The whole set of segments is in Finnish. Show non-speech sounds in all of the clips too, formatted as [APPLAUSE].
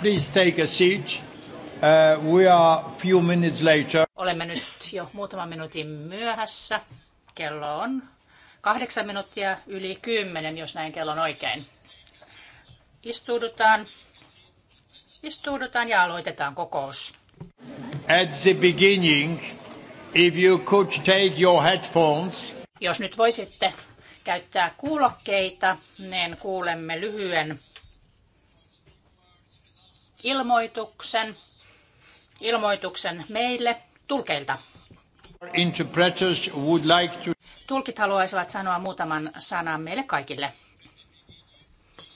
Please take a seat. Uh, we are few minutes later. Olemme nyt jo muutaman minuutin myöhässä. Kello on kahdeksan minuuttia yli kymmenen, jos näin kello on oikein. Istuudutaan, istuudutaan ja aloitetaan kokous. At the beginning, if you could take your headphones. Jos nyt voisitte käyttää kuulokkeita, niin kuulemme lyhyen ilmoituksen, ilmoituksen meille tulkeilta. Interpreters would like to... Tulkit haluaisivat sanoa muutaman sanan meille kaikille.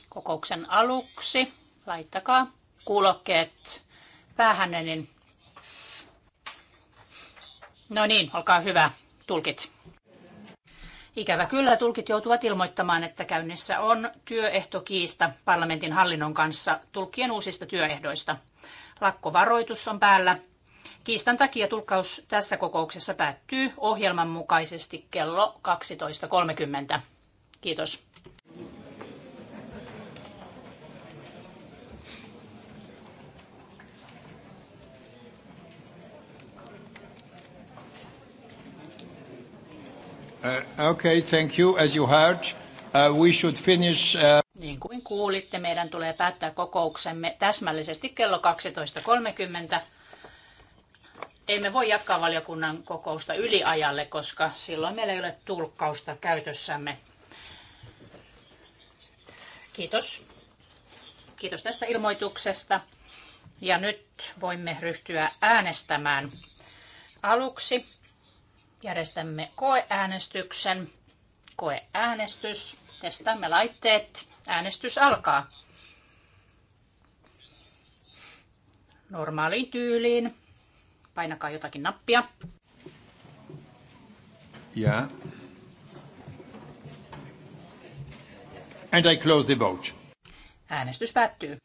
Kokouksen aluksi laittakaa kuulokkeet päähänne, niin... No niin, olkaa hyvä, tulkit. Ikävä kyllä tulkit joutuvat ilmoittamaan, että käynnissä on työehtokiista parlamentin hallinnon kanssa tulkkien uusista työehdoista. Lakkovaroitus on päällä. Kiistan takia tulkkaus tässä kokouksessa päättyy ohjelman mukaisesti kello 12.30. Kiitos. Uh, okay, thank you. As you heard, uh, we should finish... Uh, niin kuin kuulitte, meidän tulee päättää kokouksemme täsmällisesti kello 12.30. Emme voi jatkaa valiokunnan kokousta yliajalle, koska silloin meillä ei ole tulkkausta käytössämme. Kiitos. Kiitos tästä ilmoituksesta. Ja nyt voimme ryhtyä äänestämään. Aluksi järjestämme koeäänestyksen. Koeäänestys. Testaamme laitteet. Äänestys alkaa. Normaaliin tyyliin. Painakaa jotakin nappia. Yeah. And I close the vote. Äänestys päättyy.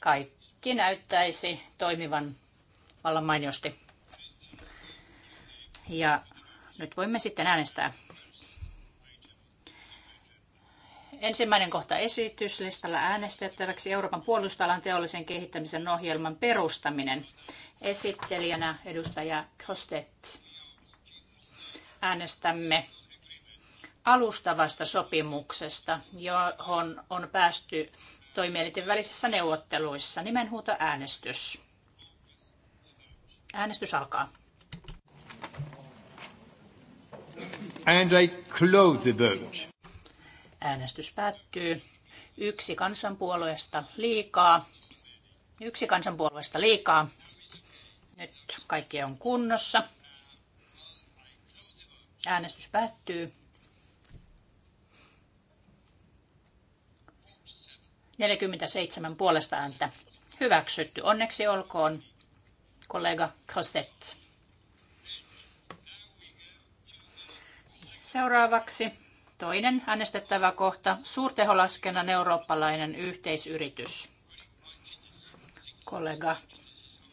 Kaikki näyttäisi toimivan vallan mainiosti. Ja nyt voimme sitten äänestää. Ensimmäinen kohta esityslistalla äänestettäväksi Euroopan puolustusalan teollisen kehittämisen ohjelman perustaminen. Esittelijänä edustaja Kostet. Äänestämme alustavasta sopimuksesta, johon on päästy toimielinten välisissä neuvotteluissa. Nimenhuuto äänestys. Äänestys alkaa. And I close the vote. Äänestys päättyy. Yksi kansanpuolueesta liikaa. Yksi kansanpuolueesta liikaa. Nyt kaikki on kunnossa. Äänestys päättyy. 47 puolesta ääntä. Hyväksytty. Onneksi olkoon kollega Krostet. Seuraavaksi toinen äänestettävä kohta, suurteholaskennan eurooppalainen yhteisyritys. Kollega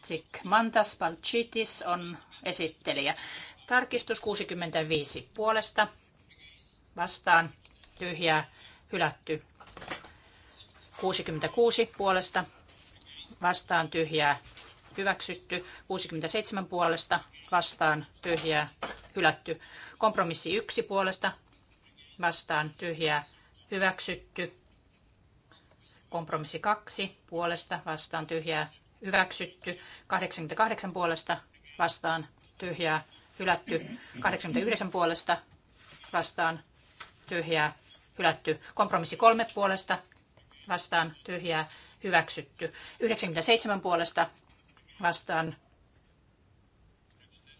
Tsik Mantas Palchitis on esittelijä. Tarkistus 65 puolesta. Vastaan tyhjää hylätty. 66 puolesta. Vastaan tyhjää hyväksytty, 67 puolesta vastaan tyhjää hylätty, kompromissi 1 puolesta vastaan tyhjää hyväksytty, kompromissi 2 puolesta vastaan tyhjää hyväksytty, 88 puolesta vastaan tyhjää hylätty, 89 puolesta vastaan tyhjää hylätty, kompromissi 3 puolesta vastaan tyhjää hyväksytty, 97 puolesta vastaan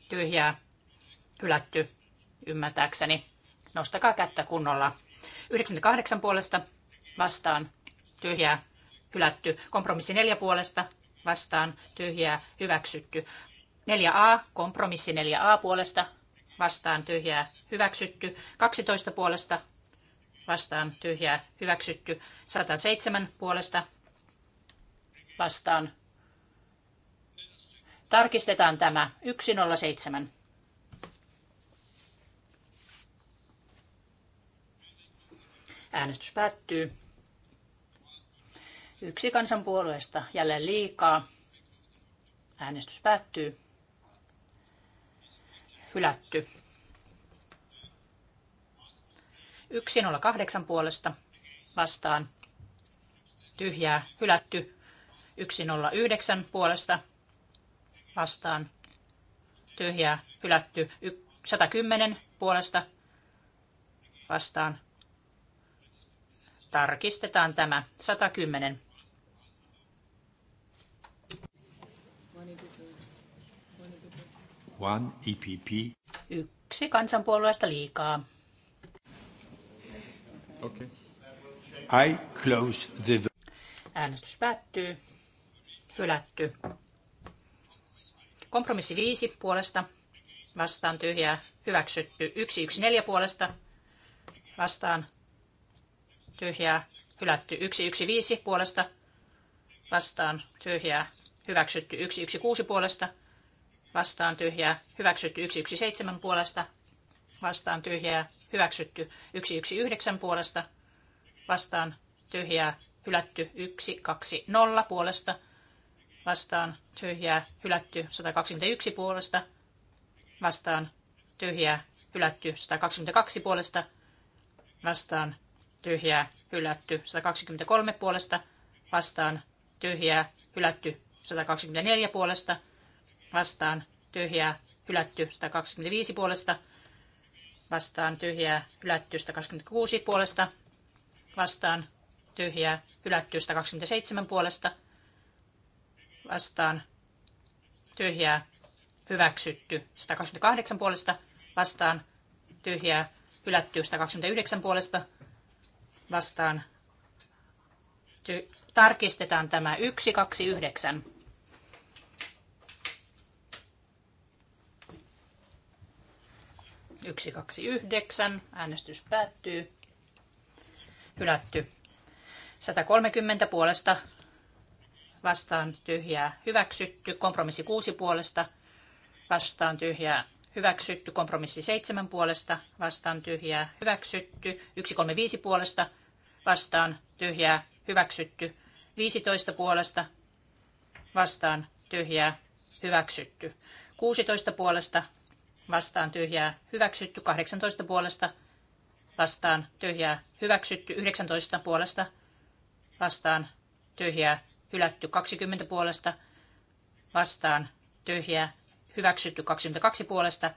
tyhjää hylätty ymmärtääkseni. Nostakaa kättä kunnolla. 98 puolesta vastaan tyhjää hylätty. Kompromissi 4 puolesta vastaan tyhjää hyväksytty. 4a, kompromissi 4a puolesta vastaan tyhjää hyväksytty. 12 puolesta vastaan tyhjää hyväksytty. 107 puolesta vastaan Tarkistetaan tämä 107. Äänestys päättyy. Yksi kansanpuolueesta jälleen liikaa. Äänestys päättyy. Hylätty. 108 puolesta vastaan. Tyhjää. Hylätty. 109 puolesta vastaan tyhjää hylätty 110 puolesta vastaan. Tarkistetaan tämä 110. One EPP. Yksi kansanpuolueesta liikaa. Okay. I close the... Äänestys päättyy. Hylätty. Kompromissi 5 puolesta vastaan tyhjää hyväksytty. 114 puolesta vastaan tyhjää hylätty. 115 puolesta vastaan tyhjää hyväksytty. 116 puolesta vastaan tyhjää hyväksytty. 117 puolesta vastaan tyhjää hyväksytty. 119 puolesta vastaan tyhjää hylätty. 120 puolesta vastaan tyhjää hylätty 121 puolesta vastaan tyhjää hylätty 122 puolesta vastaan tyhjää hylätty 123 puolesta vastaan tyhjää hylätty 124 puolesta vastaan tyhjää hylätty 125 puolesta vastaan tyhjää hylätty 126 puolesta vastaan tyhjää hylätty 127 puolesta vastaan tyhjää hyväksytty. 128 puolesta vastaan tyhjää hylätty. 129 puolesta vastaan ty- tarkistetaan tämä 129. Yksi, kaksi, yhdeksän. Äänestys päättyy. Hylätty. 130 puolesta vastaan tyhjää hyväksytty. Kompromissi 6 puolesta vastaan tyhjää hyväksytty. Kompromissi 7 puolesta vastaan tyhjää hyväksytty. 135 puolesta vastaan tyhjää hyväksytty. 15 puolesta vastaan tyhjää hyväksytty. 16 puolesta vastaan tyhjää hyväksytty. 18 puolesta vastaan tyhjää hyväksytty. 19 puolesta vastaan tyhjää hylätty 20 puolesta, vastaan tyhjää, hyväksytty 22 puolesta,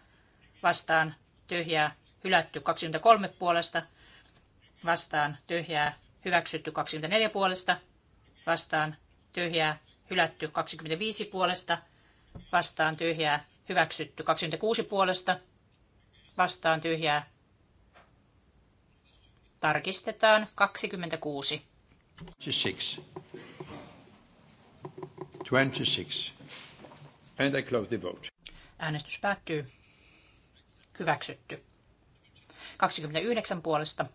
vastaan tyhjää, hylätty 23 puolesta, vastaan tyhjää, hyväksytty 24 puolesta, vastaan tyhjää, hylätty 25 puolesta, vastaan tyhjää, hyväksytty 26 puolesta, vastaan tyhjää, tarkistetaan 26. 26. 26. And I close the vote. Äänestys päättyy. Hyväksytty. 29 puolesta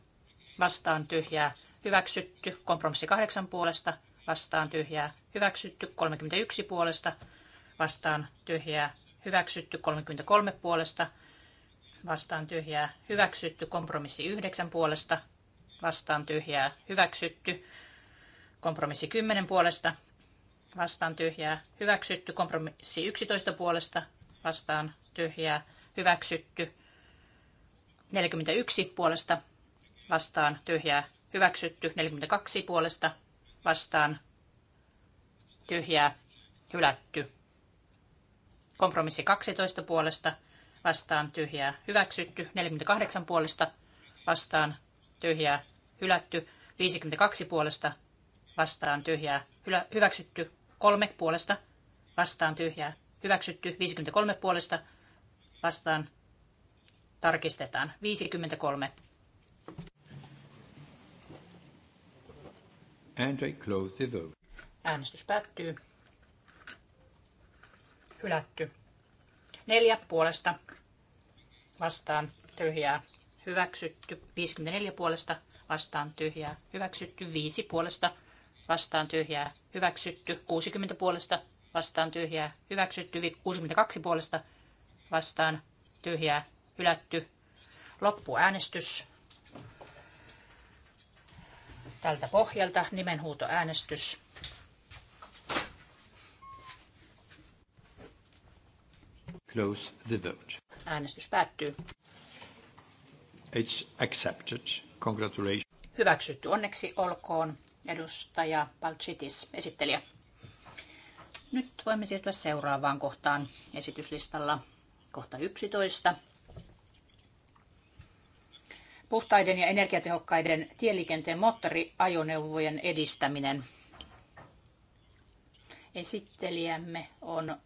vastaan tyhjää. Hyväksytty. Kompromissi 8 puolesta vastaan tyhjää. Hyväksytty. 31 puolesta vastaan tyhjää. Hyväksytty. 33 puolesta vastaan tyhjää. Hyväksytty. Kompromissi 9 puolesta vastaan tyhjää. Hyväksytty. Kompromissi 10 puolesta vastaan tyhjää, hyväksytty. Kompromissi 11 puolesta vastaan tyhjää, hyväksytty. 41 puolesta vastaan tyhjää, hyväksytty. 42 puolesta vastaan tyhjää, hylätty. Kompromissi 12 puolesta vastaan tyhjää, hyväksytty. 48 puolesta vastaan tyhjää, hylätty. 52 puolesta vastaan tyhjää, hyväksytty. 3 puolesta vastaan tyhjää. Hyväksytty 53 puolesta vastaan tarkistetaan 53. And I close the vote. Äänestys päättyy. Hylätty. Neljä puolesta vastaan tyhjää. Hyväksytty 54 puolesta vastaan tyhjää. Hyväksytty 5 puolesta vastaan tyhjää hyväksytty 60 puolesta vastaan tyhjää, hyväksytty 62 puolesta vastaan tyhjää, hylätty. Loppuäänestys. Tältä pohjalta nimenhuutoäänestys. Close the vote. Äänestys päättyy. It's accepted. Congratulations. Hyväksytty. Onneksi olkoon edustaja Palchitis, esittelijä. Nyt voimme siirtyä seuraavaan kohtaan esityslistalla, kohta 11. Puhtaiden ja energiatehokkaiden tieliikenteen moottoriajoneuvojen edistäminen. Esittelijämme on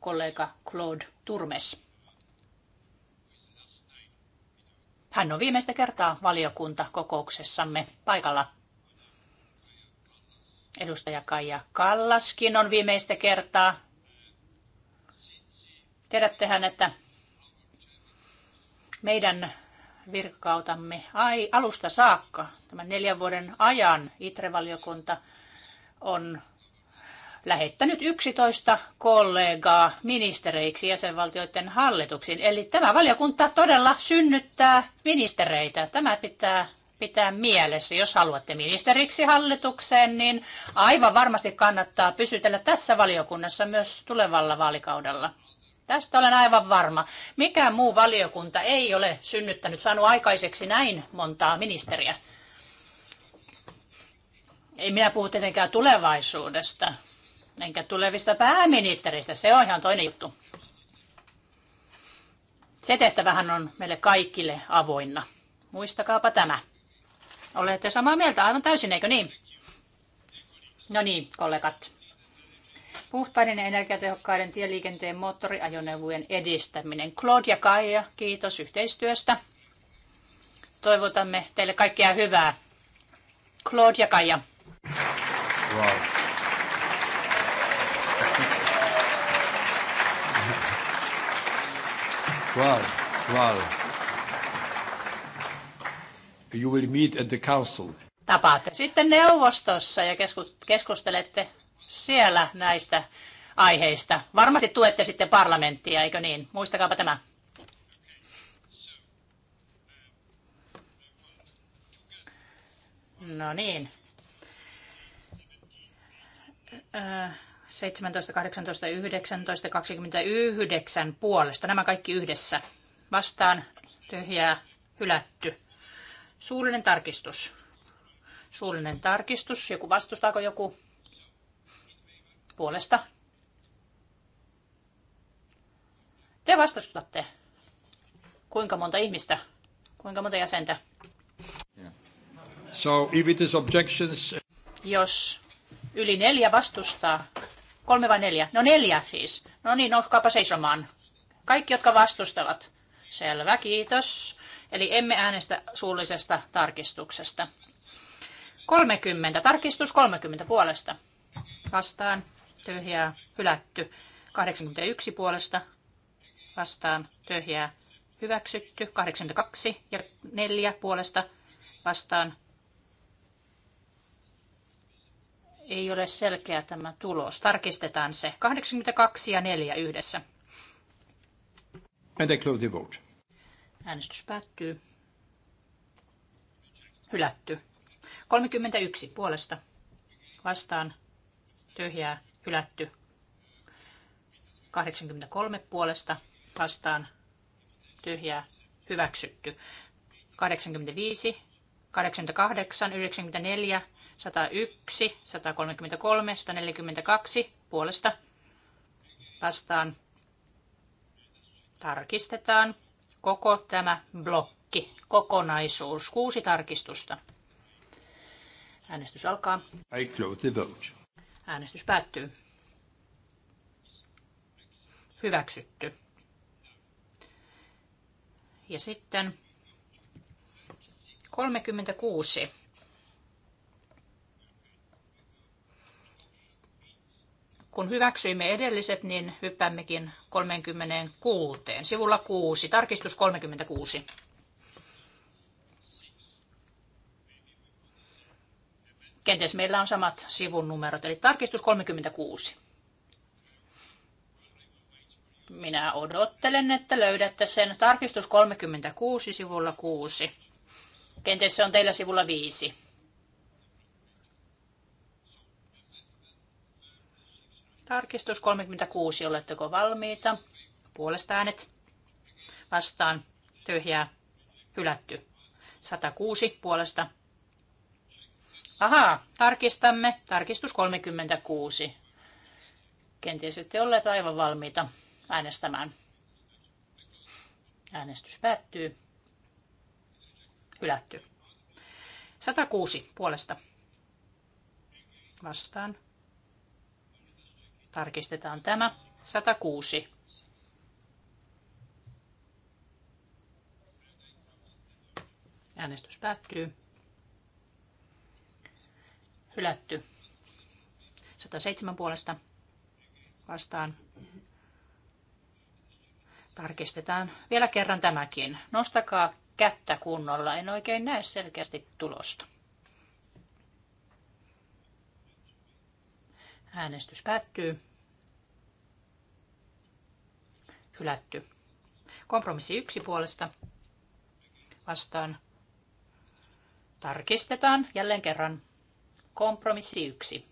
kollega Claude Turmes. Hän on viimeistä kertaa valiokunta kokouksessamme paikalla. Edustaja Kaija Kallaskin on viimeistä kertaa. Tiedättehän, että meidän virkkautamme ai, alusta saakka, tämän neljän vuoden ajan, itre on lähettänyt 11 kollegaa ministereiksi jäsenvaltioiden hallituksiin. Eli tämä valiokunta todella synnyttää ministereitä. Tämä pitää pitää mielessä. Jos haluatte ministeriksi hallitukseen, niin aivan varmasti kannattaa pysytellä tässä valiokunnassa myös tulevalla vaalikaudella. Tästä olen aivan varma. Mikä muu valiokunta ei ole synnyttänyt, saanut aikaiseksi näin montaa ministeriä? Ei minä puhu tietenkään tulevaisuudesta, enkä tulevista pääministeristä. Se on ihan toinen juttu. Se tehtävähän on meille kaikille avoinna. Muistakaapa tämä. Olette samaa mieltä aivan täysin, eikö niin? No niin, kollegat. Puhtaiden ja energiatehokkaiden tieliikenteen moottoriajoneuvojen edistäminen. Claude ja Kaija, kiitos yhteistyöstä. Toivotamme teille kaikkea hyvää. Claude ja Kaija. Wow. Wow, wow. You will meet at the council. Tapaatte sitten neuvostossa ja keskustelette siellä näistä aiheista. Varmasti tuette sitten parlamenttia, eikö niin? Muistakaapa tämä. No niin. 17, 18, 19, 29 puolesta. Nämä kaikki yhdessä. Vastaan tyhjää, hylätty. Suullinen tarkistus. Suullinen tarkistus. Joku vastustaako joku puolesta? Te vastustatte. Kuinka monta ihmistä? Kuinka monta jäsentä? So if it is objections... Jos yli neljä vastustaa, kolme vai neljä? No neljä siis. No niin, nouskaapa seisomaan. Kaikki, jotka vastustavat. Selvä, kiitos. Eli emme äänestä suullisesta tarkistuksesta. 30. Tarkistus 30 puolesta. Vastaan. Tyhjää. Hylätty. 81 puolesta. Vastaan. Tyhjää. Hyväksytty. 82 ja 4 puolesta. Vastaan. Ei ole selkeä tämä tulos. Tarkistetaan se. 82 ja 4 yhdessä. And I close the vote. Äänestys päättyy. Hylätty. 31 puolesta. Vastaan. Tyhjää. Hylätty. 83 puolesta. Vastaan. Tyhjää. Hyväksytty. 85, 88, 94, 101, 133, 142 puolesta. Vastaan Tarkistetaan koko tämä blokki, kokonaisuus, kuusi tarkistusta. Äänestys alkaa. I close the vote. Äänestys päättyy. Hyväksytty. Ja sitten 36 kun hyväksyimme edelliset, niin hyppäämmekin 36. Sivulla 6, tarkistus 36. Kenties meillä on samat sivun numerot, eli tarkistus 36. Minä odottelen, että löydätte sen. Tarkistus 36 sivulla 6. Kenties se on teillä sivulla 5. Tarkistus 36, oletteko valmiita? Puolesta äänet. Vastaan. Tyhjää. Hylätty. 106 puolesta. Ahaa, tarkistamme. Tarkistus 36. Kenties ette olleet aivan valmiita äänestämään. Äänestys päättyy. Hylätty. 106 puolesta. Vastaan Tarkistetaan tämä. 106. Äänestys päättyy. Hylätty. 107 puolesta vastaan. Tarkistetaan vielä kerran tämäkin. Nostakaa kättä kunnolla. En oikein näe selkeästi tulosta. Äänestys päättyy. Hylätty. Kompromissi yksi puolesta. Vastaan. Tarkistetaan jälleen kerran. Kompromissi yksi.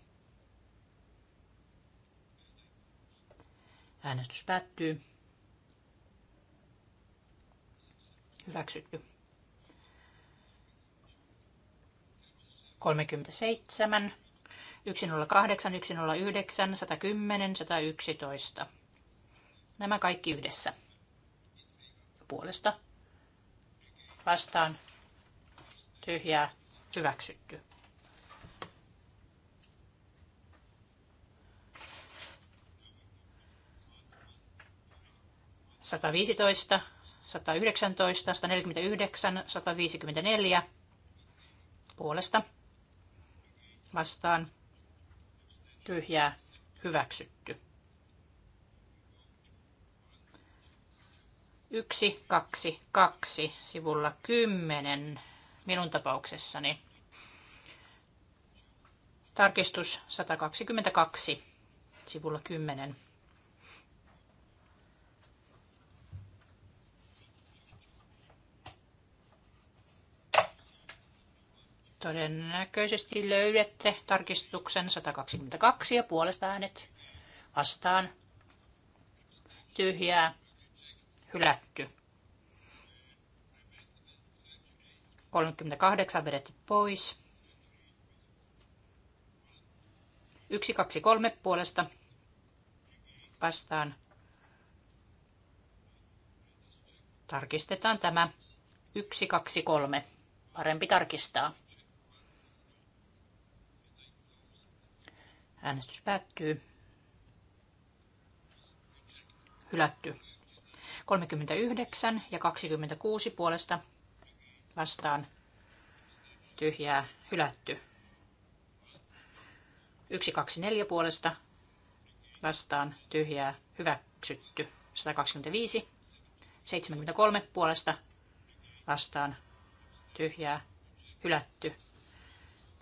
Äänestys päättyy. Hyväksytty. 37 108, 109, 110, 111. Nämä kaikki yhdessä. Puolesta. Vastaan. Tyhjää. Hyväksytty. Sata viisitoista, sata yhdeksäntoista, sata neljäkymmentäyhdeksän, sata viisikymmentäneljä puolesta vastaan tyhjää hyväksytty. Yksi, kaksi, kaksi sivulla kymmenen minun tapauksessani. Tarkistus 122 sivulla 10. Todennäköisesti löydätte tarkistuksen 122 ja puolesta äänet vastaan. Tyhjää, hylätty. 38 vedetty pois. 1, 2, 3 puolesta vastaan. Tarkistetaan tämä. 1, 2, 3. Parempi tarkistaa. Äänestys päättyy. Hylätty. 39 ja 26 puolesta vastaan tyhjää hylätty. 124 puolesta vastaan tyhjää hyväksytty. 125. 73 puolesta vastaan tyhjää hylätty.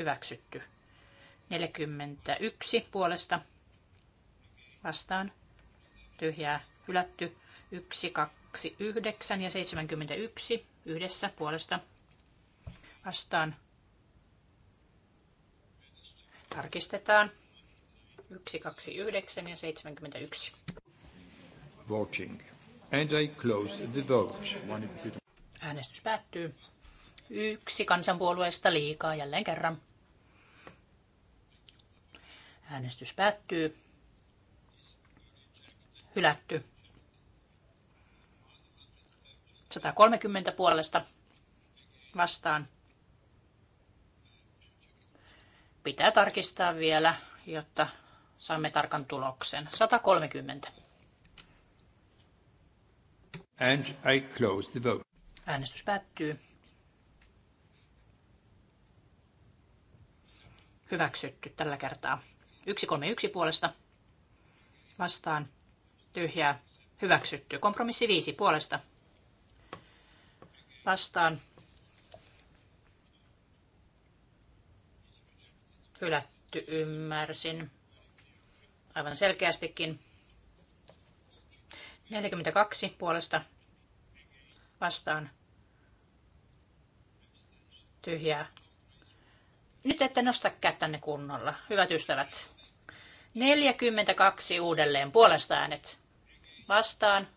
hyväksytty. 41 puolesta vastaan tyhjää hylätty. 1, 2, 9 ja 71 yhdessä puolesta vastaan. Tarkistetaan. 1, 2, 9 ja 71. Voting. And I close the vote. Äänestys päättyy. Yksi kansanpuolueesta liikaa jälleen kerran. Äänestys päättyy. Hylätty. 130 puolesta vastaan. Pitää tarkistaa vielä, jotta saamme tarkan tuloksen. 130. And I close the vote. Äänestys päättyy. Hyväksytty tällä kertaa. 131 puolesta vastaan tyhjää hyväksytty. Kompromissi 5 puolesta vastaan hylätty ymmärsin aivan selkeästikin. 42 puolesta vastaan tyhjää. Nyt ette nosta kättänne kunnolla, hyvät ystävät. 42 uudelleen puolesta äänet. Vastaan.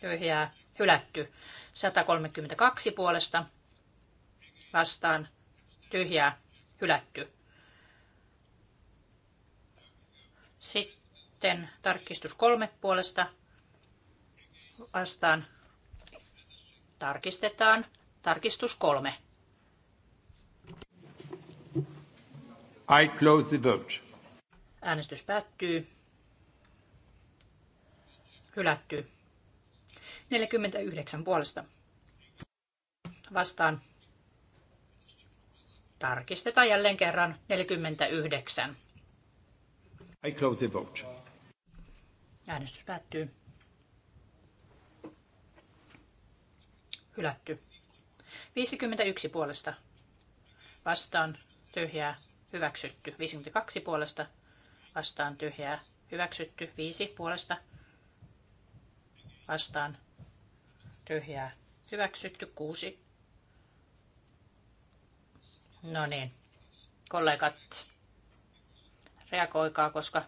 Tyhjää. Hylätty. 132 puolesta. Vastaan. Tyhjää. Hylätty. Sitten tarkistus kolme puolesta. Vastaan. Tarkistetaan. Tarkistus kolme. I close the vote. Äänestys päättyy. Hylätty. 49 puolesta. Vastaan. Tarkistetaan jälleen kerran 49. I close the vote. Äänestys päättyy. Hylätty. 51 puolesta. Vastaan. Tyhjää. Hyväksytty. 52 puolesta vastaan tyhjää. Hyväksytty viisi puolesta vastaan tyhjää. Hyväksytty kuusi. No niin, kollegat, reagoikaa, koska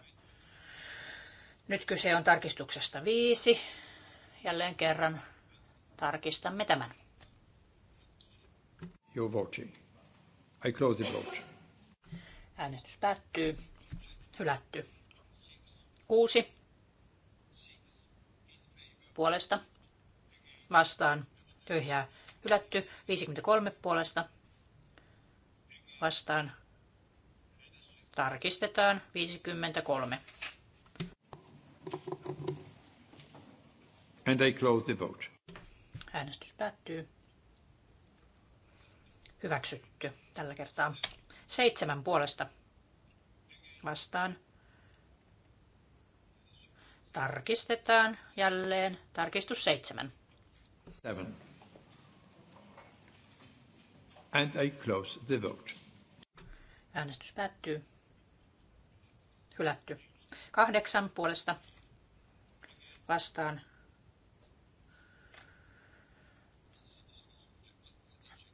nyt kyse on tarkistuksesta viisi. Jälleen kerran tarkistamme tämän. You're voting. I close the vote. Äänestys päättyy. Hylätty. Kuusi. Puolesta. Vastaan. Tyhjää. Hylätty. 53 puolesta. Vastaan. Tarkistetaan. 53. And I close the vote. Äänestys päättyy. Hyväksytty tällä kertaa. Seitsemän puolesta vastaan. Tarkistetaan jälleen. Tarkistus 7. Seven. And I close the vote. Äänestys päättyy. Hylätty. Kahdeksan puolesta vastaan.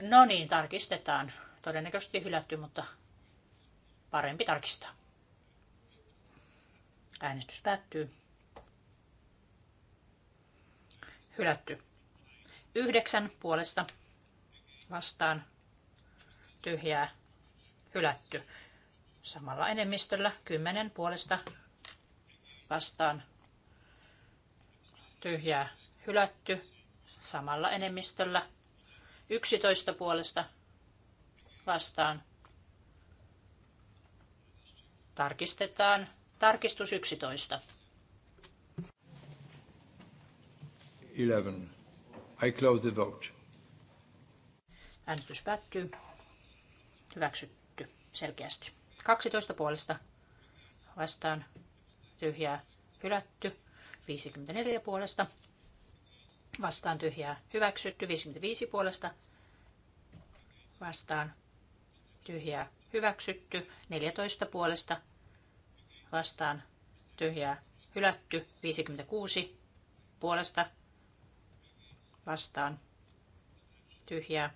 No niin, tarkistetaan. Todennäköisesti hylätty, mutta parempi tarkistaa. Äänestys päättyy. Hylätty. Yhdeksän puolesta vastaan tyhjää hylätty. Samalla enemmistöllä kymmenen puolesta vastaan tyhjää hylätty. Samalla enemmistöllä 11 puolesta vastaan tarkistetaan Tarkistus 11. 11. I close the vote. Äänestys päättyy. Hyväksytty selkeästi. 12 puolesta vastaan tyhjää hylätty. 54 puolesta vastaan tyhjää hyväksytty. 55 puolesta vastaan tyhjää hyväksytty. 14 puolesta vastaan tyhjää hylätty. 56 puolesta vastaan tyhjää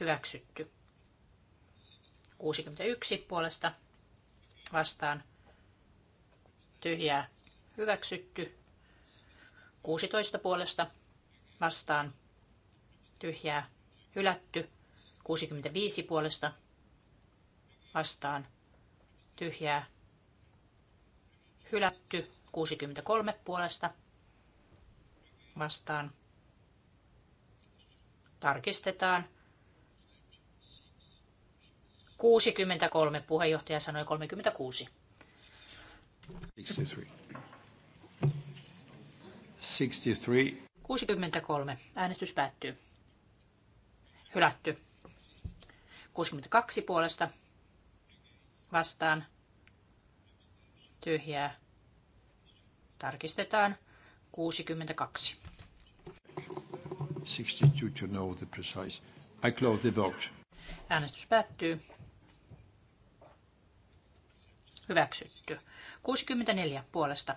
hyväksytty. 61 puolesta vastaan tyhjää hyväksytty. 16 puolesta vastaan tyhjää hylätty. 65 puolesta vastaan tyhjää hylätty 63 puolesta vastaan. Tarkistetaan. 63, puheenjohtaja sanoi 36. 63. 63. Äänestys päättyy. Hylätty. 62 puolesta vastaan. Tyhjää. Tarkistetaan 62. 62 to know the precise. I close the vote. Äänestys päättyy. Hyväksytty. 64 puolesta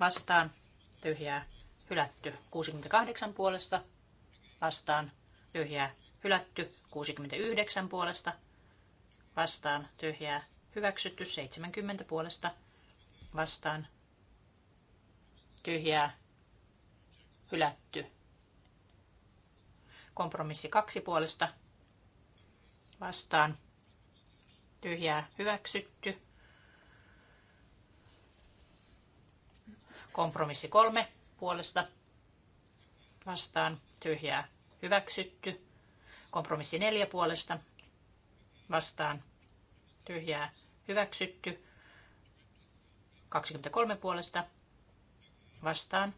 vastaan. Tyhjää. Hylätty. 68 puolesta vastaan. Tyhjää. Hylätty. 69 puolesta vastaan. Tyhjää. Hyväksytty. 70 puolesta vastaan tyhjää, hylätty. Kompromissi kaksi puolesta vastaan, tyhjää, hyväksytty. Kompromissi kolme puolesta vastaan, tyhjää, hyväksytty. Kompromissi neljä puolesta vastaan, tyhjää, hyväksytty. 23 puolesta vastaan.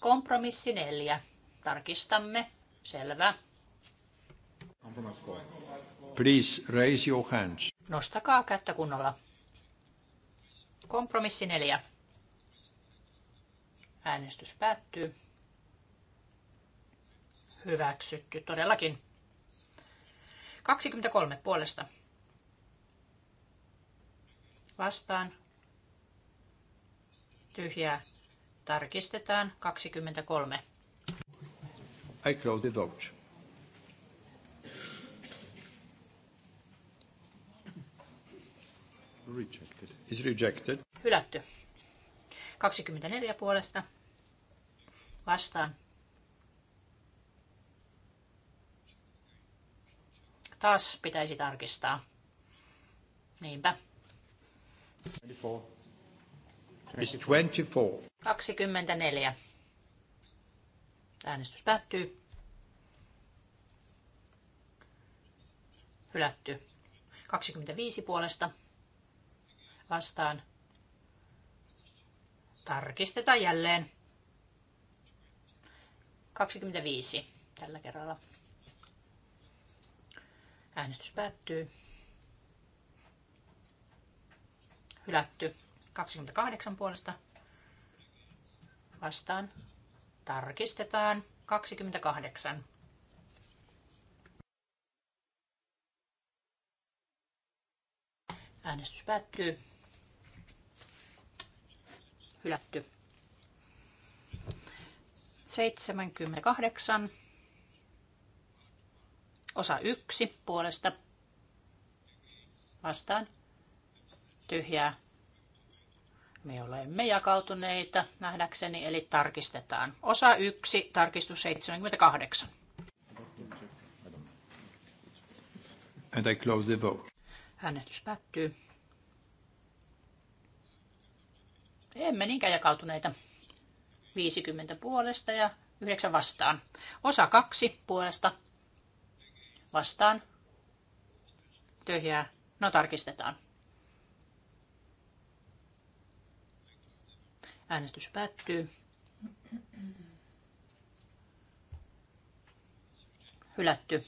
Kompromissi neljä. Tarkistamme. Selvä. Please raise your hands. Nostakaa kättä kunnolla. Kompromissi neljä. Äänestys päättyy. Hyväksytty todellakin. 23 puolesta. Vastaan tyhjää. Tarkistetaan 23. I close the door. Rejected. Is rejected. Hylätty. 24 puolesta. Vastaan. Taas pitäisi tarkistaa. Niinpä. 24. 24. Äänestys päättyy. Hylätty. 25 puolesta vastaan. Tarkistetaan jälleen. 25 tällä kerralla. Äänestys päättyy. Hylätty. 28 puolesta vastaan. Tarkistetaan 28. Äänestys päättyy. Hylätty. 78. Osa 1 puolesta. Vastaan. Tyhjää. Me olemme jakautuneita nähdäkseni, eli tarkistetaan. Osa 1, tarkistus 78. And Äänestys päättyy. Emme niinkään jakautuneita. 50 puolesta ja 9 vastaan. Osa 2 puolesta vastaan. Tyhjää. No tarkistetaan. Äänestys päättyy. Hylätty.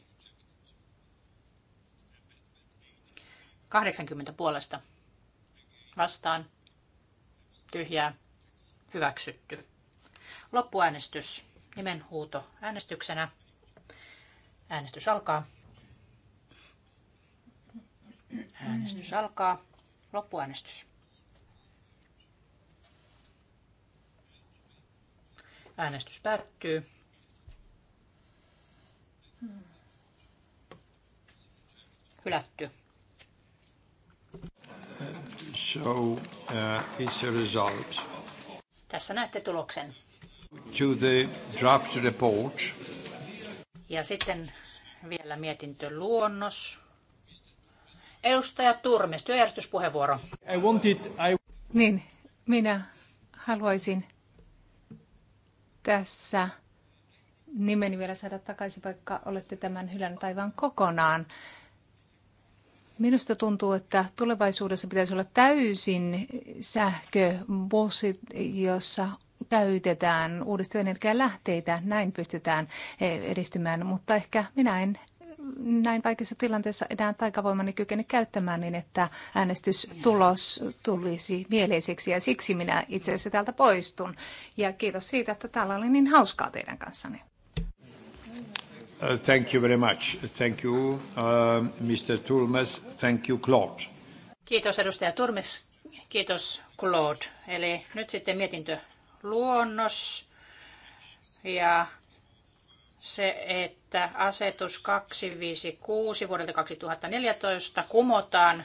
80 puolesta. Vastaan. Tyhjää. Hyväksytty. Loppuäänestys. Nimenhuuto äänestyksenä. Äänestys alkaa. Äänestys alkaa. Loppuäänestys. Äänestys päättyy. Hylätty. So, uh, it's a result. Tässä näette tuloksen. To the draft report. Ja sitten vielä mietintöluonnos. Edustaja Turmes, työjärjestyspuheenvuoro. I wanted, I... Niin, minä haluaisin tässä nimeni vielä saada takaisin, vaikka olette tämän hylännyt aivan kokonaan. Minusta tuntuu, että tulevaisuudessa pitäisi olla täysin sähköbussit, jossa käytetään uudistuvia energialähteitä. Näin pystytään eh, edistymään, mutta ehkä minä en näin vaikeassa tilanteessa enää taikavoimani kykene käyttämään niin, että äänestystulos tulisi mieleiseksi ja siksi minä itse asiassa täältä poistun. Ja kiitos siitä, että täällä oli niin hauskaa teidän kanssanne. Uh, thank you very much. Thank you, uh, Mr. Turmes. Thank you, Claude. Kiitos edustaja Turmes. Kiitos Claude. Eli nyt sitten mietintö luonnos ja se, että että asetus 256 vuodelta 2014 kumotaan.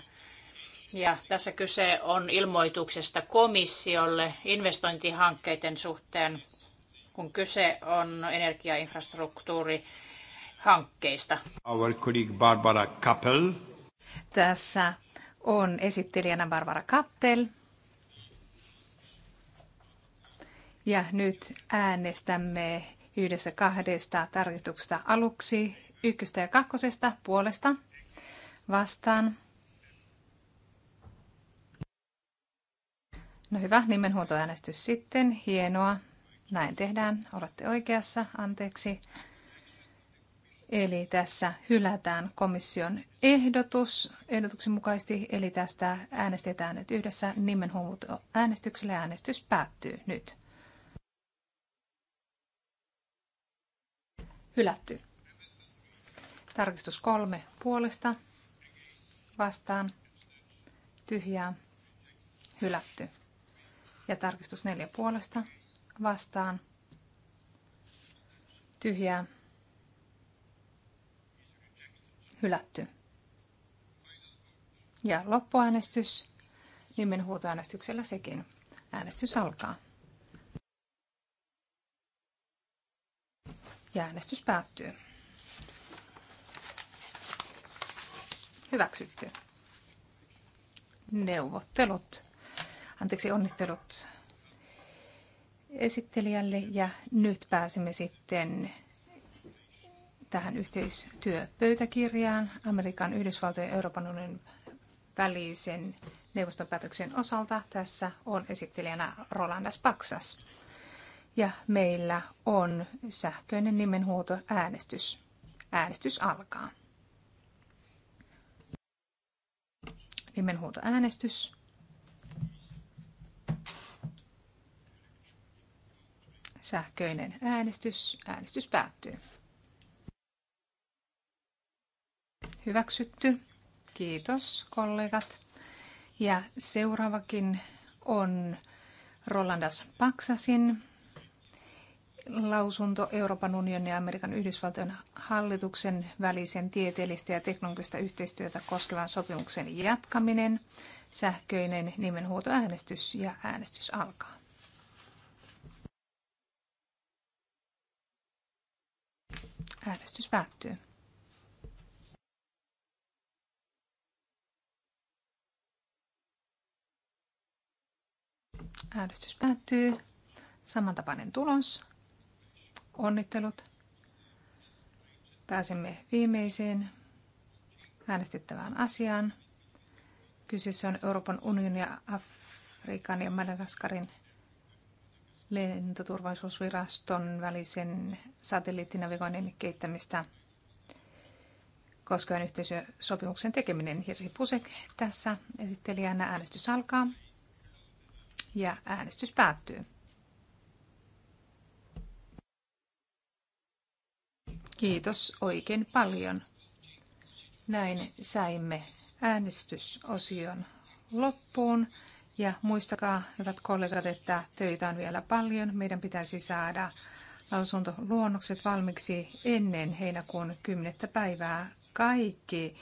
Ja tässä kyse on ilmoituksesta komissiolle investointihankkeiden suhteen, kun kyse on energiainfrastruktuurihankkeista. Our colleague Barbara Kappel. Tässä on esittelijänä Barbara Kappel. Ja nyt äänestämme yhdessä kahdesta tarkistuksesta aluksi ykköstä ja kakkosesta puolesta vastaan. No hyvä, nimenhuoltoäänestys sitten. Hienoa. Näin tehdään. Olette oikeassa. Anteeksi. Eli tässä hylätään komission ehdotus ehdotuksen mukaisesti, eli tästä äänestetään nyt yhdessä nimenhuoltoäänestyksellä äänestys päättyy nyt. Hylätty. Tarkistus kolme puolesta. Vastaan. Tyhjää. Hylätty. Ja tarkistus neljä puolesta. Vastaan. Tyhjää. Hylätty. Ja loppuäänestys. Nimenhuutoäänestyksellä sekin. Äänestys alkaa. Ja äänestys päättyy. Hyväksytty. Neuvottelut. Anteeksi, onnittelut esittelijälle ja nyt pääsemme sitten tähän yhteistyöpöytäkirjaan Amerikan, Yhdysvaltojen ja Euroopan unionin välisen neuvoston päätöksen osalta. Tässä on esittelijänä Rolandas Paksas ja meillä on sähköinen nimenhuuto äänestys. Äänestys alkaa. Nimenhuuto äänestys. Sähköinen äänestys. Äänestys päättyy. Hyväksytty. Kiitos kollegat. Ja seuraavakin on Rolandas Paksasin lausunto Euroopan unionin ja Amerikan Yhdysvaltojen hallituksen välisen tieteellistä ja teknologista yhteistyötä koskevan sopimuksen jatkaminen, sähköinen nimenhuutoäänestys ja äänestys alkaa. Äänestys päättyy. Äänestys päättyy. Samantapainen tulos. Onnittelut. Pääsemme viimeiseen äänestettävään asiaan. Kyseessä on Euroopan unionin ja Afrikan ja Madagaskarin lentoturvallisuusviraston välisen satelliittinavigoinnin kehittämistä koskevan yhteisösopimuksen tekeminen. Hirsi Pusek tässä esittelijänä äänestys alkaa ja äänestys päättyy. Kiitos oikein paljon. Näin saimme äänestysosion loppuun. Ja muistakaa, hyvät kollegat, että töitä on vielä paljon. Meidän pitäisi saada lausuntoluonnokset valmiiksi ennen heinäkuun 10. päivää. Kaikki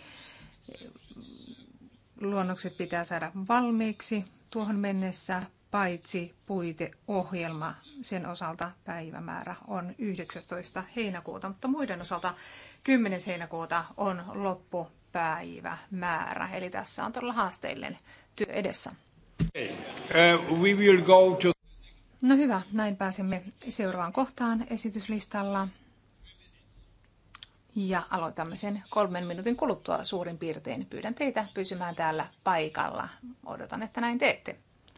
luonnokset pitää saada valmiiksi tuohon mennessä paitsi puiteohjelma. Sen osalta päivämäärä on 19. heinäkuuta, mutta muiden osalta 10. heinäkuuta on loppupäivämäärä. Eli tässä on todella haasteellinen työ edessä. Uh, no hyvä, näin pääsemme seuraavaan kohtaan esityslistalla. Ja aloitamme sen kolmen minuutin kuluttua suurin piirtein. Pyydän teitä pysymään täällä paikalla. Odotan, että näin teette.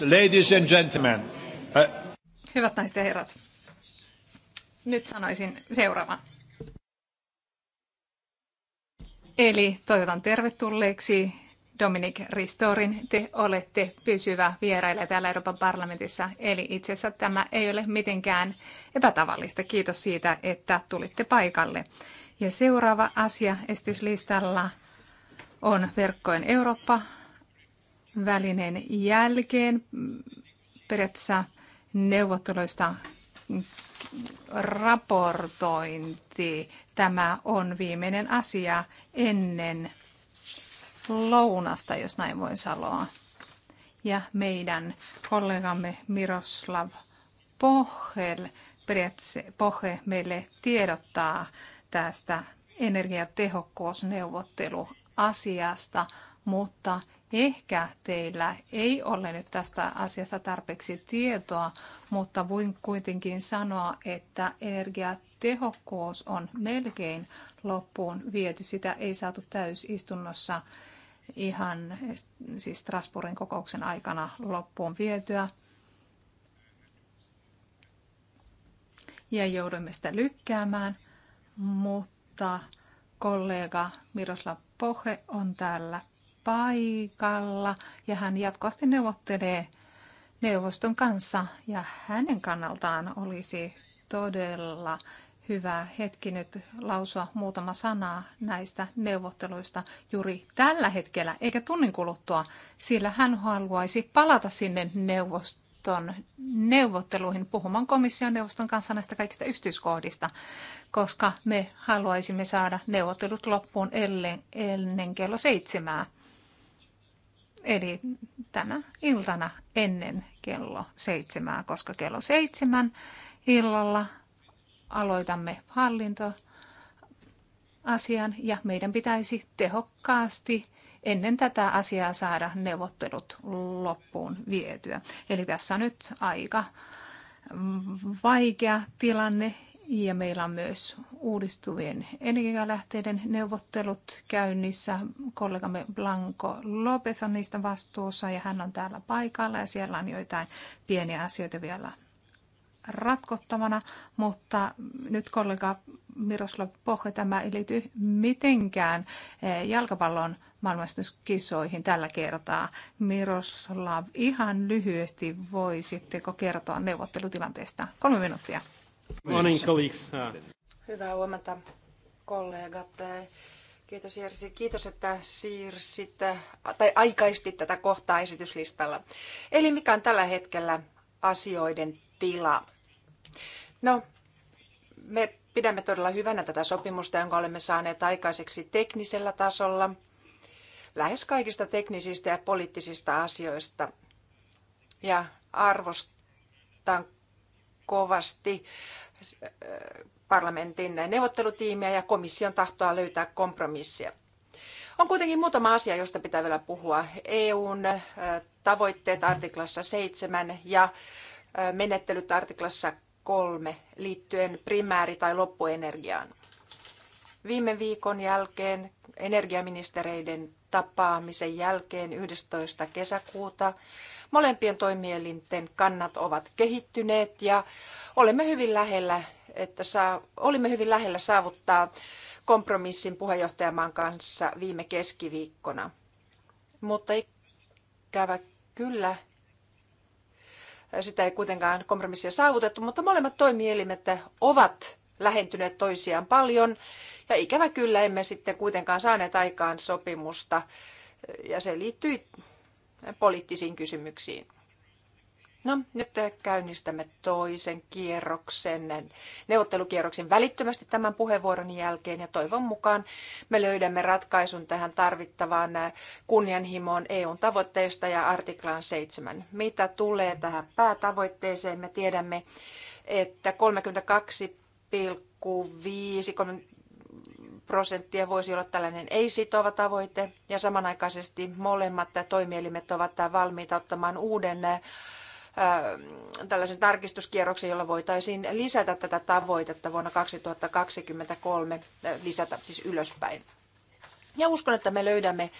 ladies and gentlemen. Uh, Hyvät naiset ja herrat, nyt sanoisin seuraavan. Eli toivotan tervetulleeksi Dominik Ristorin. Te olette pysyvä vierailija täällä Euroopan parlamentissa, eli itse asiassa tämä ei ole mitenkään epätavallista. Kiitos siitä, että tulitte paikalle. Ja seuraava asia esityslistalla on verkkojen Eurooppa välinen jälkeen periaatteessa neuvotteluista raportointi. Tämä on viimeinen asia ennen lounasta, jos näin voin sanoa. Ja meidän kollegamme Miroslav Pohel, Pohe meille tiedottaa tästä energiatehokkuusneuvotteluasiasta, mutta Ehkä teillä ei ole nyt tästä asiasta tarpeeksi tietoa, mutta voin kuitenkin sanoa, että energiatehokkuus on melkein loppuun viety. Sitä ei saatu täysistunnossa ihan siis Strasbourgin kokouksen aikana loppuun vietyä. Ja joudumme sitä lykkäämään, mutta kollega Miroslav Pohe on täällä paikalla ja hän jatkuvasti neuvottelee neuvoston kanssa ja hänen kannaltaan olisi todella hyvä hetki nyt lausua muutama sana näistä neuvotteluista juuri tällä hetkellä, eikä tunnin kuluttua, sillä hän haluaisi palata sinne neuvoston neuvotteluihin puhumaan komission neuvoston kanssa näistä kaikista yksityiskohdista, koska me haluaisimme saada neuvottelut loppuun ennen kello seitsemää. Eli tänä iltana ennen kello seitsemää, koska kello seitsemän illalla aloitamme hallinto asian ja meidän pitäisi tehokkaasti ennen tätä asiaa saada neuvottelut loppuun vietyä. Eli tässä on nyt aika vaikea tilanne ja meillä on myös uudistuvien energialähteiden neuvottelut käynnissä. Kollegamme Blanco Lopez on niistä vastuussa ja hän on täällä paikalla ja siellä on joitain pieniä asioita vielä ratkottavana, mutta nyt kollega Miroslav Pohja, tämä ei liity mitenkään eh, jalkapallon maailmastuskisoihin tällä kertaa. Miroslav, ihan lyhyesti voisitteko kertoa neuvottelutilanteesta? Kolme minuuttia. Morning, colleagues. Ah. Hyvää huomenta, kollegat. Kiitos Jersi. Kiitos, että siirsit tai aikaistit tätä kohtaa esityslistalla. Eli mikä on tällä hetkellä asioiden tila? No, me pidämme todella hyvänä tätä sopimusta, jonka olemme saaneet aikaiseksi teknisellä tasolla, lähes kaikista teknisistä ja poliittisista asioista. Ja arvostan kovasti äh, parlamentin neuvottelutiimiä ja komission tahtoa löytää kompromissia. On kuitenkin muutama asia, josta pitää vielä puhua. EUn äh, tavoitteet artiklassa 7 ja äh, menettelyt artiklassa 3 liittyen primääri- tai loppuenergiaan. Viime viikon jälkeen energiaministereiden tapaamisen jälkeen 11. kesäkuuta Molempien toimielinten kannat ovat kehittyneet ja olemme hyvin lähellä, että saa, olimme hyvin lähellä saavuttaa kompromissin puheenjohtajamaan kanssa viime keskiviikkona. Mutta ikävä kyllä sitä ei kuitenkaan kompromissia saavutettu, mutta molemmat toimielimet ovat lähentyneet toisiaan paljon ja ikävä kyllä emme sitten kuitenkaan saaneet aikaan sopimusta ja se liittyi poliittisiin kysymyksiin. No, nyt käynnistämme toisen kierroksen, neuvottelukierroksen välittömästi tämän puheenvuoron jälkeen ja toivon mukaan me löydämme ratkaisun tähän tarvittavaan kunnianhimoon EUn tavoitteista ja artiklaan 7. Mitä tulee tähän päätavoitteeseen, me tiedämme, että 32,5 prosenttia voisi olla tällainen ei-sitova tavoite ja samanaikaisesti molemmat toimielimet ovat valmiita ottamaan uuden tällaisen tarkistuskierroksen, jolla voitaisiin lisätä tätä tavoitetta vuonna 2023, lisätä siis ylöspäin. Ja uskon, että me löydämme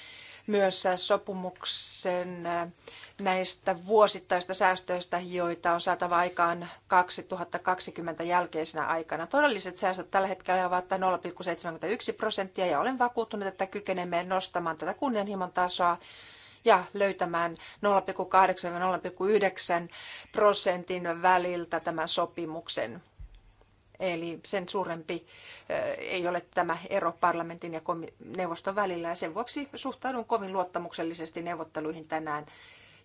myös sopimuksen äh, näistä vuosittaista säästöistä, joita on saatava aikaan 2020 jälkeisenä aikana. Todelliset säästöt tällä hetkellä ovat 0,71 prosenttia ja olen vakuuttunut, että kykenemme nostamaan tätä kunnianhimon tasoa ja löytämään 0,8-0,9 prosentin väliltä tämän sopimuksen. Eli sen suurempi ei ole tämä ero parlamentin ja neuvoston välillä ja sen vuoksi suhtaudun kovin luottamuksellisesti neuvotteluihin tänään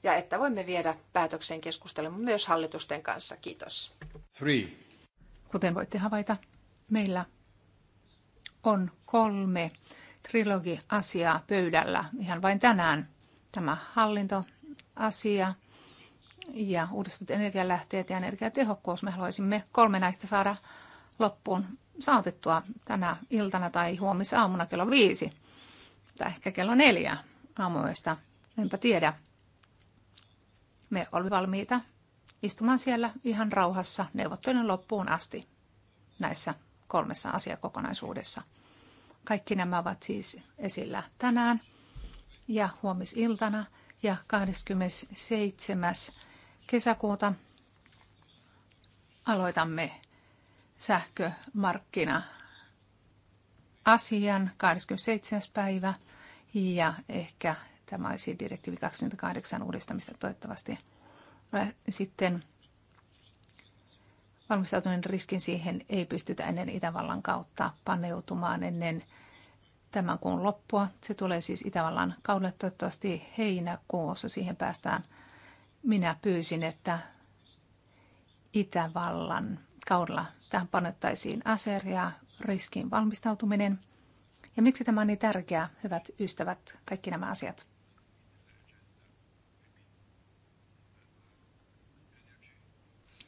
ja että voimme viedä päätökseen keskustelun myös hallitusten kanssa. Kiitos. Three. Kuten voitte havaita, meillä on kolme trilogiasiaa asiaa pöydällä ihan vain tänään. Tämä hallintoasia, ja uudistetut energialähteet ja energiatehokkuus. Me haluaisimme kolme näistä saada loppuun saatettua tänä iltana tai aamuna kello viisi tai ehkä kello neljä aamuista Enpä tiedä. Me olemme valmiita istumaan siellä ihan rauhassa neuvottelun loppuun asti näissä kolmessa asiakokonaisuudessa. Kaikki nämä ovat siis esillä tänään ja huomisiltana ja 27 kesäkuuta aloitamme sähkömarkkina asian 27. päivä ja ehkä tämä olisi direktiivi 28 uudistamista toivottavasti sitten valmistautuminen riskin siihen ei pystytä ennen Itävallan kautta paneutumaan ennen tämän kuun loppua. Se tulee siis Itävallan kaudelle toivottavasti heinäkuussa. Siihen päästään minä pyysin, että Itävallan kaudella tähän panettaisiin ASER ja valmistautuminen. Ja miksi tämä on niin tärkeää, hyvät ystävät, kaikki nämä asiat?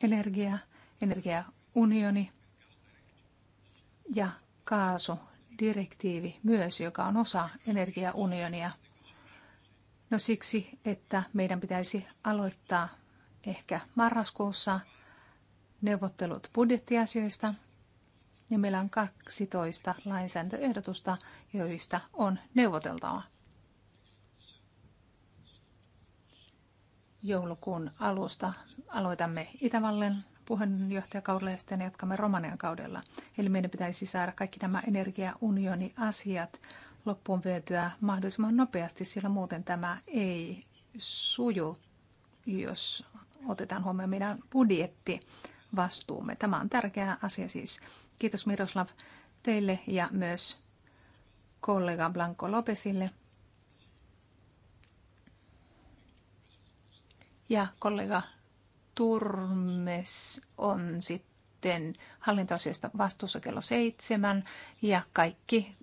Energia, energiaunioni ja kaasudirektiivi myös, joka on osa energiaunionia. No siksi, että meidän pitäisi aloittaa ehkä marraskuussa neuvottelut budjettiasioista. Ja meillä on 12 lainsäädäntöehdotusta, joista on neuvoteltava. Joulukuun alusta aloitamme Itävallen puheenjohtajakaudella ja sitten jatkamme Romanian kaudella. Eli meidän pitäisi saada kaikki nämä energiaunioni asiat loppuun vietyä mahdollisimman nopeasti, sillä muuten tämä ei suju, jos otetaan huomioon meidän budjetti vastuumme. Tämä on tärkeä asia siis. Kiitos Miroslav teille ja myös kollega Blanco Lopesille ja kollega Turmes on sitten hallintoasioista vastuussa kello seitsemän ja kaikki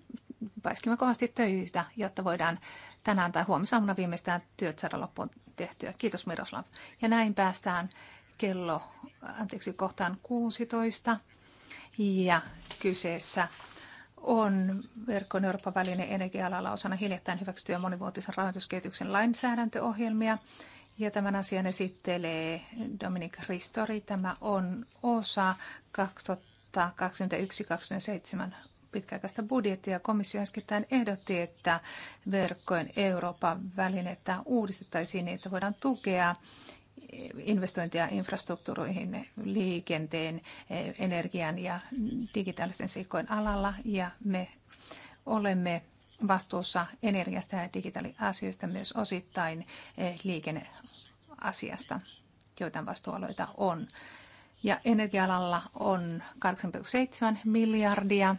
paiskimme kovasti töitä, jotta voidaan tänään tai huomisaamuna viimeistään työt saada loppuun tehtyä. Kiitos Miroslav. Ja näin päästään kello, anteeksi, kohtaan 16. Ja kyseessä on verkon Euroopan välinen energia-alalla osana hiljattain hyväksyttyä monivuotisen rahoituskehityksen lainsäädäntöohjelmia. Ja tämän asian esittelee Dominik Ristori. Tämä on osa 2021-2027 pitkäaikaista budjettia. Komissio äskettäin ehdotti, että verkkojen Euroopan välinettä uudistettaisiin niin, että voidaan tukea investointia infrastruktuuroihin, liikenteen, energian ja digitaalisen seikkojen alalla. Ja me olemme vastuussa energiasta ja digitaaliasioista myös osittain eh, liikenneasiasta, joita vastuualoita on. Ja energia-alalla on 8,7 miljardia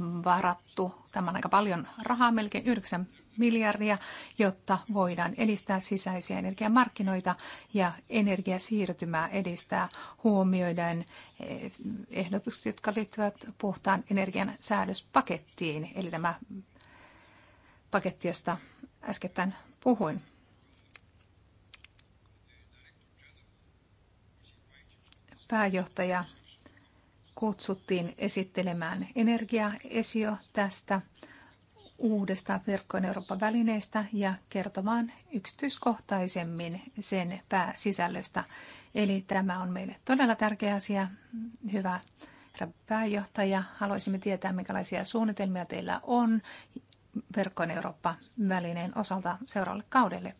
varattu, tämä aika paljon rahaa, melkein 9 miljardia, jotta voidaan edistää sisäisiä energiamarkkinoita ja energiasiirtymää edistää huomioiden eh, ehdotukset, jotka liittyvät puhtaan energian säädöspakettiin, eli tämä paketti, josta äskettäin puhuin. Pääjohtaja kutsuttiin esittelemään energiaesio tästä uudesta verkkojen Euroopan välineestä ja kertomaan yksityiskohtaisemmin sen pääsisällöstä. Eli tämä on meille todella tärkeä asia. Hyvä herra pääjohtaja, haluaisimme tietää, minkälaisia suunnitelmia teillä on verkkojen Eurooppa välineen osalta seuraavalle kaudelle.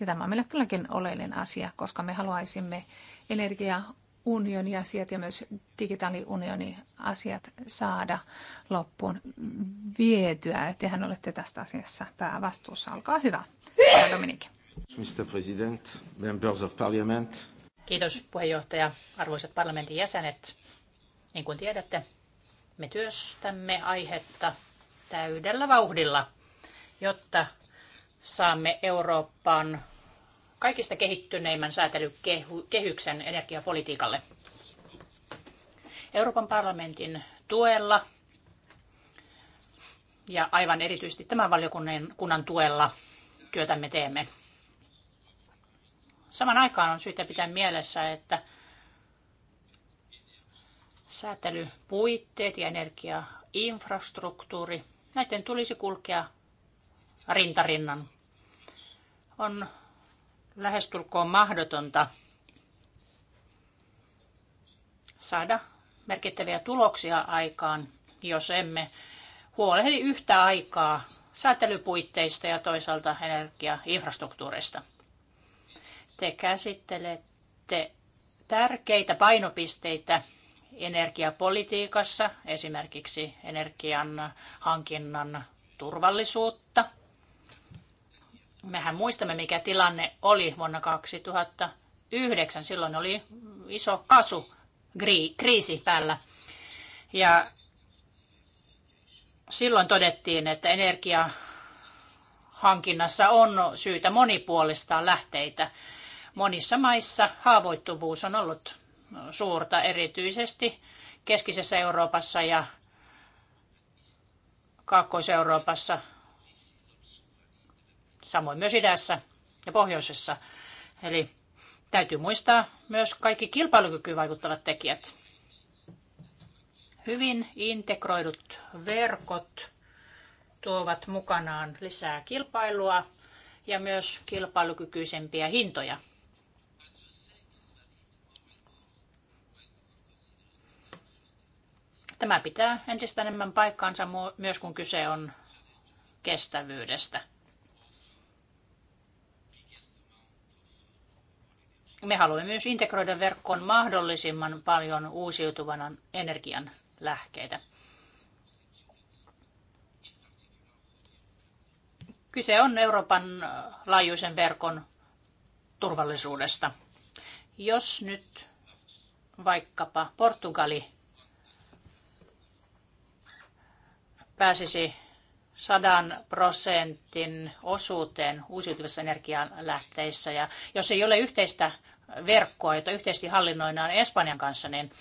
Ja tämä on meille todellakin oleellinen asia, koska me haluaisimme energiaa unioniasiat ja myös digitaaliunioniasiat asiat saada loppuun vietyä. Tehän olette tästä asiassa päävastuussa. Olkaa hyvä. Dominik. Mr. President, members of parliament. Kiitos puheenjohtaja, arvoisat parlamentin jäsenet. Niin kuin tiedätte, me työstämme aihetta täydellä vauhdilla, jotta saamme Eurooppaan kaikista kehittyneimmän säätelykehyksen energiapolitiikalle. Euroopan parlamentin tuella ja aivan erityisesti tämän valiokunnan tuella työtämme teemme. Saman aikaan on syytä pitää mielessä, että säätelypuitteet ja energiainfrastruktuuri, näiden tulisi kulkea rintarinnan. On lähestulkoon mahdotonta saada merkittäviä tuloksia aikaan, jos emme huolehdi yhtä aikaa säätelypuitteista ja toisaalta energiainfrastruktuurista. Te käsittelette tärkeitä painopisteitä energiapolitiikassa, esimerkiksi energian hankinnan turvallisuutta – Mehän muistamme, mikä tilanne oli vuonna 2009. Silloin oli iso kasu kriisi päällä. Ja silloin todettiin, että energia hankinnassa on syytä monipuolistaa lähteitä. Monissa maissa haavoittuvuus on ollut suurta, erityisesti keskisessä Euroopassa ja Kaakkois-Euroopassa samoin myös idässä ja pohjoisessa. Eli täytyy muistaa myös kaikki kilpailukykyyn vaikuttavat tekijät. Hyvin integroidut verkot tuovat mukanaan lisää kilpailua ja myös kilpailukykyisempiä hintoja. Tämä pitää entistä enemmän paikkaansa myös kun kyse on kestävyydestä. Me haluamme myös integroida verkkoon mahdollisimman paljon uusiutuvan energian lähteitä. Kyse on Euroopan laajuisen verkon turvallisuudesta. Jos nyt vaikkapa Portugali pääsisi sadan prosentin osuuteen uusiutuvissa energialähteissä Ja jos ei ole yhteistä verkkoa, jota yhteisesti hallinnoidaan Espanjan kanssa, niin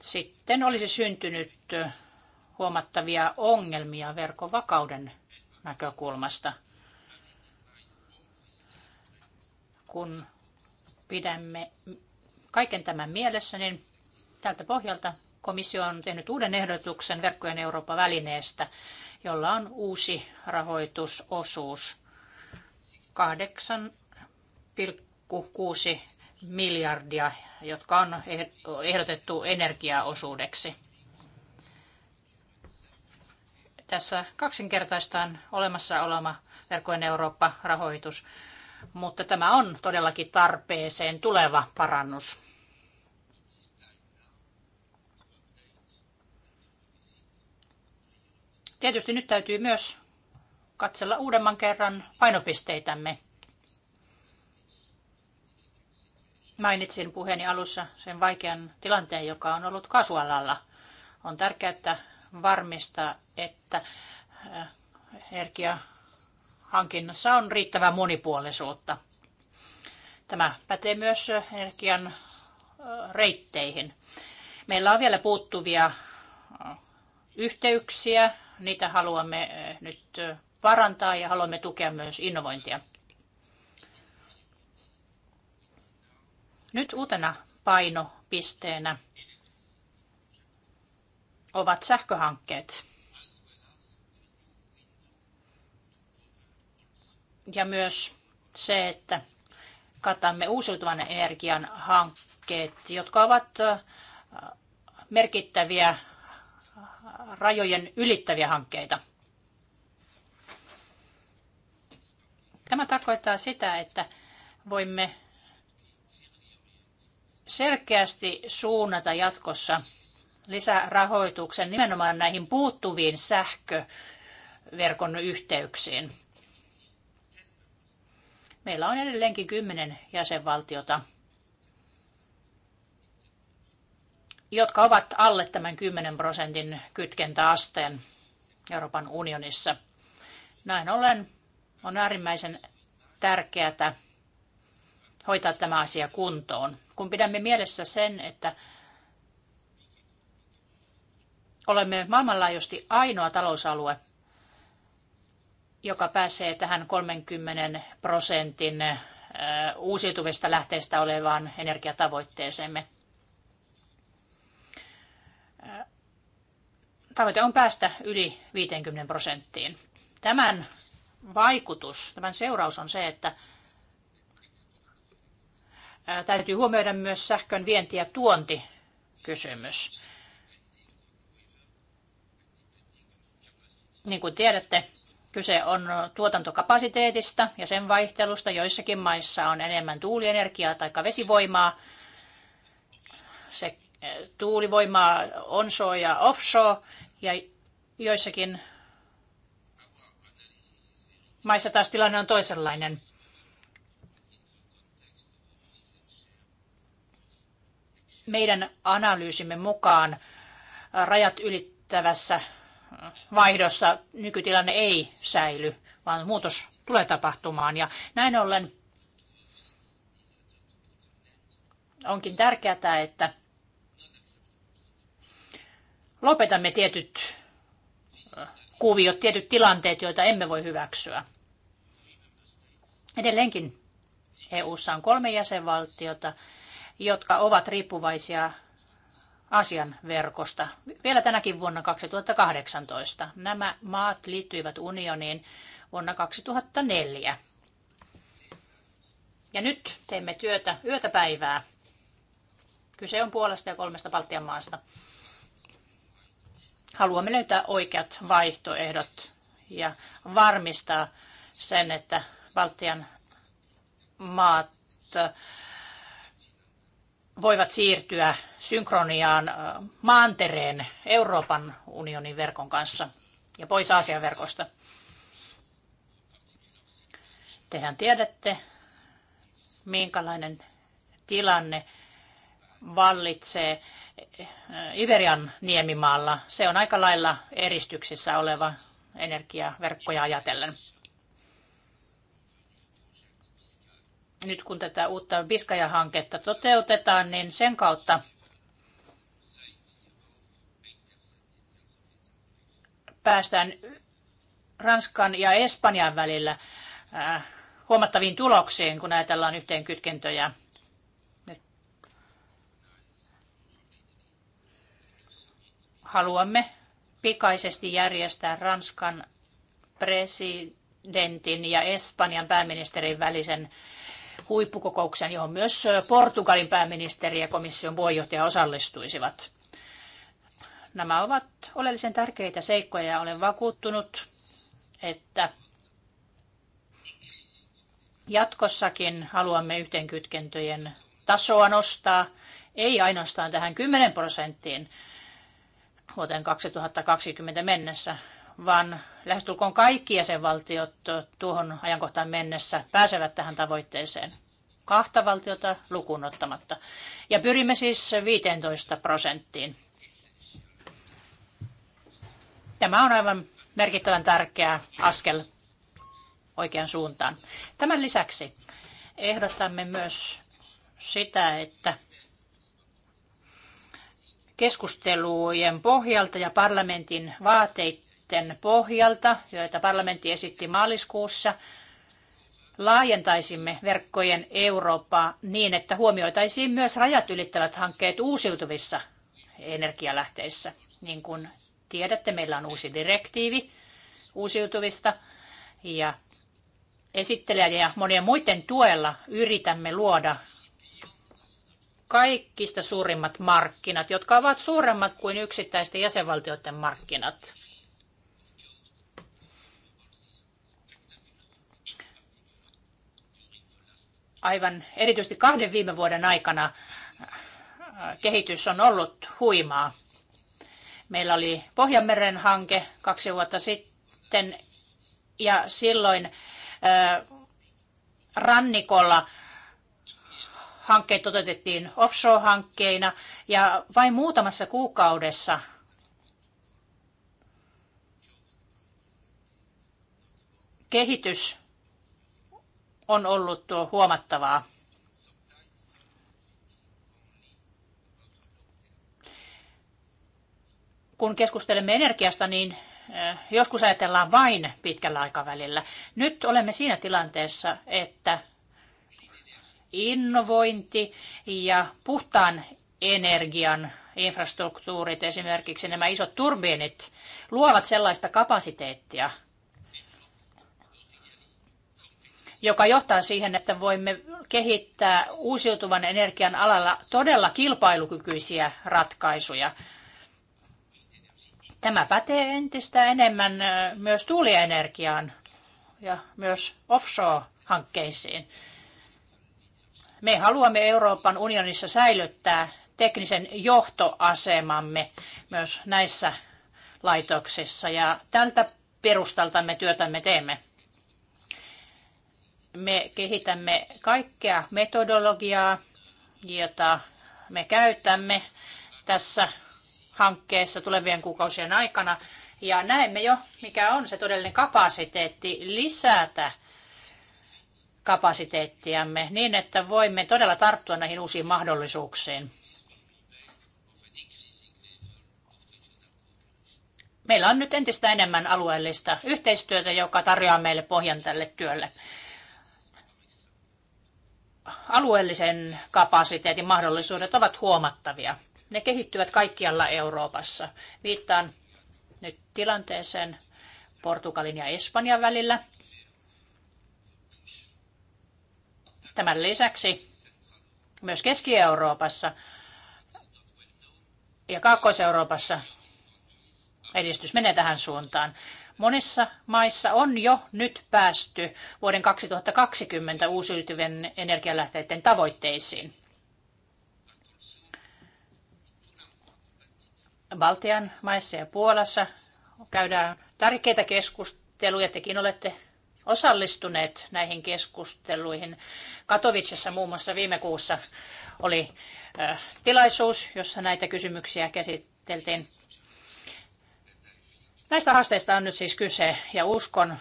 sitten olisi syntynyt huomattavia ongelmia verkon vakauden näkökulmasta. Kun pidämme kaiken tämän mielessä, niin tältä pohjalta komissio on tehnyt uuden ehdotuksen verkkojen Euroopan välineestä jolla on uusi rahoitusosuus 8,6 6 miljardia, jotka on ehdotettu energiaosuudeksi. Tässä kaksinkertaistaan olemassa olema Verkkojen Eurooppa-rahoitus, mutta tämä on todellakin tarpeeseen tuleva parannus. Tietysti nyt täytyy myös katsella uudemman kerran painopisteitämme – Mainitsin puheeni alussa sen vaikean tilanteen, joka on ollut kasualalla, On tärkeää, että varmistaa, että äh, energiahankinnassa on riittävää monipuolisuutta. Tämä pätee myös äh, energian äh, reitteihin. Meillä on vielä puuttuvia yhteyksiä, niitä haluamme nyt parantaa ja haluamme tukea myös innovointia. Nyt uutena painopisteenä ovat sähköhankkeet. Ja myös se, että katamme uusiutuvan energian hankkeet, jotka ovat merkittäviä rajojen ylittäviä hankkeita. Tämä tarkoittaa sitä, että voimme selkeästi suunnata jatkossa lisärahoituksen nimenomaan näihin puuttuviin sähköverkon yhteyksiin. Meillä on edelleenkin kymmenen jäsenvaltiota, jotka ovat alle tämän 10 prosentin kytkentäasteen Euroopan unionissa. Näin ollen on äärimmäisen tärkeää hoitaa tämä asia kuntoon. Kun pidämme mielessä sen, että olemme maailmanlaajuisesti ainoa talousalue, joka pääsee tähän 30 prosentin uusiutuvista lähteistä olevaan energiatavoitteeseemme. Tavoite on päästä yli 50 prosenttiin. Tämän vaikutus, tämän seuraus on se, että täytyy huomioida myös sähkön vienti- ja tuontikysymys. Niin kuin tiedätte, kyse on tuotantokapasiteetista ja sen vaihtelusta. Joissakin maissa on enemmän tuulienergiaa tai vesivoimaa. Se tuulivoimaa onshore ja offshore ja joissakin maissa taas tilanne on toisenlainen. meidän analyysimme mukaan äh, rajat ylittävässä vaihdossa nykytilanne ei säily, vaan muutos tulee tapahtumaan. Ja näin ollen onkin tärkeää, että lopetamme tietyt äh, kuviot, tietyt tilanteet, joita emme voi hyväksyä. Edelleenkin EU:ssa on kolme jäsenvaltiota, jotka ovat riippuvaisia asian verkosta vielä tänäkin vuonna 2018. Nämä maat liittyivät unioniin vuonna 2004. Ja nyt teemme työtä yötä päivää. Kyse on Puolasta ja kolmesta Baltian maasta. Haluamme löytää oikeat vaihtoehdot ja varmistaa sen, että Baltian maat voivat siirtyä synkroniaan maantereen Euroopan unionin verkon kanssa ja pois Aasian verkosta. Tehän tiedätte, minkälainen tilanne vallitsee Iberian niemimaalla. Se on aika lailla eristyksissä oleva energiaverkkoja ajatellen. nyt kun tätä uutta Biskaja-hanketta toteutetaan, niin sen kautta päästään Ranskan ja Espanjan välillä äh, huomattaviin tuloksiin, kun ajatellaan yhteenkytkentöjä. Haluamme pikaisesti järjestää Ranskan presidentin ja Espanjan pääministerin välisen huippukokouksen, johon myös Portugalin pääministeri ja komission puheenjohtaja osallistuisivat. Nämä ovat oleellisen tärkeitä seikkoja ja olen vakuuttunut, että jatkossakin haluamme yhteenkytkentöjen tasoa nostaa, ei ainoastaan tähän 10 prosenttiin vuoteen 2020 mennessä, vaan lähestulkoon kaikki jäsenvaltiot tuohon ajankohtaan mennessä pääsevät tähän tavoitteeseen. Kahta valtiota lukuun ottamatta. Ja pyrimme siis 15 prosenttiin. Tämä on aivan merkittävän tärkeä askel oikeaan suuntaan. Tämän lisäksi ehdotamme myös sitä, että keskustelujen pohjalta ja parlamentin vaateita ehdotusten pohjalta, joita parlamentti esitti maaliskuussa, laajentaisimme verkkojen Eurooppaa niin, että huomioitaisiin myös rajat ylittävät hankkeet uusiutuvissa energialähteissä. Niin kuin tiedätte, meillä on uusi direktiivi uusiutuvista ja esittelijän ja monien muiden tuella yritämme luoda kaikista suurimmat markkinat, jotka ovat suuremmat kuin yksittäisten jäsenvaltioiden markkinat. aivan erityisesti kahden viime vuoden aikana äh, kehitys on ollut huimaa. Meillä oli Pohjanmeren hanke kaksi vuotta sitten ja silloin äh, rannikolla hankkeet toteutettiin offshore-hankkeina ja vain muutamassa kuukaudessa kehitys on ollut tuo huomattavaa. Kun keskustelemme energiasta, niin äh, joskus ajatellaan vain pitkällä aikavälillä. Nyt olemme siinä tilanteessa, että innovointi ja puhtaan energian infrastruktuurit, esimerkiksi nämä isot turbiinit, luovat sellaista kapasiteettia, joka johtaa siihen, että voimme kehittää uusiutuvan energian alalla todella kilpailukykyisiä ratkaisuja. Tämä pätee entistä enemmän myös tuulienergiaan ja myös offshore-hankkeisiin. Me haluamme Euroopan unionissa säilyttää teknisen johtoasemamme myös näissä laitoksissa ja tältä perustalta me työtämme teemme me kehitämme kaikkea metodologiaa, jota me käytämme tässä hankkeessa tulevien kuukausien aikana. Ja näemme jo, mikä on se todellinen kapasiteetti lisätä kapasiteettiamme niin, että voimme todella tarttua näihin uusiin mahdollisuuksiin. Meillä on nyt entistä enemmän alueellista yhteistyötä, joka tarjoaa meille pohjan tälle työlle alueellisen kapasiteetin mahdollisuudet ovat huomattavia. Ne kehittyvät kaikkialla Euroopassa. Viittaan nyt tilanteeseen Portugalin ja Espanjan välillä. Tämän lisäksi myös Keski-Euroopassa ja Kaakkois-Euroopassa edistys menee tähän suuntaan. Monissa maissa on jo nyt päästy vuoden 2020 uusiutuvien energialähteiden tavoitteisiin. Baltian maissa ja Puolassa käydään tärkeitä keskusteluja. Tekin olette osallistuneet näihin keskusteluihin. Katowicessa muun muassa viime kuussa oli tilaisuus, jossa näitä kysymyksiä käsiteltiin. Näistä haasteista on nyt siis kyse ja uskon,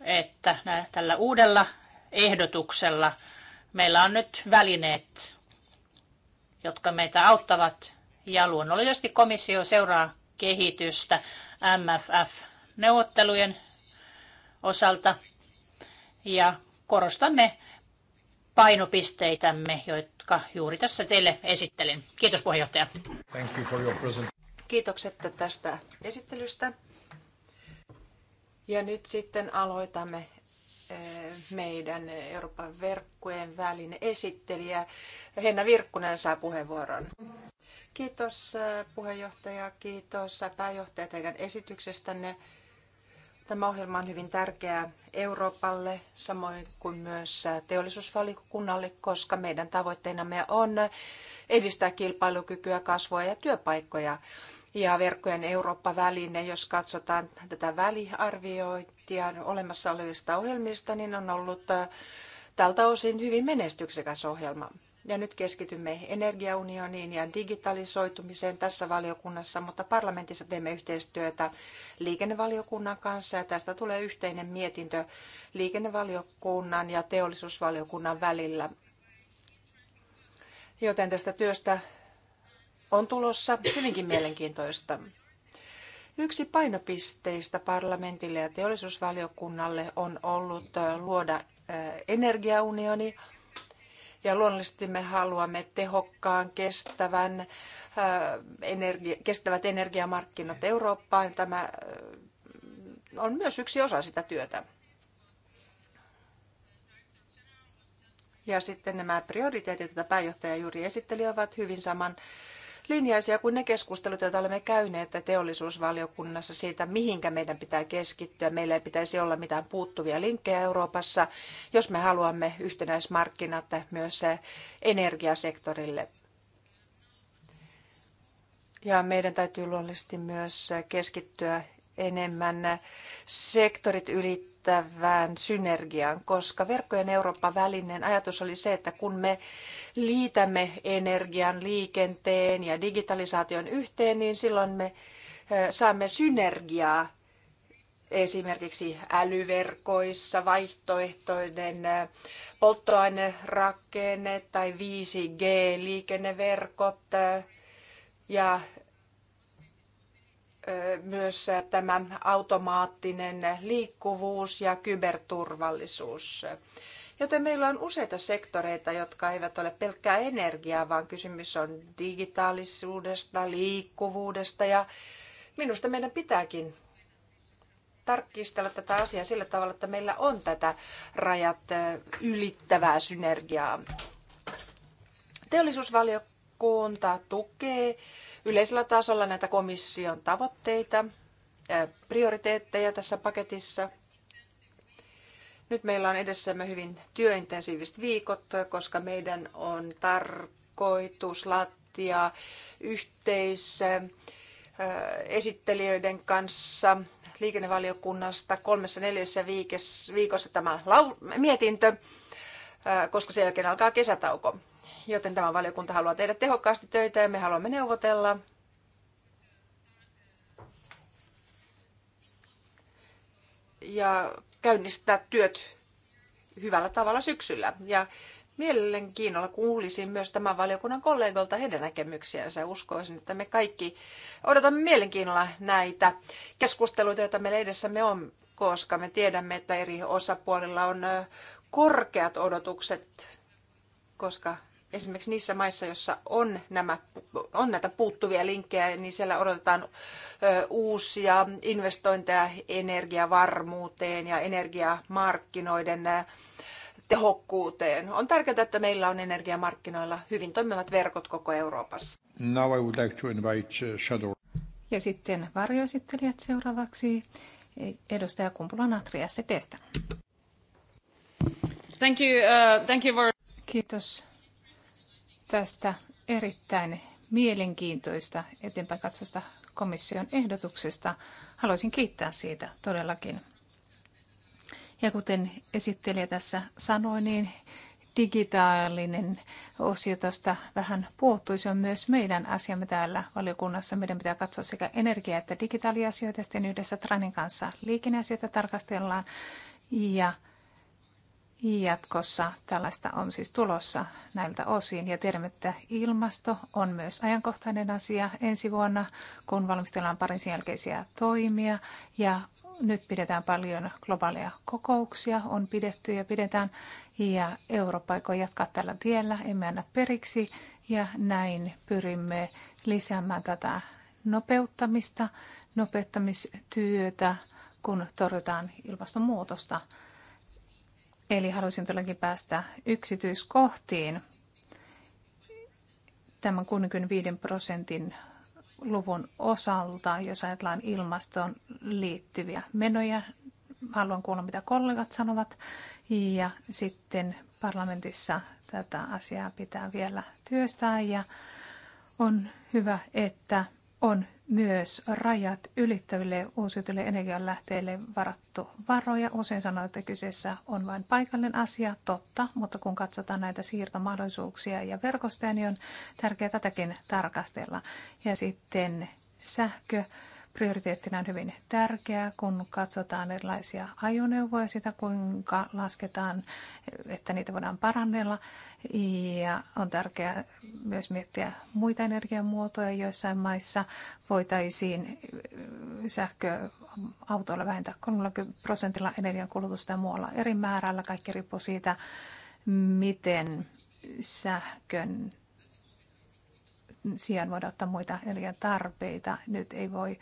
että tällä uudella ehdotuksella meillä on nyt välineet, jotka meitä auttavat. Ja luonnollisesti komissio seuraa kehitystä MFF-neuvottelujen osalta ja korostamme painopisteitämme, jotka juuri tässä teille esittelin. Kiitos puheenjohtaja. Kiitokset tästä esittelystä. Ja nyt sitten aloitamme eh, meidän Euroopan verkkojen välinen esittelijä Henna Virkkunen saa puheenvuoron. Kiitos eh, puheenjohtaja, kiitos eh, pääjohtaja teidän esityksestänne. Tämä ohjelma on hyvin tärkeä Euroopalle, samoin kuin myös teollisuusvalikunnalle, koska meidän tavoitteenamme on edistää kilpailukykyä, kasvua ja työpaikkoja ja verkkojen Eurooppa-väline, jos katsotaan tätä väliarviointia olemassa olevista ohjelmista, niin on ollut äh, tältä osin hyvin menestyksekäs ohjelma. Ja nyt keskitymme energiaunioniin ja digitalisoitumiseen tässä valiokunnassa, mutta parlamentissa teemme yhteistyötä liikennevaliokunnan kanssa ja tästä tulee yhteinen mietintö liikennevaliokunnan ja teollisuusvaliokunnan välillä. Joten tästä työstä on tulossa hyvinkin mielenkiintoista. Yksi painopisteistä parlamentille ja teollisuusvaliokunnalle on ollut luoda energiaunioni. Ja luonnollisesti me haluamme tehokkaan, kestävän, energi- kestävät energiamarkkinat Eurooppaan. Tämä on myös yksi osa sitä työtä. Ja sitten nämä prioriteetit, joita pääjohtaja juuri esitteli, ovat hyvin saman linjaisia kuin ne keskustelut, joita olemme käyneet teollisuusvaliokunnassa siitä, mihinkä meidän pitää keskittyä. Meillä ei pitäisi olla mitään puuttuvia linkkejä Euroopassa, jos me haluamme yhtenäismarkkinat myös energiasektorille. Ja meidän täytyy luonnollisesti myös keskittyä enemmän sektorit ylittämään merkittävään synergiaan, koska verkkojen Euroopan välinen ajatus oli se, että kun me liitämme energian, liikenteen ja digitalisaation yhteen, niin silloin me saamme synergiaa esimerkiksi älyverkoissa, vaihtoehtoinen polttoainerakenne tai 5G-liikenneverkot ja myös äh, tämä automaattinen liikkuvuus ja kyberturvallisuus. Joten meillä on useita sektoreita, jotka eivät ole pelkkää energiaa, vaan kysymys on digitaalisuudesta, liikkuvuudesta ja minusta meidän pitääkin tarkistella tätä asiaa sillä tavalla, että meillä on tätä rajat ylittävää synergiaa. Teollisuusvaliokunta tukee yleisellä tasolla näitä komission tavoitteita, prioriteetteja tässä paketissa. Nyt meillä on edessämme hyvin työintensiiviset viikot, koska meidän on tarkoitus laatia yhteis esittelijöiden kanssa liikennevaliokunnasta kolmessa neljässä viikossa tämä mietintö, koska sen jälkeen alkaa kesätauko joten tämä valiokunta haluaa tehdä tehokkaasti töitä ja me haluamme neuvotella. Ja käynnistää työt hyvällä tavalla syksyllä. Ja mielenkiinnolla kuulisin myös tämän valiokunnan kollegoilta heidän näkemyksiänsä. Uskoisin, että me kaikki odotamme mielenkiinnolla näitä keskusteluita, joita meillä edessämme on, koska me tiedämme, että eri osapuolilla on korkeat odotukset, koska esimerkiksi niissä maissa, joissa on, nämä, on näitä puuttuvia linkkejä, niin siellä odotetaan uusia investointeja energiavarmuuteen ja energiamarkkinoiden tehokkuuteen. On tärkeää, että meillä on energiamarkkinoilla hyvin toimivat verkot koko Euroopassa. Now I would like to invite uh, Shadow. Ja sitten varjoesittelijät seuraavaksi. Edustaja Kumpula Natri Thank you, uh, thank you for... Kiitos tästä erittäin mielenkiintoista eteenpäin katsosta komission ehdotuksesta. Haluaisin kiittää siitä todellakin. Ja kuten esittelijä tässä sanoi, niin digitaalinen osio tästä vähän puuttui. Se on myös meidän asiamme täällä valiokunnassa. Meidän pitää katsoa sekä energia- että digitaaliasioita. Sitten yhdessä Tranin kanssa liikenneasioita tarkastellaan. Ja jatkossa tällaista on siis tulossa näiltä osin. Ja tiedämme, että ilmasto on myös ajankohtainen asia ensi vuonna, kun valmistellaan parin jälkeisiä toimia. Ja nyt pidetään paljon globaaleja kokouksia, on pidetty ja pidetään. Ja Eurooppa aikoo jatkaa tällä tiellä, emme anna periksi. Ja näin pyrimme lisäämään tätä nopeuttamista, nopeuttamistyötä, kun torjutaan ilmastonmuutosta – Eli halusin todellakin päästä yksityiskohtiin tämän 65 prosentin luvun osalta, jos ajatellaan ilmastoon liittyviä menoja. Haluan kuulla, mitä kollegat sanovat. Ja sitten parlamentissa tätä asiaa pitää vielä työstää. Ja on hyvä, että on myös rajat ylittäville uusiutuville energianlähteille varattu varoja. Usein sanotaan, että kyseessä on vain paikallinen asia, totta, mutta kun katsotaan näitä siirtomahdollisuuksia ja verkostoja, niin on tärkeää tätäkin tarkastella. Ja sitten sähkö prioriteettina on hyvin tärkeää, kun katsotaan erilaisia ajoneuvoja, sitä kuinka lasketaan, että niitä voidaan parannella. Ja on tärkeää myös miettiä muita energiamuotoja. Joissain maissa voitaisiin sähköautoilla vähentää 30 prosentilla energiankulutusta ja muualla eri määrällä. Kaikki riippuu siitä, miten sähkön sijaan voidaan ottaa muita energian tarpeita. Nyt ei voi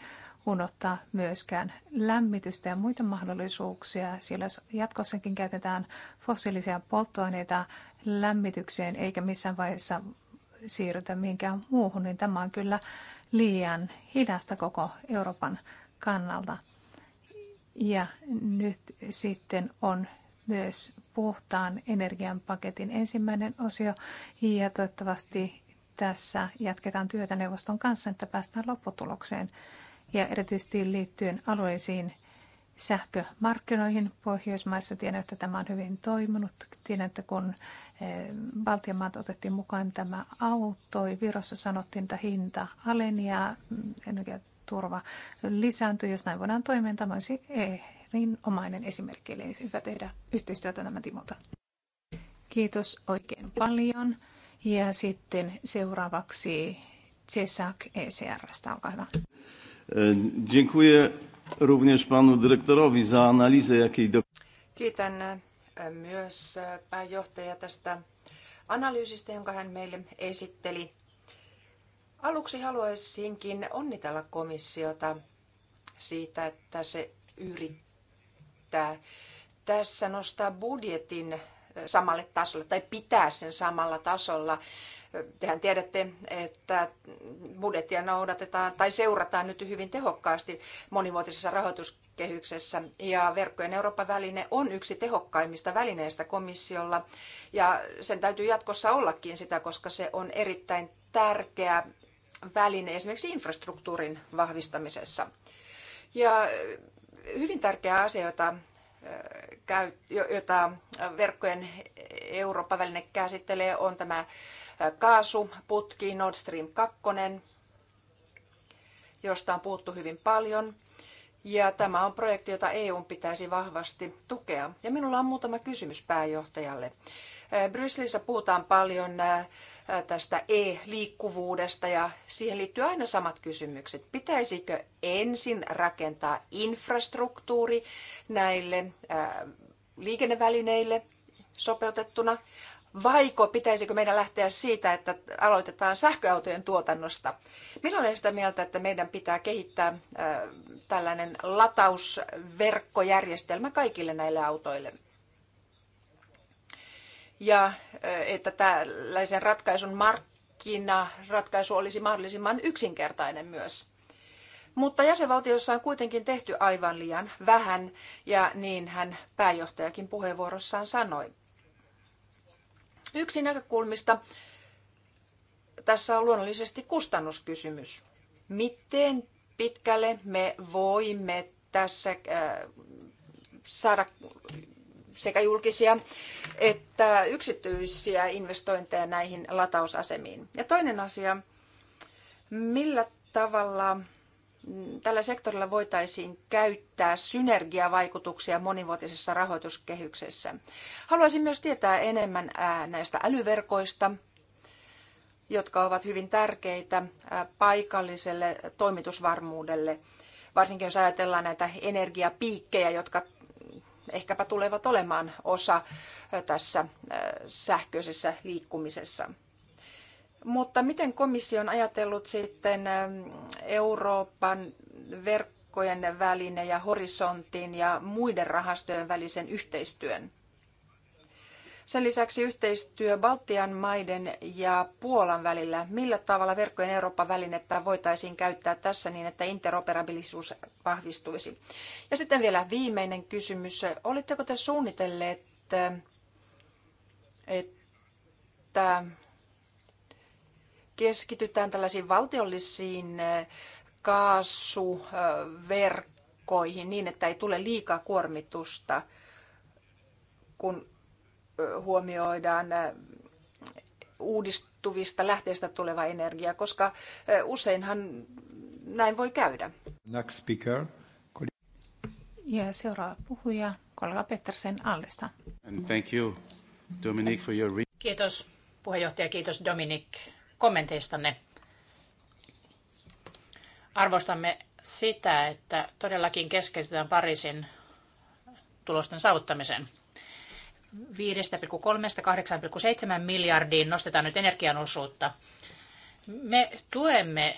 unohtaa myöskään lämmitystä ja muita mahdollisuuksia, sillä jatkossakin käytetään fossiilisia polttoaineita lämmitykseen eikä missään vaiheessa siirrytä mihinkään muuhun, niin tämä on kyllä liian hidasta koko Euroopan kannalta. Ja nyt sitten on myös puhtaan energian paketin ensimmäinen osio ja toivottavasti tässä jatketaan työtä neuvoston kanssa, että päästään lopputulokseen ja erityisesti liittyen alueisiin sähkömarkkinoihin Pohjoismaissa. Tiedän, että tämä on hyvin toiminut. Tiedän, että kun eh, Baltian maat otettiin mukaan, tämä auttoi. Virossa sanottiin, että hinta aleni ja mm, energiaturva lisääntyi. Jos näin voidaan toimia, tämä olisi erinomainen esimerkki. Eli hyvä tehdä yhteistyötä tämän Timolta. Kiitos oikein paljon. Ja sitten seuraavaksi CESAC e ECRstä, olkaa hyvä. E, dziękuję również panu dyrektorowi za analizę, jakiej do... Kiitän e, myös e, pääjohtaja tästä analyysistä, jonka hän meille esitteli. Aluksi haluaisinkin onnitella komissiota siitä, että se yrittää tässä nostaa budjetin samalle tasolle tai pitää sen samalla tasolla Tehän tiedätte, että budjettia noudatetaan tai seurataan nyt hyvin tehokkaasti monivuotisessa rahoituskehyksessä. Ja verkkojen Euroopan väline on yksi tehokkaimmista välineistä komissiolla. Ja sen täytyy jatkossa ollakin sitä, koska se on erittäin tärkeä väline esimerkiksi infrastruktuurin vahvistamisessa. Ja hyvin tärkeä asia, jota jota verkkojen Eurooppa-väline käsittelee, on tämä kaasuputki Nord Stream 2, josta on puhuttu hyvin paljon. Ja tämä on projekti, jota EU pitäisi vahvasti tukea. Ja minulla on muutama kysymys pääjohtajalle. Äh, Brysselissä puhutaan paljon äh, tästä e-liikkuvuudesta ja siihen liittyy aina samat kysymykset. Pitäisikö ensin rakentaa infrastruktuuri näille äh, liikennevälineille sopeutettuna vaiko pitäisikö meidän lähteä siitä, että aloitetaan sähköautojen tuotannosta. Minä olen sitä mieltä, että meidän pitää kehittää tällainen latausverkkojärjestelmä kaikille näille autoille. Ja että tällaisen ratkaisun markkinaratkaisu olisi mahdollisimman yksinkertainen myös. Mutta jäsenvaltioissa on kuitenkin tehty aivan liian vähän, ja niin hän pääjohtajakin puheenvuorossaan sanoi. Yksi näkökulmista tässä on luonnollisesti kustannuskysymys. Miten pitkälle me voimme tässä äh, saada sekä julkisia että yksityisiä investointeja näihin latausasemiin. Ja toinen asia, millä tavalla tällä sektorilla voitaisiin käyttää synergiavaikutuksia monivuotisessa rahoituskehyksessä. Haluaisin myös tietää enemmän näistä älyverkoista, jotka ovat hyvin tärkeitä paikalliselle toimitusvarmuudelle, varsinkin jos ajatellaan näitä energiapiikkejä, jotka ehkäpä tulevat olemaan osa tässä sähköisessä liikkumisessa. Mutta miten komissio on ajatellut sitten ähm, Euroopan verkkojen väline ja horisontin ja muiden rahastojen välisen yhteistyön? Sen lisäksi yhteistyö Baltian maiden ja Puolan välillä. Millä tavalla verkkojen Euroopan välinettä voitaisiin käyttää tässä niin, että interoperabilisuus vahvistuisi? Ja sitten vielä viimeinen kysymys. Olitteko te suunnitelleet, äh, että keskitytään tällaisiin valtiollisiin kaasuverkkoihin niin, että ei tule liikaa kuormitusta, kun huomioidaan uudistuvista lähteistä tuleva energia, koska useinhan näin voi käydä. Next speaker. Ja seuraava puhuja, kollega Pettersen Allesta. And thank you, Dominic, for your... Kiitos puheenjohtaja, kiitos Dominic kommenteistanne. Arvostamme sitä, että todellakin keskitytään Pariisin tulosten saavuttamiseen. 5,3-8,7 miljardiin nostetaan nyt energian osuutta. Me tuemme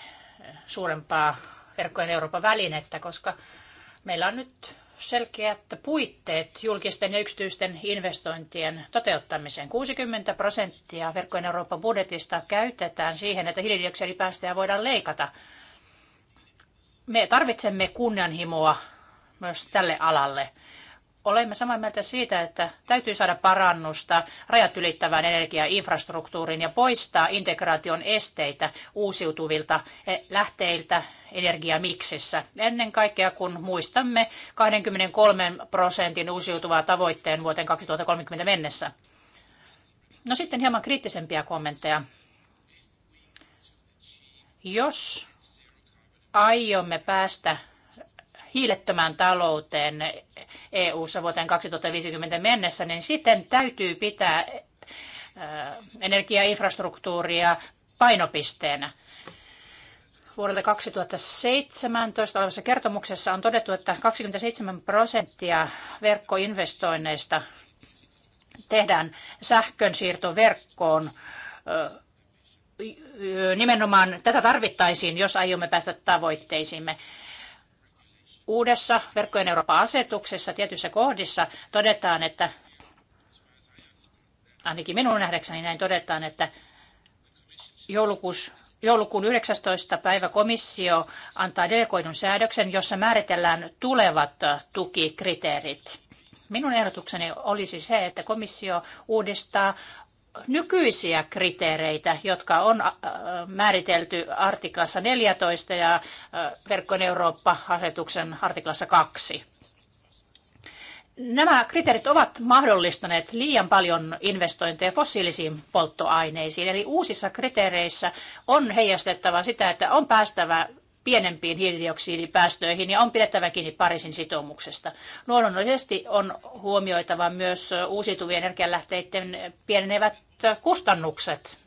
suurempaa verkkojen Euroopan välinettä, koska meillä on nyt selkeät puitteet julkisten ja yksityisten investointien toteuttamiseen. 60 prosenttia verkkojen Euroopan budjetista käytetään siihen, että hiilidioksidipäästöjä voidaan leikata. Me tarvitsemme kunnianhimoa myös tälle alalle olemme samaa mieltä siitä, että täytyy saada parannusta rajat ylittävään energiainfrastruktuuriin ja poistaa integraation esteitä uusiutuvilta eh, lähteiltä energiamiksissä. Ennen kaikkea kun muistamme 23 prosentin uusiutuvaa tavoitteen vuoteen 2030 mennessä. No sitten hieman kriittisempiä kommentteja. Jos aiomme päästä hiilettömään talouteen EU-ssa vuoteen 2050 mennessä, niin sitten täytyy pitää energiainfrastruktuuria painopisteenä. Vuodelta 2017 olevassa kertomuksessa on todettu, että 27 prosenttia verkkoinvestoinneista tehdään sähkönsiirtoverkkoon nimenomaan tätä tarvittaisiin, jos aiomme päästä tavoitteisiimme uudessa verkkojen Euroopan asetuksessa tietyissä kohdissa todetaan, että ainakin minun nähdäkseni näin todetaan, että joulukuun 19. päivä komissio antaa delegoidun säädöksen, jossa määritellään tulevat tukikriteerit. Minun ehdotukseni olisi se, että komissio uudistaa nykyisiä kriteereitä, jotka on äh, määritelty artiklassa 14 ja äh, verkkojen Eurooppa-asetuksen artiklassa 2. Nämä kriteerit ovat mahdollistaneet liian paljon investointeja fossiilisiin polttoaineisiin, eli uusissa kriteereissä on heijastettava sitä, että on päästävä pienempiin hiilidioksidipäästöihin ja on pidettävä kiinni Pariisin sitoumuksesta. Luonnollisesti on huomioitava myös uusiutuvien energialähteiden pienenevät kustannukset.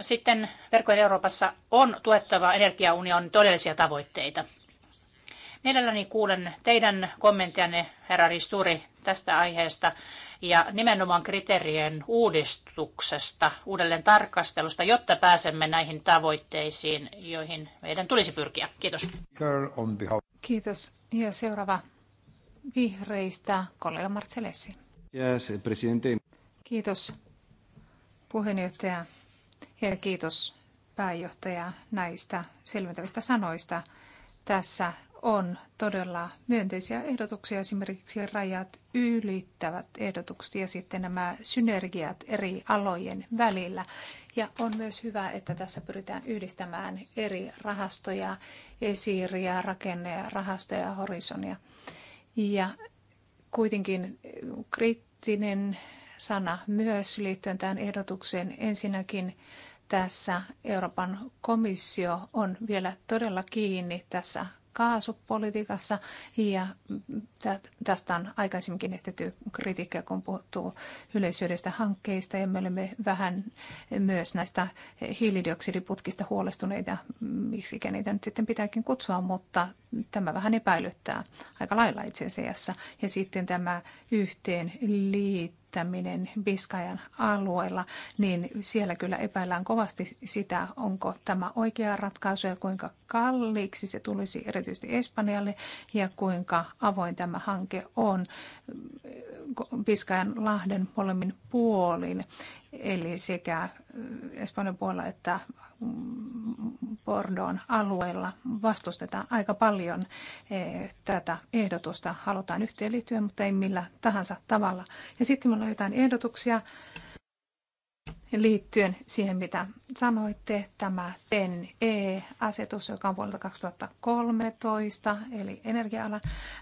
Sitten verkkojen Euroopassa on tuettava energiaunionin todellisia tavoitteita. Mielelläni kuulen teidän kommenttianne, herra Risturi, tästä aiheesta ja nimenomaan kriteerien uudistuksesta, uudelleen tarkastelusta, jotta pääsemme näihin tavoitteisiin, joihin meidän tulisi pyrkiä. Kiitos. Kiitos. Ja seuraava vihreistä kollega Marcellesi. Yes, presidente. Kiitos puheenjohtaja ja kiitos pääjohtaja näistä selventävistä sanoista. Tässä on todella myönteisiä ehdotuksia, esimerkiksi rajat ylittävät ehdotukset ja sitten nämä synergiat eri alojen välillä. Ja on myös hyvä, että tässä pyritään yhdistämään eri rahastoja, esiiriä, rakenne, rahastoja, horisonia. Ja kuitenkin kriittinen sana myös liittyen tähän ehdotukseen. Ensinnäkin tässä Euroopan komissio on vielä todella kiinni tässä kaasupolitiikassa ja tästä on aikaisemminkin estetty kritiikkiä, kun puhuttu yleisyydestä hankkeista ja me olemme vähän myös näistä hiilidioksidiputkista huolestuneita, miksi niitä nyt sitten pitääkin kutsua, mutta tämä vähän epäilyttää aika lailla itse asiassa. Ja sitten tämä yhteen liittyy käyttäminen Biskajan alueella, niin siellä kyllä epäillään kovasti sitä, onko tämä oikea ratkaisu ja kuinka kalliiksi se tulisi erityisesti Espanjalle ja kuinka avoin tämä hanke on. Piskajan lahden molemmin puolin, eli sekä Espanjan puolella että mm, Bordoon alueella vastustetaan aika paljon e, tätä ehdotusta. Halutaan yhteenliittyä, mutta ei millä tahansa tavalla. Ja sitten meillä on jotain ehdotuksia liittyen siihen, mitä sanoitte, tämä TEN-E-asetus, joka on vuodelta 2013, eli energia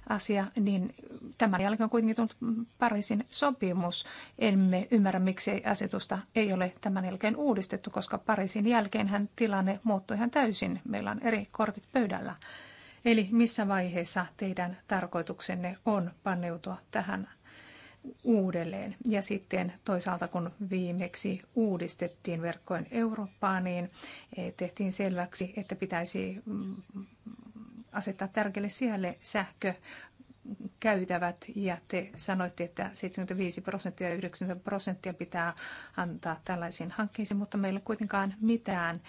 asia, niin tämän jälkeen on kuitenkin tullut Pariisin sopimus. Emme ymmärrä, miksi asetusta ei ole tämän jälkeen uudistettu, koska Pariisin jälkeenhän tilanne muuttui ihan täysin. Meillä on eri kortit pöydällä. Eli missä vaiheessa teidän tarkoituksenne on paneutua tähän uudelleen. Ja sitten toisaalta kun viimeksi uudistettiin verkkojen Eurooppaa, niin eh, tehtiin selväksi, että pitäisi mm, asettaa tärkeälle sijalle sähkö käytävät ja te sanoitte, että 75 prosenttia ja 90 prosenttia pitää antaa tällaisiin hankkeisiin, mutta meillä kuitenkaan mitään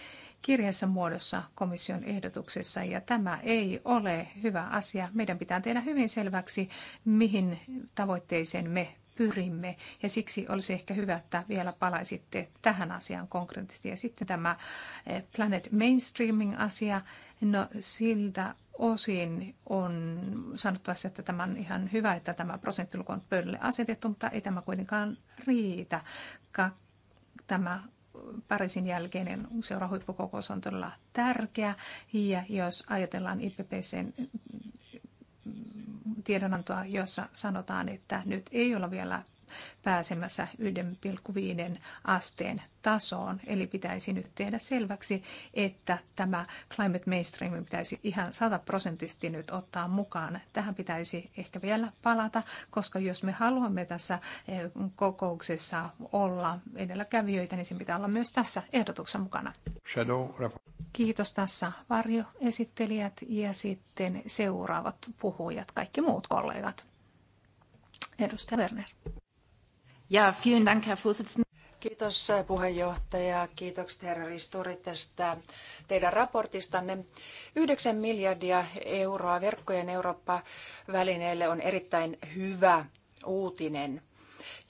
kirjeessä muodossa komission ehdotuksessa ja tämä ei ole hyvä asia. Meidän pitää tehdä hyvin selväksi, mihin tavoitteeseen me pyrimme. Ja siksi olisi ehkä hyvä, että vielä palaisitte tähän asiaan konkreettisesti. Ja sitten tämä eh, Planet Mainstreaming-asia, no siltä osin on sanottava että tämä on ihan hyvä, että tämä prosenttiluku on pöydälle asetettu, mutta ei tämä kuitenkaan riitä. Tämä Pariisin jälkeinen seurahuippukokous on todella tärkeä. Ja jos ajatellaan IPPCn tiedonantoa, jossa sanotaan, että nyt ei ole vielä pääsemässä 1,5 asteen tasoon. Eli pitäisi nyt tehdä selväksi, että tämä climate mainstream pitäisi ihan sataprosenttisesti nyt ottaa mukaan. Tähän pitäisi ehkä vielä palata, koska jos me haluamme tässä eh, kokouksessa olla edelläkävijöitä, niin se pitää olla myös tässä ehdotuksessa mukana. Shadow. Kiitos tässä varjoesittelijät ja sitten seuraavat puhujat, kaikki muut kollegat. Edustaja Werner. Ja, vielen Dank, Herr Vorsitzender. Kiitos äh, puheenjohtaja, kiitokset herra Risturi tästä teidän raportistanne. 9 miljardia euroa verkkojen Eurooppa-välineelle on erittäin hyvä uutinen.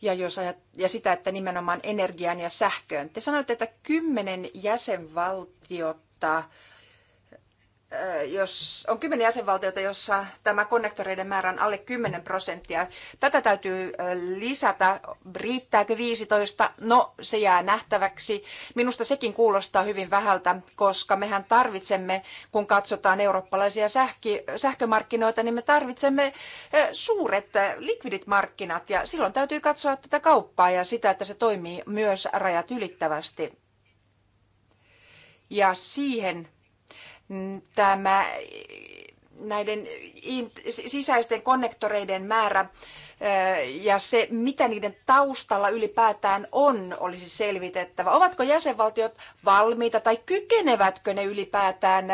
Ja, jos ajat, ja sitä, että nimenomaan energiaan ja sähköön. Te sanoitte, että kymmenen jäsenvaltiota jos on kymmenen jäsenvaltiota, jossa tämä konnektoreiden määrä on alle 10 prosenttia. Tätä täytyy lisätä. Riittääkö 15? No, se jää nähtäväksi. Minusta sekin kuulostaa hyvin vähältä, koska mehän tarvitsemme, kun katsotaan eurooppalaisia sähki, sähkömarkkinoita, niin me tarvitsemme suuret likvidit markkinat ja silloin täytyy katsoa tätä kauppaa ja sitä, että se toimii myös rajat ylittävästi. Ja siihen tämä näiden sisäisten konnektoreiden määrä ja se, mitä niiden taustalla ylipäätään on, olisi selvitettävä. Ovatko jäsenvaltiot valmiita tai kykenevätkö ne ylipäätään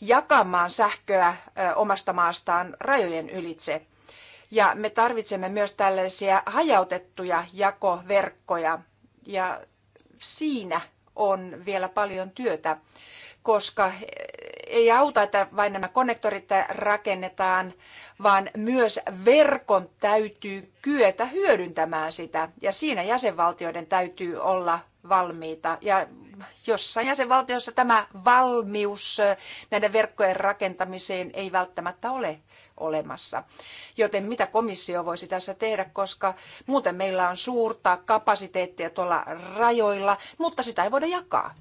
jakamaan sähköä omasta maastaan rajojen ylitse? Ja me tarvitsemme myös tällaisia hajautettuja jakoverkkoja ja siinä on vielä paljon työtä koska ei auta, että vain nämä konnektorit rakennetaan, vaan myös verkon täytyy kyetä hyödyntämään sitä. Ja siinä jäsenvaltioiden täytyy olla valmiita. Ja jossain jäsenvaltiossa tämä valmius näiden verkkojen rakentamiseen ei välttämättä ole olemassa. Joten mitä komissio voisi tässä tehdä, koska muuten meillä on suurta kapasiteettia tuolla rajoilla, mutta sitä ei voida jakaa.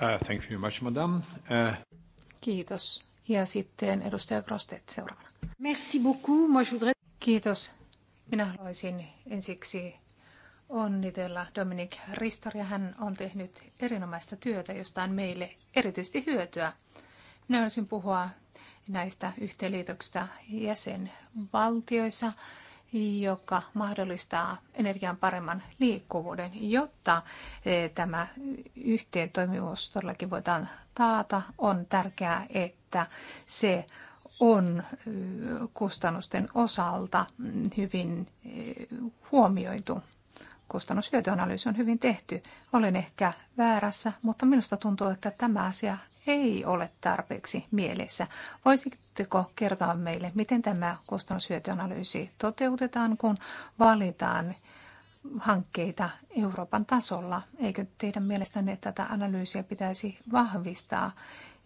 Uh, thank you very much, madam. Uh, Kiitos. Ja sitten edustaja Grostet seuraavana. Merci beaucoup. Moi, je voudrais... Kiitos. Minä haluaisin ensiksi onnitella Dominik Ristoria. Hän on tehnyt erinomaista työtä, josta on meille erityisesti hyötyä. Minä haluaisin puhua näistä yhteenliitoksista jäsenvaltioissa joka mahdollistaa energian paremman liikkuvuuden, jotta e, tämä yhteen toimivuus todellakin voidaan taata. On tärkeää, että se on e, kustannusten osalta hyvin e, huomioitu. Kustannushyötyanalyysi on hyvin tehty. Olen ehkä väärässä, mutta minusta tuntuu, että tämä asia ei ole tarpeeksi mielessä. Voisitteko kertoa meille, miten tämä kustannushyötyanalyysi toteutetaan, kun valitaan hankkeita Euroopan tasolla? Eikö teidän mielestänne tätä analyysiä pitäisi vahvistaa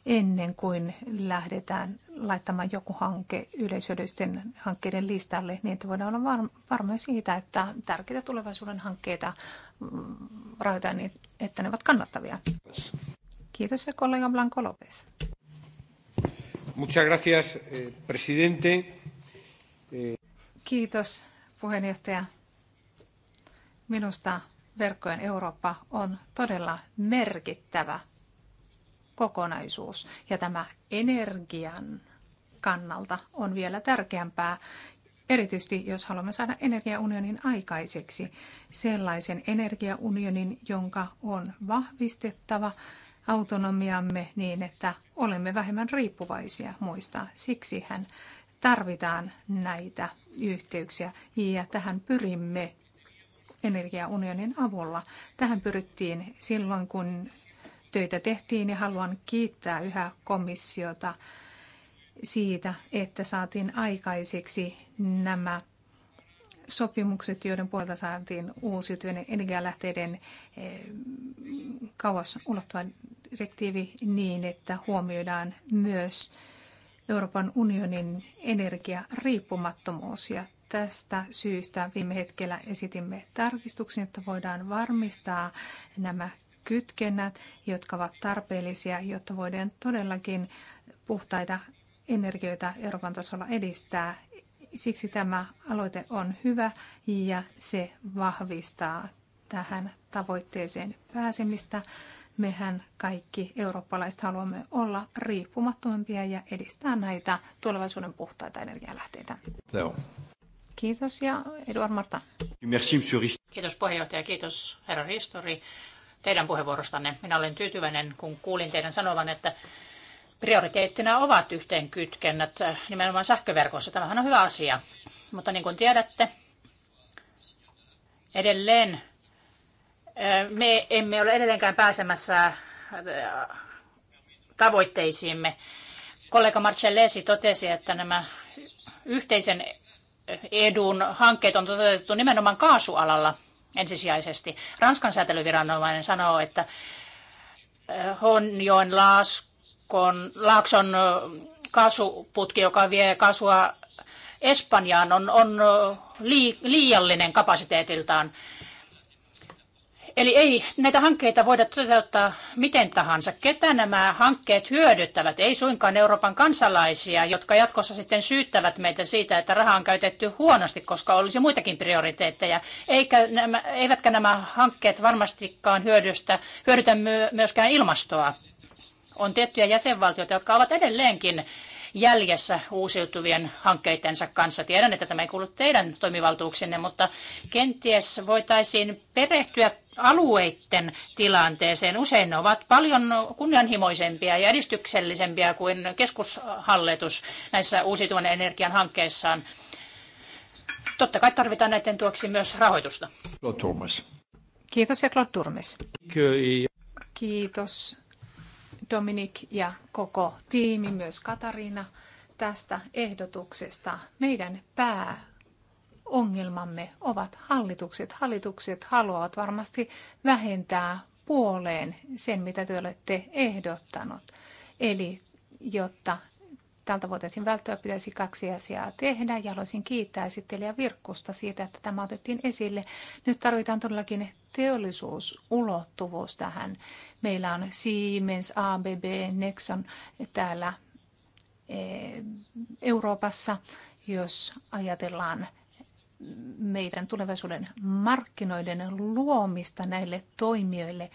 ennen kuin lähdetään laittamaan joku hanke yleishyödyllisten hankkeiden listalle, niin että voidaan olla varmoja siitä, että tärkeitä tulevaisuuden hankkeita mm, rahoitetaan niin, että ne ovat kannattavia. Kiitos ja kollega Blanco López. Muchas gracias, eh, presidente. Eh, Kiitos, puheenjohtaja. Minusta verkkojen Eurooppa on todella merkittävä kokonaisuus ja tämä energian kannalta on vielä tärkeämpää, erityisesti jos haluamme saada energiaunionin aikaiseksi, sellaisen energiaunionin, jonka on vahvistettava autonomiamme niin, että olemme vähemmän riippuvaisia muista. Siksihän tarvitaan näitä yhteyksiä ja tähän pyrimme energiaunionin avulla. Tähän pyrittiin silloin, kun töitä tehtiin ja haluan kiittää yhä komissiota siitä, että saatiin aikaiseksi nämä sopimukset, joiden puolelta saatiin uusiutuvien energialähteiden eh, kauas ulottuva direktiivi niin, että huomioidaan myös Euroopan unionin energiariippumattomuus. Ja tästä syystä viime hetkellä esitimme tarkistuksen, että voidaan varmistaa nämä kytkennät, jotka ovat tarpeellisia, jotta voidaan todellakin puhtaita energioita Euroopan tasolla edistää Siksi tämä aloite on hyvä ja se vahvistaa tähän tavoitteeseen pääsemistä. Mehän kaikki eurooppalaiset haluamme olla riippumattomampia ja edistää näitä tulevaisuuden puhtaita energialähteitä. Joo. Kiitos ja Eduard Marta. Kiitos puheenjohtaja, kiitos herra Ristori teidän puheenvuorostanne. Minä olen tyytyväinen, kun kuulin teidän sanovan, että prioriteettina ovat yhteenkytkennät äh, nimenomaan sähköverkossa. Tämähän on hyvä asia. Mutta niin kuin tiedätte, edelleen äh, me emme ole edelleenkään pääsemässä äh, tavoitteisiimme. Kollega Marcellesi totesi, että nämä yhteisen edun hankkeet on toteutettu nimenomaan kaasualalla ensisijaisesti. Ranskan säätelyviranomainen sanoo, että Honjoen, Laas, kun laakson kasuputki, joka vie kasua Espanjaan, on, on liiallinen kapasiteetiltaan. Eli ei näitä hankkeita voida toteuttaa miten tahansa. Ketä nämä hankkeet hyödyttävät? Ei suinkaan Euroopan kansalaisia, jotka jatkossa sitten syyttävät meitä siitä, että rahaa on käytetty huonosti, koska olisi muitakin prioriteetteja. Eikä nämä, eivätkä nämä hankkeet varmastikaan hyödystä, hyödytä myöskään ilmastoa on tiettyjä jäsenvaltioita, jotka ovat edelleenkin jäljessä uusiutuvien hankkeitensa kanssa. Tiedän, että tämä ei kuulu teidän toimivaltuuksenne, mutta kenties voitaisiin perehtyä alueiden tilanteeseen. Usein ne ovat paljon kunnianhimoisempia ja edistyksellisempiä kuin keskushallitus näissä uusiutuvan energian hankkeissaan. Totta kai tarvitaan näiden tuoksi myös rahoitusta. Kiitos ja Claude Turmes. Kiitos Dominik ja koko tiimi, myös Katariina, tästä ehdotuksesta. Meidän pääongelmamme ovat hallitukset. Hallitukset haluavat varmasti vähentää puoleen sen, mitä te olette ehdottanut. Eli jotta tältä voitaisiin välttyä, pitäisi kaksi asiaa tehdä ja haluaisin kiittää esittelijä Virkkusta siitä, että tämä otettiin esille. Nyt tarvitaan todellakin teollisuusulottuvuus tähän. Meillä on Siemens, ABB, Nexon täällä eh, Euroopassa, jos ajatellaan meidän tulevaisuuden markkinoiden luomista näille toimijoille.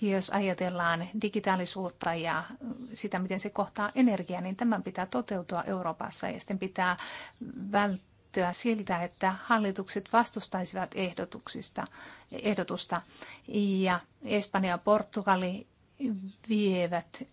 Ja jos ajatellaan digitaalisuutta ja sitä, miten se kohtaa energiaa, niin tämän pitää toteutua Euroopassa ja sitten pitää välttyä siltä, että hallitukset vastustaisivat ehdotuksista, ehdotusta. Ja Espanja ja Portugali vievät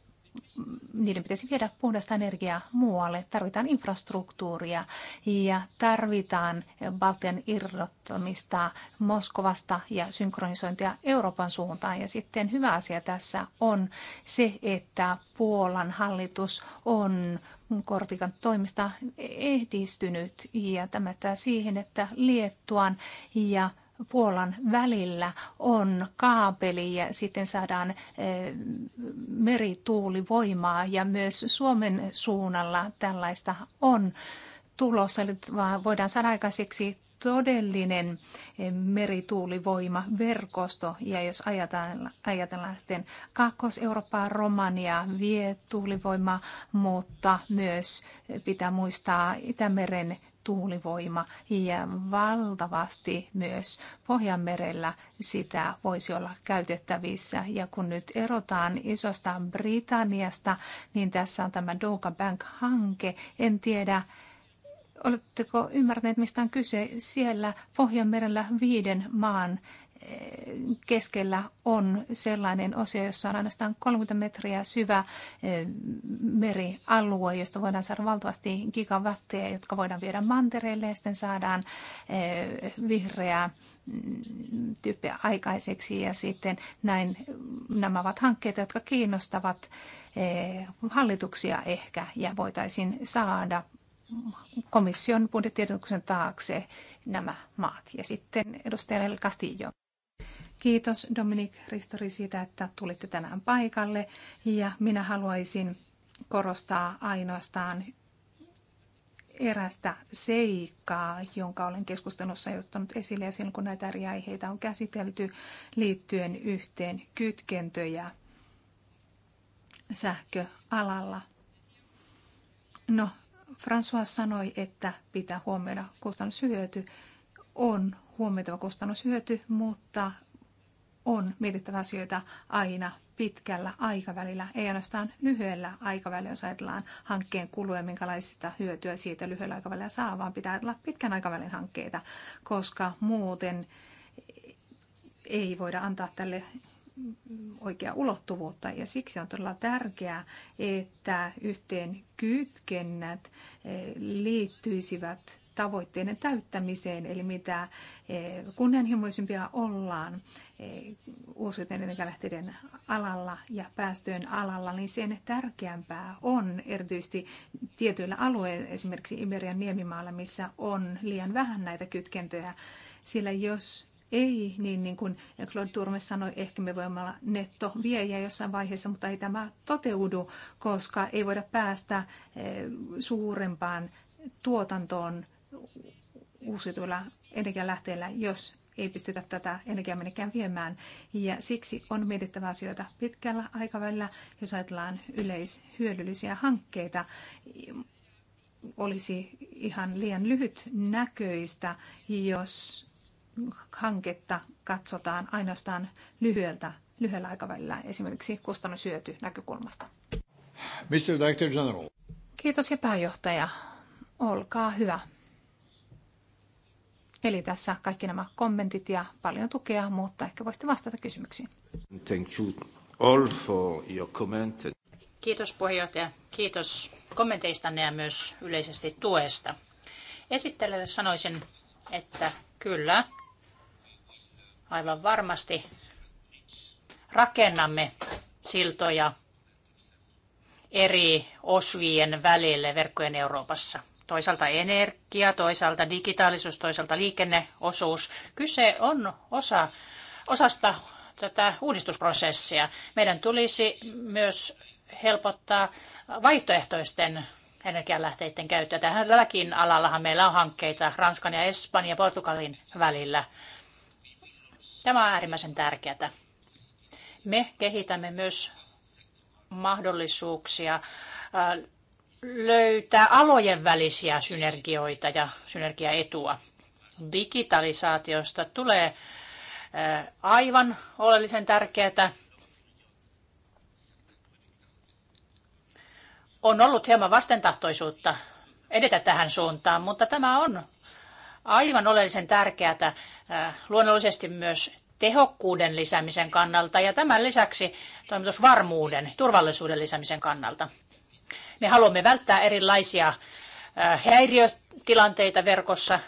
niiden pitäisi viedä puhdasta energiaa muualle. Tarvitaan infrastruktuuria ja tarvitaan Baltian irrottamista Moskovasta ja synkronisointia Euroopan suuntaan. Ja sitten hyvä asia tässä on se, että Puolan hallitus on Kortikan toimista ehdistynyt ja tämä siihen, että Liettuan ja Puolan välillä on kaapeli ja sitten saadaan eh, merituulivoimaa ja myös Suomen suunnalla tällaista on tulossa, eli voidaan saada aikaiseksi todellinen eh, merituulivoimaverkosto. Ja jos ajatellaan, ajatellaan sitten Kaakkois-Eurooppaa, Romania vie tuulivoimaa, mutta myös pitää muistaa Itämeren tuulivoima ja valtavasti myös Pohjanmerellä sitä voisi olla käytettävissä. Ja kun nyt erotaan isosta Britanniasta, niin tässä on tämä Doga Bank-hanke. En tiedä, Oletteko ymmärtäneet, mistä on kyse? Siellä Pohjanmerellä viiden maan keskellä on sellainen osio, jossa on ainoastaan 30 metriä syvä eh, merialue, josta voidaan saada valtavasti gigawatteja, jotka voidaan viedä mantereelle ja sitten saadaan eh, vihreää mm, tyyppiä aikaiseksi ja sitten näin nämä ovat hankkeet, jotka kiinnostavat eh, hallituksia ehkä ja voitaisiin saada komission budjettiedotuksen taakse nämä maat. Ja sitten edustaja Castillo. Kiitos Dominik Ristori siitä, että tulitte tänään paikalle ja minä haluaisin korostaa ainoastaan erästä seikkaa, jonka olen keskustelussa ottanut esille ja silloin kun näitä eri aiheita on käsitelty liittyen yhteen kytkentöjä sähköalalla. No, François sanoi, että pitää huomioida kustannushyöty. On huomioitava kustannushyöty, mutta on mietittävä asioita aina pitkällä aikavälillä, ei ainoastaan lyhyellä aikavälillä, jos ajatellaan hankkeen kuluja, minkälaista hyötyä siitä lyhyellä aikavälillä saa, vaan pitää olla pitkän aikavälin hankkeita, koska muuten ei voida antaa tälle oikea ulottuvuutta ja siksi on todella tärkeää, että yhteen kytkennät eh, liittyisivät tavoitteiden täyttämiseen, eli mitä eh, kunnianhimoisimpia ollaan eh, uusiutuvien energialähteiden alalla ja päästöjen alalla, niin sen tärkeämpää on erityisesti tietyillä alueilla, esimerkiksi Iberian niemimaalla, missä on liian vähän näitä kytkentöjä, sillä jos ei, niin, niin kuin Claude Turmes sanoi, ehkä me voimme olla nettoviejä jossain vaiheessa, mutta ei tämä toteudu, koska ei voida päästä eh, suurempaan tuotantoon uusiutuvilla energialähteillä, jos ei pystytä tätä energiaa menekään viemään. Ja siksi on mietittävä asioita pitkällä aikavälillä, jos ajatellaan yleishyödyllisiä hankkeita. Olisi ihan liian lyhyt näköistä, jos hanketta katsotaan ainoastaan lyhyeltä, lyhyellä aikavälillä, esimerkiksi kustannushyöty näkökulmasta. Mr. Director General. Kiitos ja pääjohtaja. Olkaa hyvä. Eli tässä kaikki nämä kommentit ja paljon tukea, mutta ehkä voisitte vastata kysymyksiin. Thank you all for your comment. Kiitos puheenjohtaja. Kiitos kommenteistanne ja myös yleisesti tuesta. Esittelijälle sanoisin, että kyllä, aivan varmasti rakennamme siltoja eri osvien välille verkkojen Euroopassa toisaalta energia, toisaalta digitaalisuus, toisaalta liikenneosuus. Kyse on osa, osasta tätä uudistusprosessia. Meidän tulisi myös helpottaa vaihtoehtoisten energialähteiden käyttöä. Tälläkin alallahan meillä on hankkeita Ranskan ja Espanjan ja Portugalin välillä. Tämä on äärimmäisen tärkeää. Me kehitämme myös mahdollisuuksia äh, löytää alojen välisiä synergioita ja synergiaetua. Digitalisaatiosta tulee aivan oleellisen tärkeää. On ollut hieman vastentahtoisuutta edetä tähän suuntaan, mutta tämä on aivan oleellisen tärkeää luonnollisesti myös tehokkuuden lisäämisen kannalta ja tämän lisäksi toimitusvarmuuden, turvallisuuden lisäämisen kannalta. Me haluamme välttää erilaisia häiriötilanteita verkossa.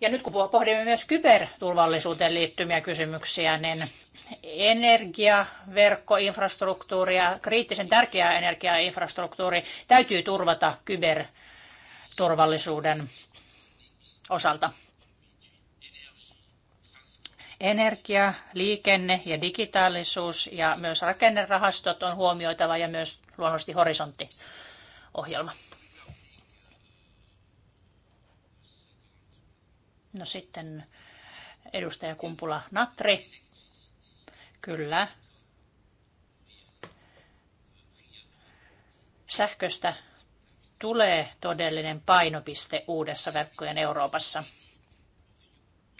Ja nyt kun pohdimme myös kyberturvallisuuteen liittymiä kysymyksiä, niin energia, verkkoinfrastruktuuri ja kriittisen tärkeä energiainfrastruktuuri täytyy turvata kyberturvallisuuden osalta. Energia, liikenne ja digitaalisuus ja myös rakennerahastot on huomioitava ja myös luonnollisesti horisonttiohjelma. No sitten edustaja Kumpula Natri. Kyllä. Sähköstä tulee todellinen painopiste uudessa verkkojen Euroopassa.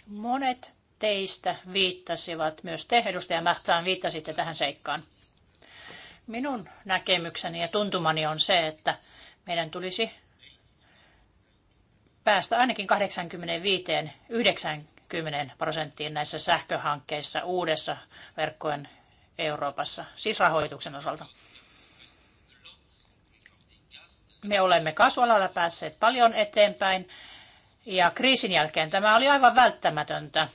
Monet teistä viittasivat, myös te edustaja Mähtsään viittasitte tähän seikkaan. Minun näkemykseni ja tuntumani on se, että meidän tulisi päästä ainakin 85-90 prosenttiin näissä sähköhankkeissa uudessa verkkojen Euroopassa, siis rahoituksen osalta. Me olemme kasvualalla päässeet paljon eteenpäin ja kriisin jälkeen tämä oli aivan välttämätöntä.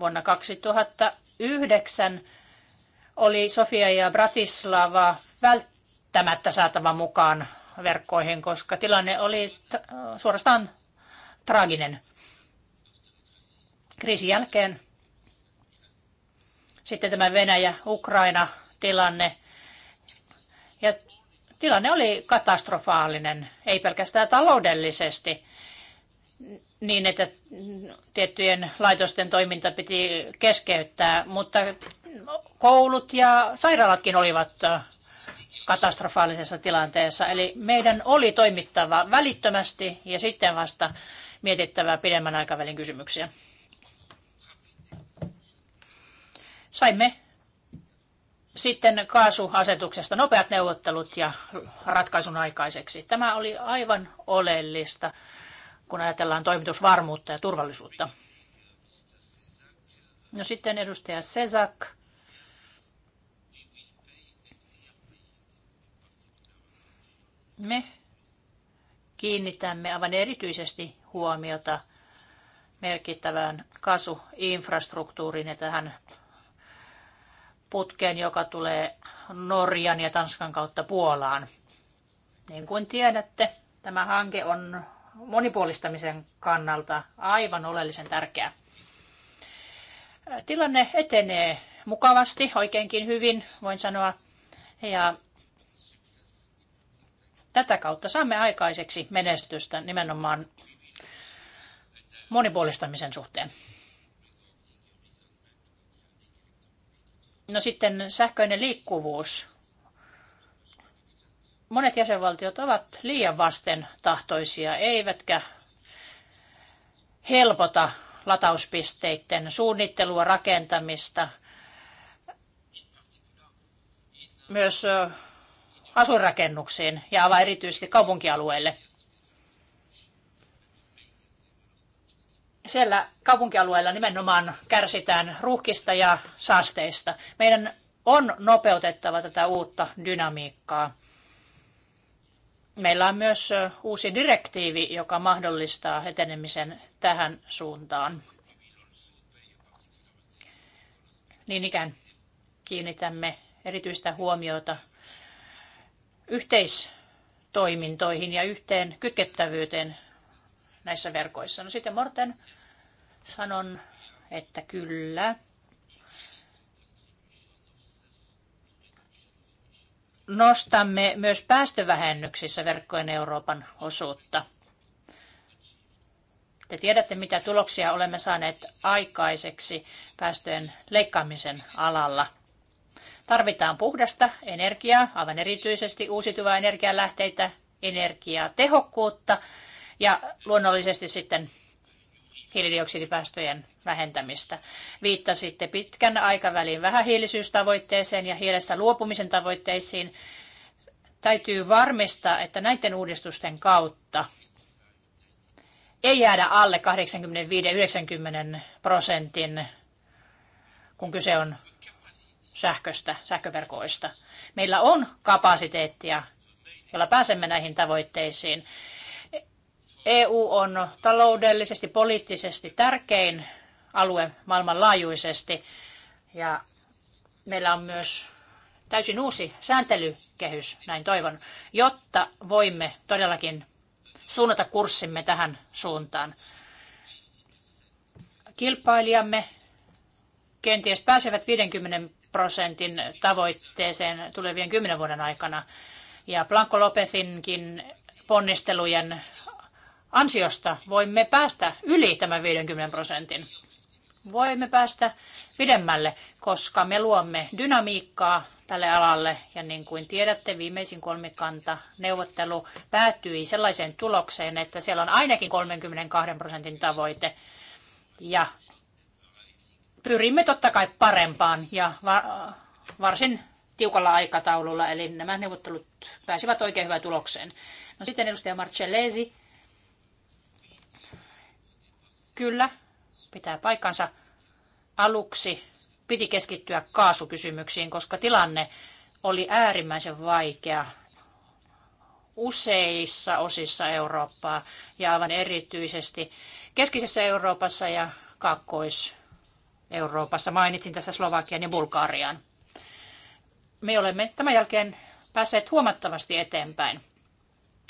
Vuonna 2009 oli Sofia ja Bratislava välttämättä saatava mukaan verkkoihin, koska tilanne oli suorastaan traaginen. Kriisin jälkeen sitten tämä Venäjä-Ukraina-tilanne. Ja tilanne oli katastrofaalinen, ei pelkästään taloudellisesti, niin, että tiettyjen laitosten toiminta piti keskeyttää, mutta koulut ja sairaalatkin olivat äh, katastrofaalisessa tilanteessa. Eli meidän oli toimittava välittömästi ja sitten vasta mietittävä pidemmän aikavälin kysymyksiä. Saimme sitten kaasuasetuksesta nopeat neuvottelut ja ratkaisun aikaiseksi. Tämä oli aivan oleellista kun ajatellaan toimitusvarmuutta ja turvallisuutta. No sitten edustaja Sesak. Me kiinnitämme aivan erityisesti huomiota merkittävään kasuinfrastruktuuriin ja tähän putkeen, joka tulee Norjan ja Tanskan kautta Puolaan. Niin kuin tiedätte, tämä hanke on monipuolistamisen kannalta aivan oleellisen tärkeä. Tilanne etenee mukavasti, oikeinkin hyvin, voin sanoa. Ja tätä kautta saamme aikaiseksi menestystä nimenomaan monipuolistamisen suhteen. No sitten sähköinen liikkuvuus monet jäsenvaltiot ovat liian vasten tahtoisia, eivätkä helpota latauspisteiden suunnittelua, rakentamista. Myös asuinrakennuksiin ja aivan erityisesti kaupunkialueille. Siellä kaupunkialueella nimenomaan kärsitään ruuhkista ja saasteista. Meidän on nopeutettava tätä uutta dynamiikkaa Meillä on myös uusi direktiivi, joka mahdollistaa etenemisen tähän suuntaan. Niin ikään kiinnitämme erityistä huomiota yhteistoimintoihin ja yhteen kytkettävyyteen näissä verkoissa. No sitten Morten sanon, että kyllä, nostamme myös päästövähennyksissä verkkojen Euroopan osuutta. Te tiedätte, mitä tuloksia olemme saaneet aikaiseksi päästöjen leikkaamisen alalla. Tarvitaan puhdasta energiaa, aivan erityisesti uusiutuvaa energialähteitä, energiatehokkuutta ja luonnollisesti sitten hiilidioksidipäästöjen vähentämistä. Viittasitte pitkän aikavälin vähähiilisyystavoitteeseen ja hiilestä luopumisen tavoitteisiin. Täytyy varmistaa, että näiden uudistusten kautta ei jäädä alle 85-90 prosentin, kun kyse on sähköstä, sähköverkoista. Meillä on kapasiteettia, jolla pääsemme näihin tavoitteisiin. EU on taloudellisesti, poliittisesti tärkein alue maailmanlaajuisesti ja meillä on myös täysin uusi sääntelykehys, näin toivon, jotta voimme todellakin suunnata kurssimme tähän suuntaan. Kilpailijamme kenties pääsevät 50 prosentin tavoitteeseen tulevien kymmenen vuoden aikana. Ja Blanco Lopesinkin ponnistelujen ansiosta voimme päästä yli tämän 50 prosentin. Voimme päästä pidemmälle, koska me luomme dynamiikkaa tälle alalle. Ja niin kuin tiedätte, viimeisin kolmikanta neuvottelu päättyi sellaiseen tulokseen, että siellä on ainakin 32 prosentin tavoite. Ja pyrimme totta kai parempaan ja varsin tiukalla aikataululla, eli nämä neuvottelut pääsivät oikein hyvään tulokseen. No sitten edustaja Marcellesi Kyllä, pitää paikkansa. Aluksi piti keskittyä kaasukysymyksiin, koska tilanne oli äärimmäisen vaikea useissa osissa Eurooppaa ja aivan erityisesti keskisessä Euroopassa ja Kaakkois-Euroopassa. Mainitsin tässä Slovakian ja Bulgarian. Me olemme tämän jälkeen päässeet huomattavasti eteenpäin.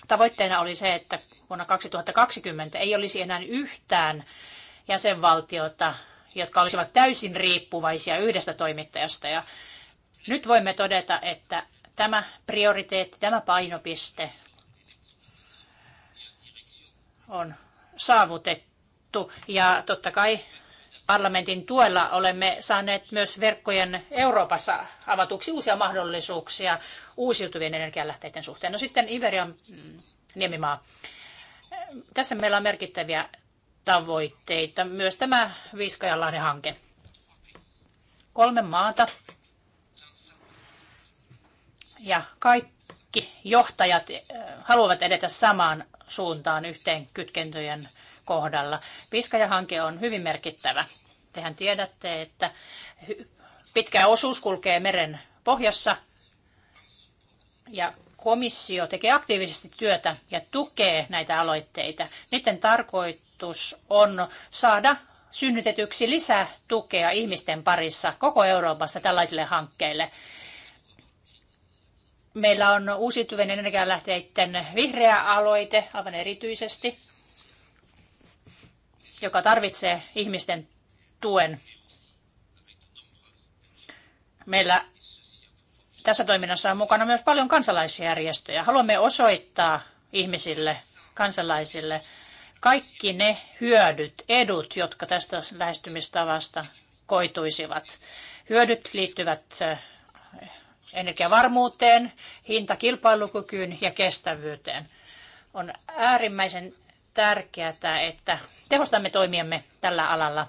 Tavoitteena oli se, että vuonna 2020 ei olisi enää yhtään jäsenvaltiota, jotka olisivat täysin riippuvaisia yhdestä toimittajasta. Ja nyt voimme todeta, että tämä prioriteetti, tämä painopiste on saavutettu. Ja totta kai parlamentin tuella olemme saaneet myös verkkojen Euroopassa avatuksi uusia mahdollisuuksia uusiutuvien energialähteiden suhteen. No sitten Iverian mm, niemimaa. Tässä meillä on merkittäviä tavoitteita. Myös tämä Viskajanlahden hanke. Kolme maata ja kaikki johtajat eh, haluavat edetä samaan suuntaan yhteen kytkentöjen kohdalla. Piskajahanke on hyvin merkittävä. Tehän tiedätte, että pitkä osuus kulkee meren pohjassa ja komissio tekee aktiivisesti työtä ja tukee näitä aloitteita. Niiden tarkoitus on saada synnytetyksi lisää tukea ihmisten parissa koko Euroopassa tällaisille hankkeille. Meillä on uusiutuvien energialähteiden vihreä aloite aivan erityisesti joka tarvitsee ihmisten tuen. Meillä tässä toiminnassa on mukana myös paljon kansalaisjärjestöjä. Haluamme osoittaa ihmisille, kansalaisille kaikki ne hyödyt, edut, jotka tästä lähestymistavasta koituisivat. Hyödyt liittyvät eh, energiavarmuuteen, hintakilpailukykyyn ja kestävyyteen. On äärimmäisen tärkeää, että tehostamme toimiamme tällä alalla.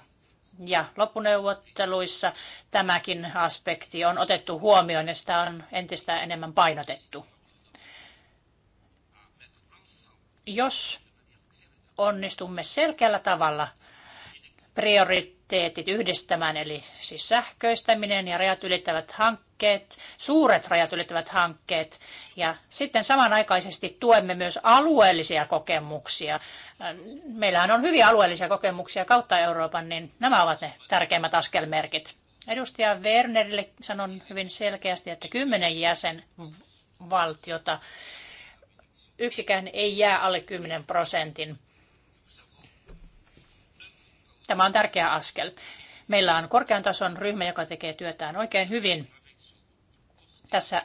Ja loppuneuvotteluissa tämäkin aspekti on otettu huomioon ja sitä on entistä enemmän painotettu. Jos onnistumme selkeällä tavalla priori prioriteetit yhdistämään, eli siis sähköistäminen ja rajat ylittävät hankkeet, suuret rajat ylittävät hankkeet. Ja sitten samanaikaisesti tuemme myös alueellisia kokemuksia. Meillähän on hyviä alueellisia kokemuksia kautta Euroopan, niin nämä ovat ne tärkeimmät askelmerkit. Edustaja Wernerille sanon hyvin selkeästi, että kymmenen jäsenvaltiota yksikään ei jää alle 10 prosentin Tämä on tärkeä askel. Meillä on korkean tason ryhmä, joka tekee työtään oikein hyvin. Tässä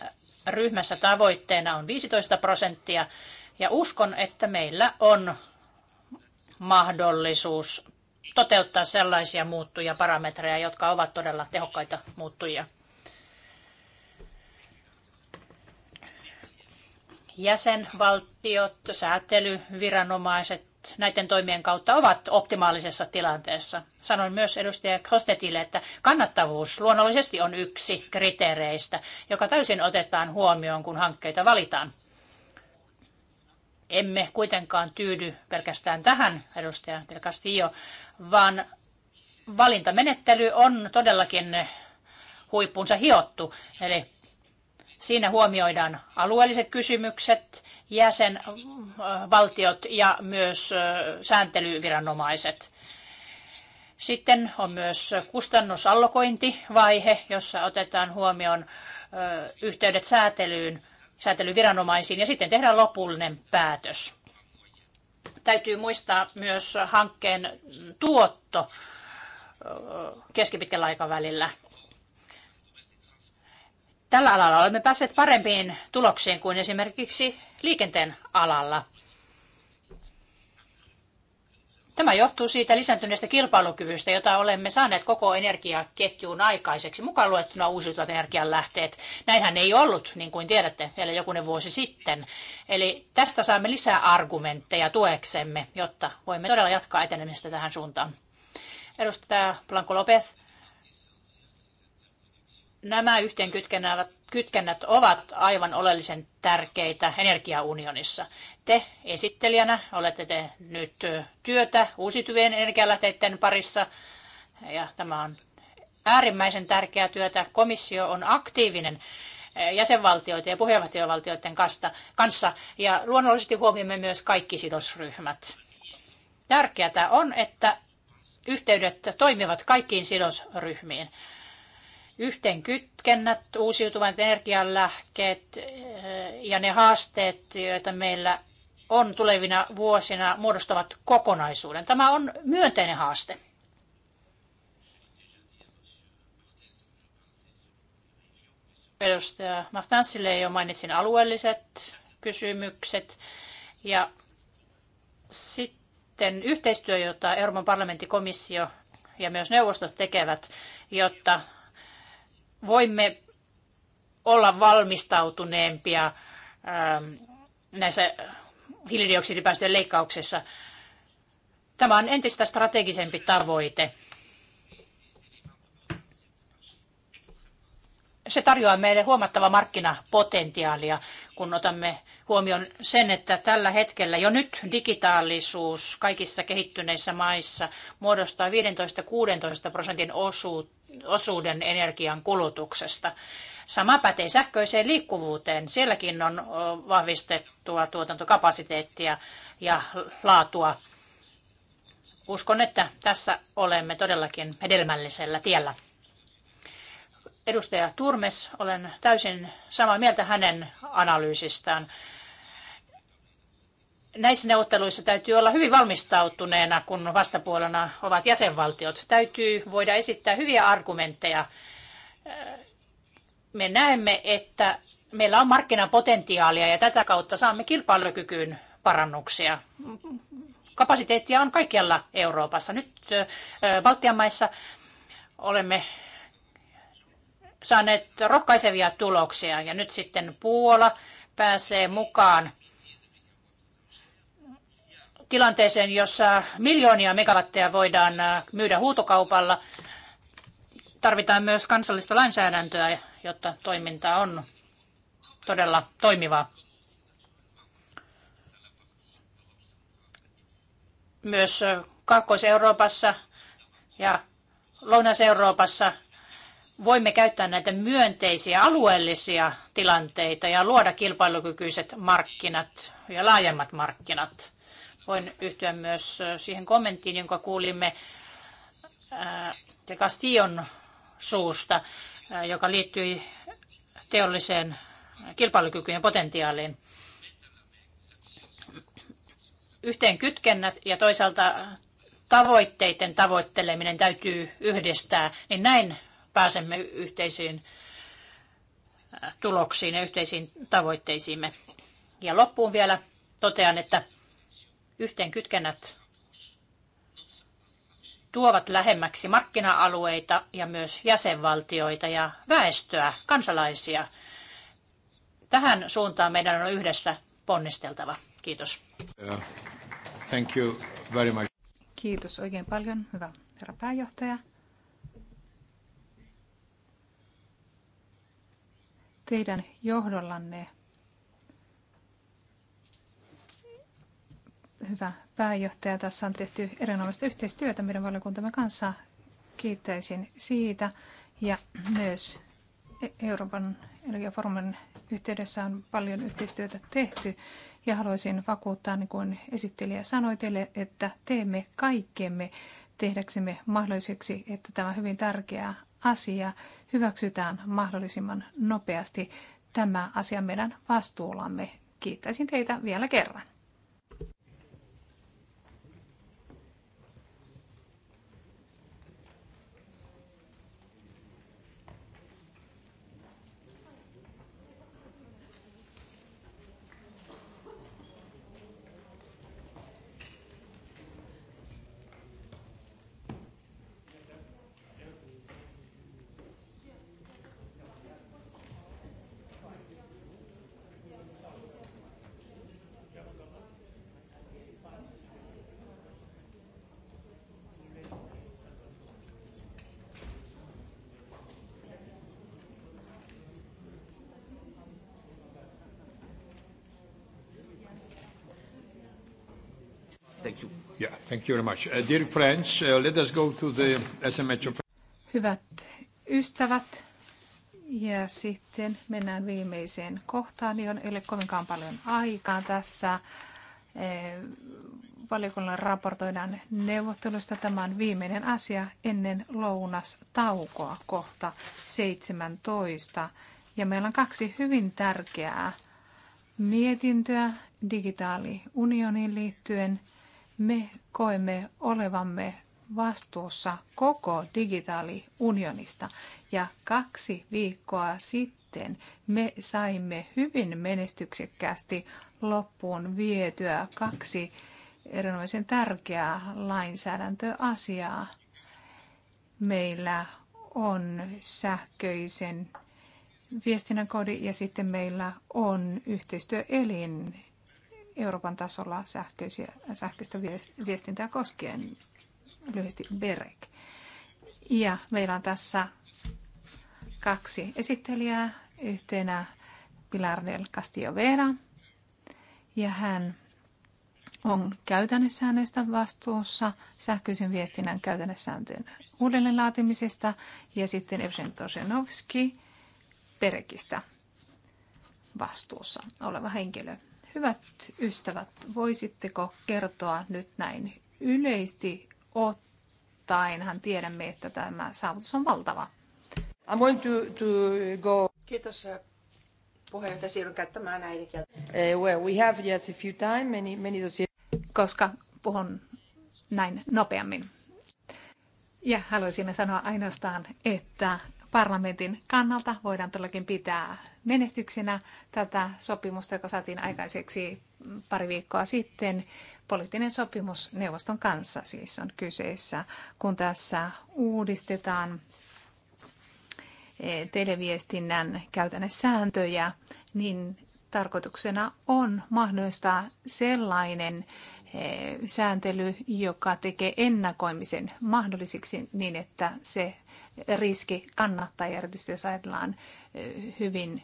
ryhmässä tavoitteena on 15 prosenttia ja uskon, että meillä on mahdollisuus toteuttaa sellaisia muuttuja parametreja, jotka ovat todella tehokkaita muuttujia. jäsenvaltiot, säätelyviranomaiset näiden toimien kautta ovat optimaalisessa tilanteessa. Sanoin myös edustaja Krostetille, että kannattavuus luonnollisesti on yksi kriteereistä, joka täysin otetaan huomioon, kun hankkeita valitaan. Emme kuitenkaan tyydy pelkästään tähän, edustaja Del Castillo, vaan valintamenettely on todellakin huippunsa hiottu. Eli Siinä huomioidaan alueelliset kysymykset, jäsenvaltiot ja myös sääntelyviranomaiset. Sitten on myös kustannusallokointivaihe, jossa otetaan huomioon yhteydet säätelyyn, säätelyviranomaisiin ja sitten tehdään lopullinen päätös. Täytyy muistaa myös hankkeen tuotto keskipitkällä aikavälillä – Tällä alalla olemme päässeet parempiin tuloksiin kuin esimerkiksi liikenteen alalla. Tämä johtuu siitä lisääntyneestä kilpailukyvystä, jota olemme saaneet koko energiaketjuun aikaiseksi, mukaan luettuna uusiutuvat energianlähteet. Näinhän ei ollut, niin kuin tiedätte, vielä jokunen vuosi sitten. Eli tästä saamme lisää argumentteja tueksemme, jotta voimme todella jatkaa etenemistä tähän suuntaan. Edustaja Blanco Lopez nämä yhteenkytkennät ovat aivan oleellisen tärkeitä energiaunionissa. Te esittelijänä olette te nyt työtä uusiutuvien energialähteiden parissa ja tämä on äärimmäisen tärkeää työtä. Komissio on aktiivinen eh, jäsenvaltioiden ja puheenjohtajavaltioiden kanssa ja luonnollisesti huomioimme myös kaikki sidosryhmät. Tärkeää on, että yhteydet toimivat kaikkiin sidosryhmiin uusiutuvan uusiutuvat energianlähteet eh, ja ne haasteet, joita meillä on tulevina vuosina, muodostavat kokonaisuuden. Tämä on myönteinen haaste. Edustaja Martansille jo mainitsin alueelliset kysymykset ja sitten yhteistyö, jota Euroopan parlamentti, komissio ja myös neuvostot tekevät, jotta voimme olla valmistautuneempia ähm, näissä hiilidioksidipäästöjen leikkauksessa. Tämä on entistä strategisempi tavoite. se tarjoaa meille huomattavaa markkinapotentiaalia, kun otamme huomioon sen, että tällä hetkellä jo nyt digitaalisuus kaikissa kehittyneissä maissa muodostaa 15-16 prosentin osuuden energian kulutuksesta. Sama pätee sähköiseen liikkuvuuteen. Sielläkin on vahvistettua tuotantokapasiteettia ja laatua. Uskon, että tässä olemme todellakin hedelmällisellä tiellä edustaja Turmes, olen täysin samaa mieltä hänen analyysistään. Näissä neuvotteluissa täytyy olla hyvin valmistautuneena, kun vastapuolena ovat jäsenvaltiot. Täytyy voida esittää hyviä argumentteja. Me näemme, että meillä on markkinapotentiaalia ja tätä kautta saamme kilpailukykyyn parannuksia. Kapasiteettia on kaikkialla Euroopassa. Nyt Baltian maissa olemme saaneet rohkaisevia tuloksia. Ja nyt sitten Puola pääsee mukaan tilanteeseen, jossa miljoonia megawatteja voidaan äh, myydä huutokaupalla. Tarvitaan myös kansallista lainsäädäntöä, jotta toiminta on todella toimivaa. Myös äh, Kaakkois-Euroopassa ja Lounais-Euroopassa voimme käyttää näitä myönteisiä alueellisia tilanteita ja luoda kilpailukykyiset markkinat ja laajemmat markkinat. Voin yhtyä myös siihen kommenttiin, jonka kuulimme De Castillon suusta, joka liittyi teolliseen kilpailukykyjen potentiaaliin. Yhteen kytkennät ja toisaalta tavoitteiden tavoitteleminen täytyy yhdistää, niin näin pääsemme yhteisiin äh, tuloksiin ja yhteisiin tavoitteisiimme. Ja loppuun vielä totean, että yhteenkytkennät tuovat lähemmäksi markkina-alueita ja myös jäsenvaltioita ja väestöä, kansalaisia. Tähän suuntaan meidän on yhdessä ponnisteltava. Kiitos. Thank you very much. Kiitos oikein paljon, hyvä herra pääjohtaja. teidän johdollanne, hyvä pääjohtaja, tässä on tehty erinomaista yhteistyötä meidän valiokuntamme kanssa. Kiittäisin siitä ja myös e- Euroopan energiaforumin yhteydessä on paljon yhteistyötä tehty ja haluaisin vakuuttaa, niin kuin esittelijä sanoi teille, että teemme kaikkemme tehdäksemme mahdolliseksi, että tämä hyvin tärkeä asia hyväksytään mahdollisimman nopeasti. Tämä asia meidän vastuullamme. Kiittäisin teitä vielä kerran. Thank you. Yeah, thank you very much. Uh, dear friends, uh, let us go to the SMS. Hyvät ystävät, ja sitten mennään viimeiseen kohtaan, johon ei ole kovinkaan paljon aikaa tässä. Eh, Valiokunnalle raportoidaan neuvottelusta. Tämä on viimeinen asia ennen lounastaukoa kohta 17. Ja meillä on kaksi hyvin tärkeää mietintöä digitaaliunioniin liittyen – me koemme olevamme vastuussa koko digitaaliunionista ja kaksi viikkoa sitten me saimme hyvin menestyksekkäästi loppuun vietyä kaksi erinomaisen tärkeää lainsäädäntöasiaa. Meillä on sähköisen viestinnän kodi ja sitten meillä on yhteistyöelin Euroopan tasolla sähköisiä, sähköistä viestintää koskien, lyhyesti BEREC. Ja meillä on tässä kaksi esittelijää, yhtenä Pilar del Castillo Vera, ja hän on käytännössäännöistä vastuussa sähköisen viestinnän käytännössääntöjen uudelleenlaatimisesta ja sitten Evgen Tosenovski Perekistä vastuussa oleva henkilö. Hyvät ystävät, voisitteko kertoa nyt näin yleisesti ottaenhan tiedämme, että tämä saavutus on valtava. I'm going to, to go. Kiitos äh, puheenjohtaja, siirryn käyttämään äidinkieltä. Uh, well, we have yes a few time, many, many dossier. Koska puhun näin nopeammin. Ja haluaisimme sanoa ainoastaan, että parlamentin kannalta voidaan todellakin pitää menestyksenä tätä sopimusta, joka saatiin aikaiseksi pari viikkoa sitten. Poliittinen sopimus neuvoston kanssa siis on kyseessä, kun tässä uudistetaan eh, televiestinnän käytännössääntöjä, niin tarkoituksena on mahdollistaa sellainen eh, sääntely, joka tekee ennakoimisen mahdolliseksi niin, että se riski kannattaa, erityisesti jos ajatellaan eh, hyvin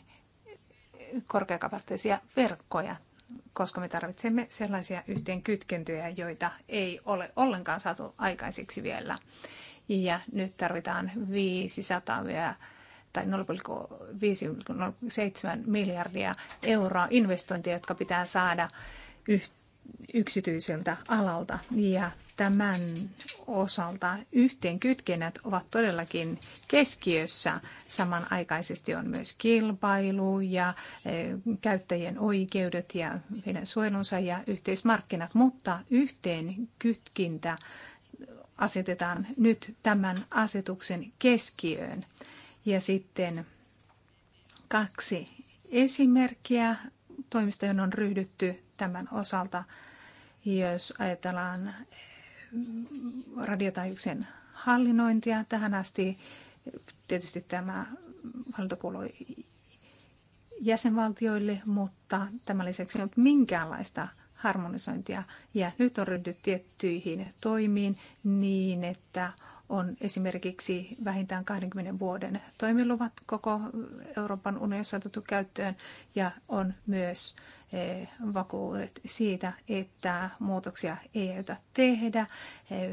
korkeakapasiteisia verkkoja, koska me tarvitsemme sellaisia yhteenkytkentöjä, joita ei ole ollenkaan saatu aikaisiksi vielä. Ja nyt tarvitaan 500 vielä tai 0,5-0,7 miljardia euroa investointia, jotka pitää saada yksityiseltä alalta. Ja tämän osalta yhteenkytkennät ovat todellakin keskiössä. Samanaikaisesti on myös kilpailu ja e, käyttäjien oikeudet ja heidän suojelunsa ja yhteismarkkinat, mutta yhteenkytkintä asetetaan nyt tämän asetuksen keskiöön. Ja sitten kaksi esimerkkiä toimista, on ryhdytty tämän osalta. Jos ajatellaan eh, radiotaajuuksien hallinnointia tähän asti, tietysti tämä hallinto kuului jäsenvaltioille, mutta tämän lisäksi ei ollut minkäänlaista harmonisointia. Ja nyt on ryhdytty tiettyihin toimiin niin, että on esimerkiksi vähintään 20 vuoden toimiluvat koko Euroopan unionissa otettu käyttöön ja on myös eh, vakuudet siitä, että muutoksia ei aiota tehdä eh,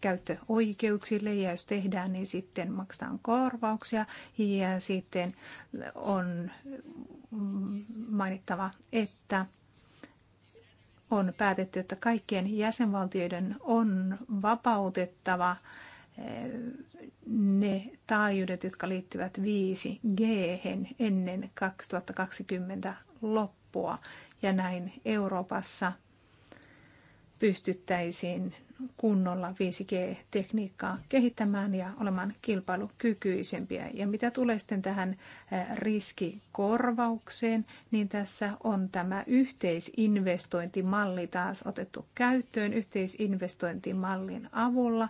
käyttöoikeuksille ja jos tehdään, niin sitten maksetaan korvauksia ja sitten on mainittava, että on päätetty, että kaikkien jäsenvaltioiden on vapautettava eh, ne taajuudet, jotka liittyvät 5G ennen 2020 loppua. Ja näin Euroopassa pystyttäisiin kunnolla 5G-tekniikkaa kehittämään ja olemaan kilpailukykyisempiä. Ja mitä tulee sitten tähän riskikorvaukseen, niin tässä on tämä yhteisinvestointimalli taas otettu käyttöön. Yhteisinvestointimallin avulla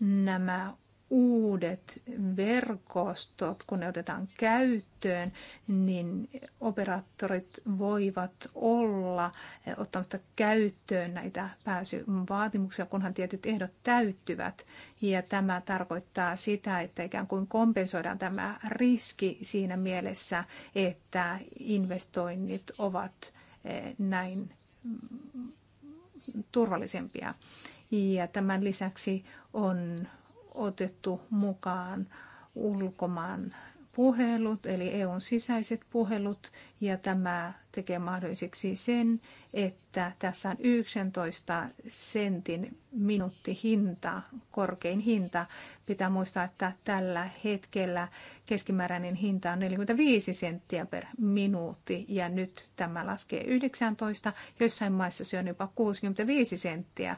nämä uudet verkostot, kun ne otetaan käyttöön, niin operaattorit voivat olla eh, ottamatta käyttöön näitä pääsyvaatimuksia, kunhan tietyt ehdot täyttyvät. Ja tämä tarkoittaa sitä, että ikään kuin kompensoidaan tämä riski siinä mielessä, että investoinnit ovat eh, näin mm, turvallisempia. Ja tämän lisäksi on otettu mukaan ulkomaan puhelut, eli EUn sisäiset puhelut, ja tämä tekee mahdolliseksi sen, että tässä on 19 sentin minuuttihinta, korkein hinta. Pitää muistaa, että tällä hetkellä keskimääräinen hinta on 45 senttiä per minuutti, ja nyt tämä laskee 19, jossain maissa se on jopa 65 senttiä.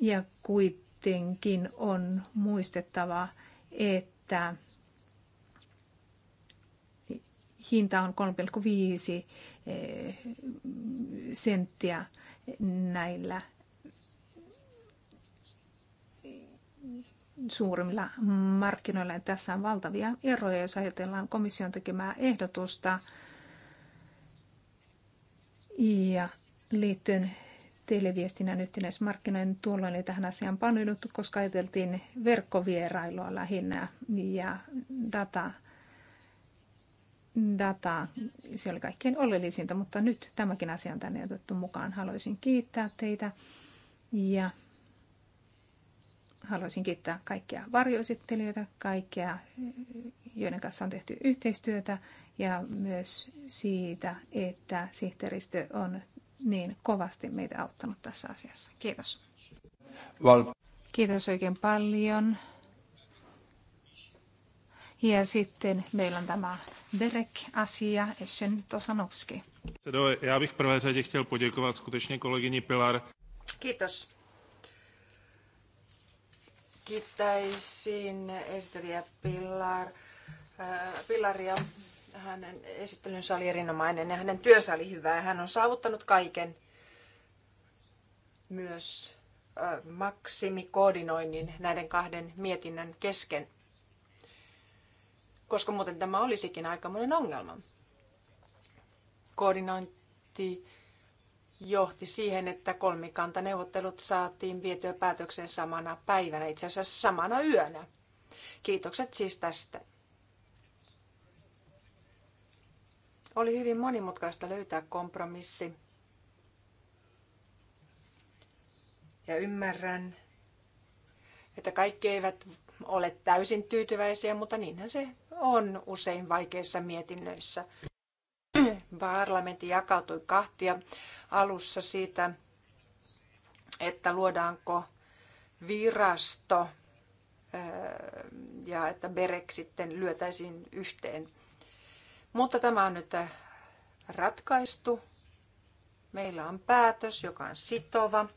Ja kuitenkin kuitenkin on muistettava, että hinta on 3,5 eh, senttiä näillä suurimmilla markkinoilla. Tässä on valtavia eroja, jos ajatellaan komission tekemää ehdotusta ja liittyen televiestinnän yhtenäismarkkinoiden tuolloin ei tähän asiaan paneuduttu, koska ajateltiin verkkovierailua lähinnä ja data, data, se oli kaikkein oleellisinta, mutta nyt tämäkin asia on tänne otettu mukaan. Haluaisin kiittää teitä ja haluaisin kiittää kaikkia varjoesittelijöitä, kaikkia, joiden kanssa on tehty yhteistyötä ja myös siitä, että sihteeristö on niin kovasti meitä auttanut tässä asiassa. Kiitos. Val- Kiitos oikein paljon. Ja sitten meillä on tämä Derek-asia, Eschen Tosanowski. Já bych prvé řadě chtěl poděkovat skutečně kolegyni Pilar. Kiitos. Kiittäisin esittelijä Pilar, äh, Pilaria hänen esittelynsä oli erinomainen ja hänen työnsä oli hyvää. Hän on saavuttanut kaiken, myös maksimikoordinoinnin näiden kahden mietinnän kesken, koska muuten tämä olisikin aikamoinen ongelma. Koordinointi johti siihen, että kolmikantaneuvottelut saatiin vietyä päätökseen samana päivänä, itse asiassa samana yönä. Kiitokset siis tästä. Oli hyvin monimutkaista löytää kompromissi. Ja ymmärrän, että kaikki eivät ole täysin tyytyväisiä, mutta niinhän se on usein vaikeissa mietinnöissä. Parlamentti jakautui kahtia alussa siitä, että luodaanko virasto ja että BEREK sitten lyötäisiin yhteen. Mutta tämä on nyt äh, ratkaistu. Meillä on päätös, joka on sitova.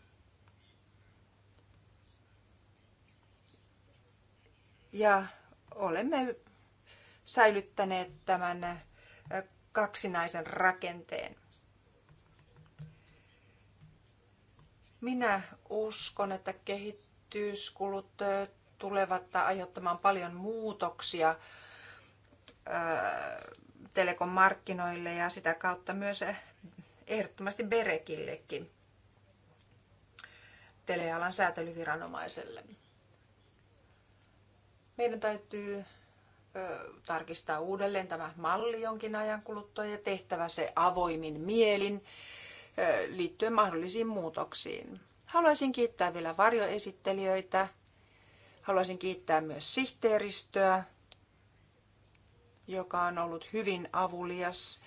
Ja olemme säilyttäneet tämän äh, kaksinaisen rakenteen. Minä uskon, että kehityskulut äh, tulevat aiheuttamaan paljon muutoksia telekon markkinoille ja sitä kautta myös ehdottomasti Berekillekin telealan säätelyviranomaiselle. Meidän täytyy tarkistaa uudelleen tämä malli jonkin ajan kuluttua ja tehtävä se avoimin mielin liittyen mahdollisiin muutoksiin. Haluaisin kiittää vielä varjoesittelijöitä. Haluaisin kiittää myös sihteeristöä, joka on ollut hyvin avulias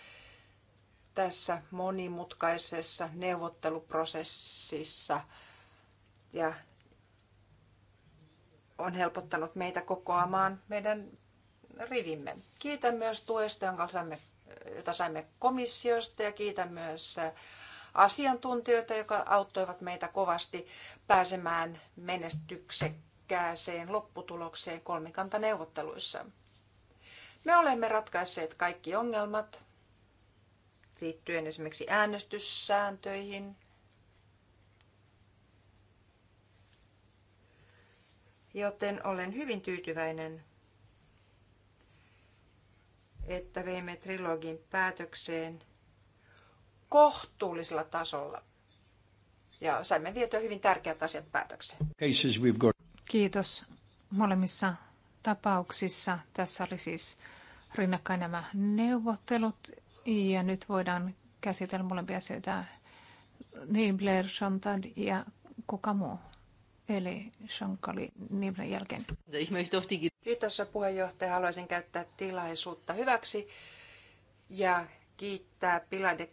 tässä monimutkaisessa neuvotteluprosessissa ja on helpottanut meitä kokoamaan meidän rivimme. Kiitän myös tuesta, jonka saimme, jota saimme komissiosta ja kiitän myös asiantuntijoita, jotka auttoivat meitä kovasti pääsemään menestyksekkääseen lopputulokseen kolmikantaneuvotteluissa. Me olemme ratkaisseet kaikki ongelmat liittyen esimerkiksi äänestyssääntöihin. Joten olen hyvin tyytyväinen, että veimme trilogin päätökseen kohtuullisella tasolla. Ja saimme vietyä hyvin tärkeät asiat päätökseen. Kiitos. Molemmissa tapauksissa. Tässä oli siis rinnakkain nämä neuvottelut ja nyt voidaan käsitellä molempia asioita. Niin Blair ja kuka muu? Eli Shankali Nibren jälkeen. Kiitos puheenjohtaja. Haluaisin käyttää tilaisuutta hyväksi ja kiittää Pilar de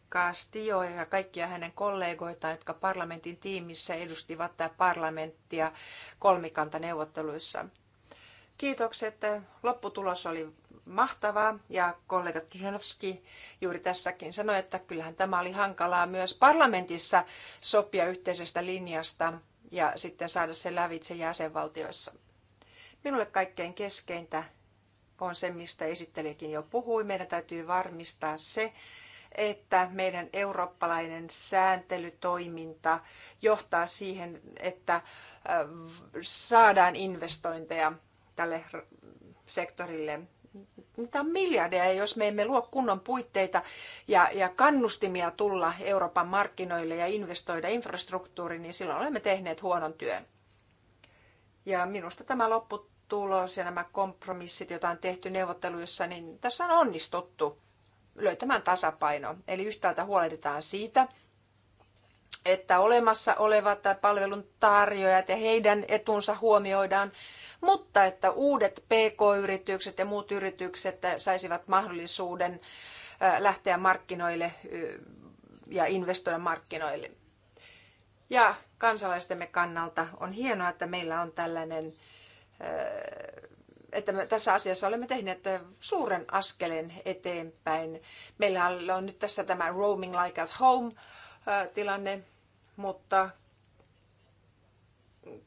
ja kaikkia hänen kollegoitaan, jotka parlamentin tiimissä edustivat tämä parlamenttia kolmikantaneuvotteluissa. Kiitokset. Lopputulos oli mahtavaa ja kollega Tysenovski juuri tässäkin sanoi, että kyllähän tämä oli hankalaa myös parlamentissa sopia yhteisestä linjasta ja sitten saada se lävitse jäsenvaltioissa. Minulle kaikkein keskeintä on se, mistä esittelijäkin jo puhui. Meidän täytyy varmistaa se, että meidän eurooppalainen sääntelytoiminta johtaa siihen, että äh, saadaan investointeja tälle sektorille. Niitä on miljardeja, jos me emme luo kunnon puitteita ja, ja kannustimia tulla Euroopan markkinoille ja investoida infrastruktuuriin, niin silloin olemme tehneet huonon työn. Ja minusta tämä lopputulos ja nämä kompromissit, joita on tehty neuvotteluissa, niin tässä on onnistuttu löytämään tasapaino. Eli yhtäältä huolehditaan siitä, että olemassa olevat palvelun tarjoajat ja heidän etunsa huomioidaan mutta että uudet PK-yritykset ja muut yritykset saisivat mahdollisuuden lähteä markkinoille ja investoida markkinoille. Ja kansalaistemme kannalta on hienoa, että meillä on tällainen, että me tässä asiassa olemme tehneet suuren askeleen eteenpäin. Meillä on nyt tässä tämä roaming like at home tilanne, mutta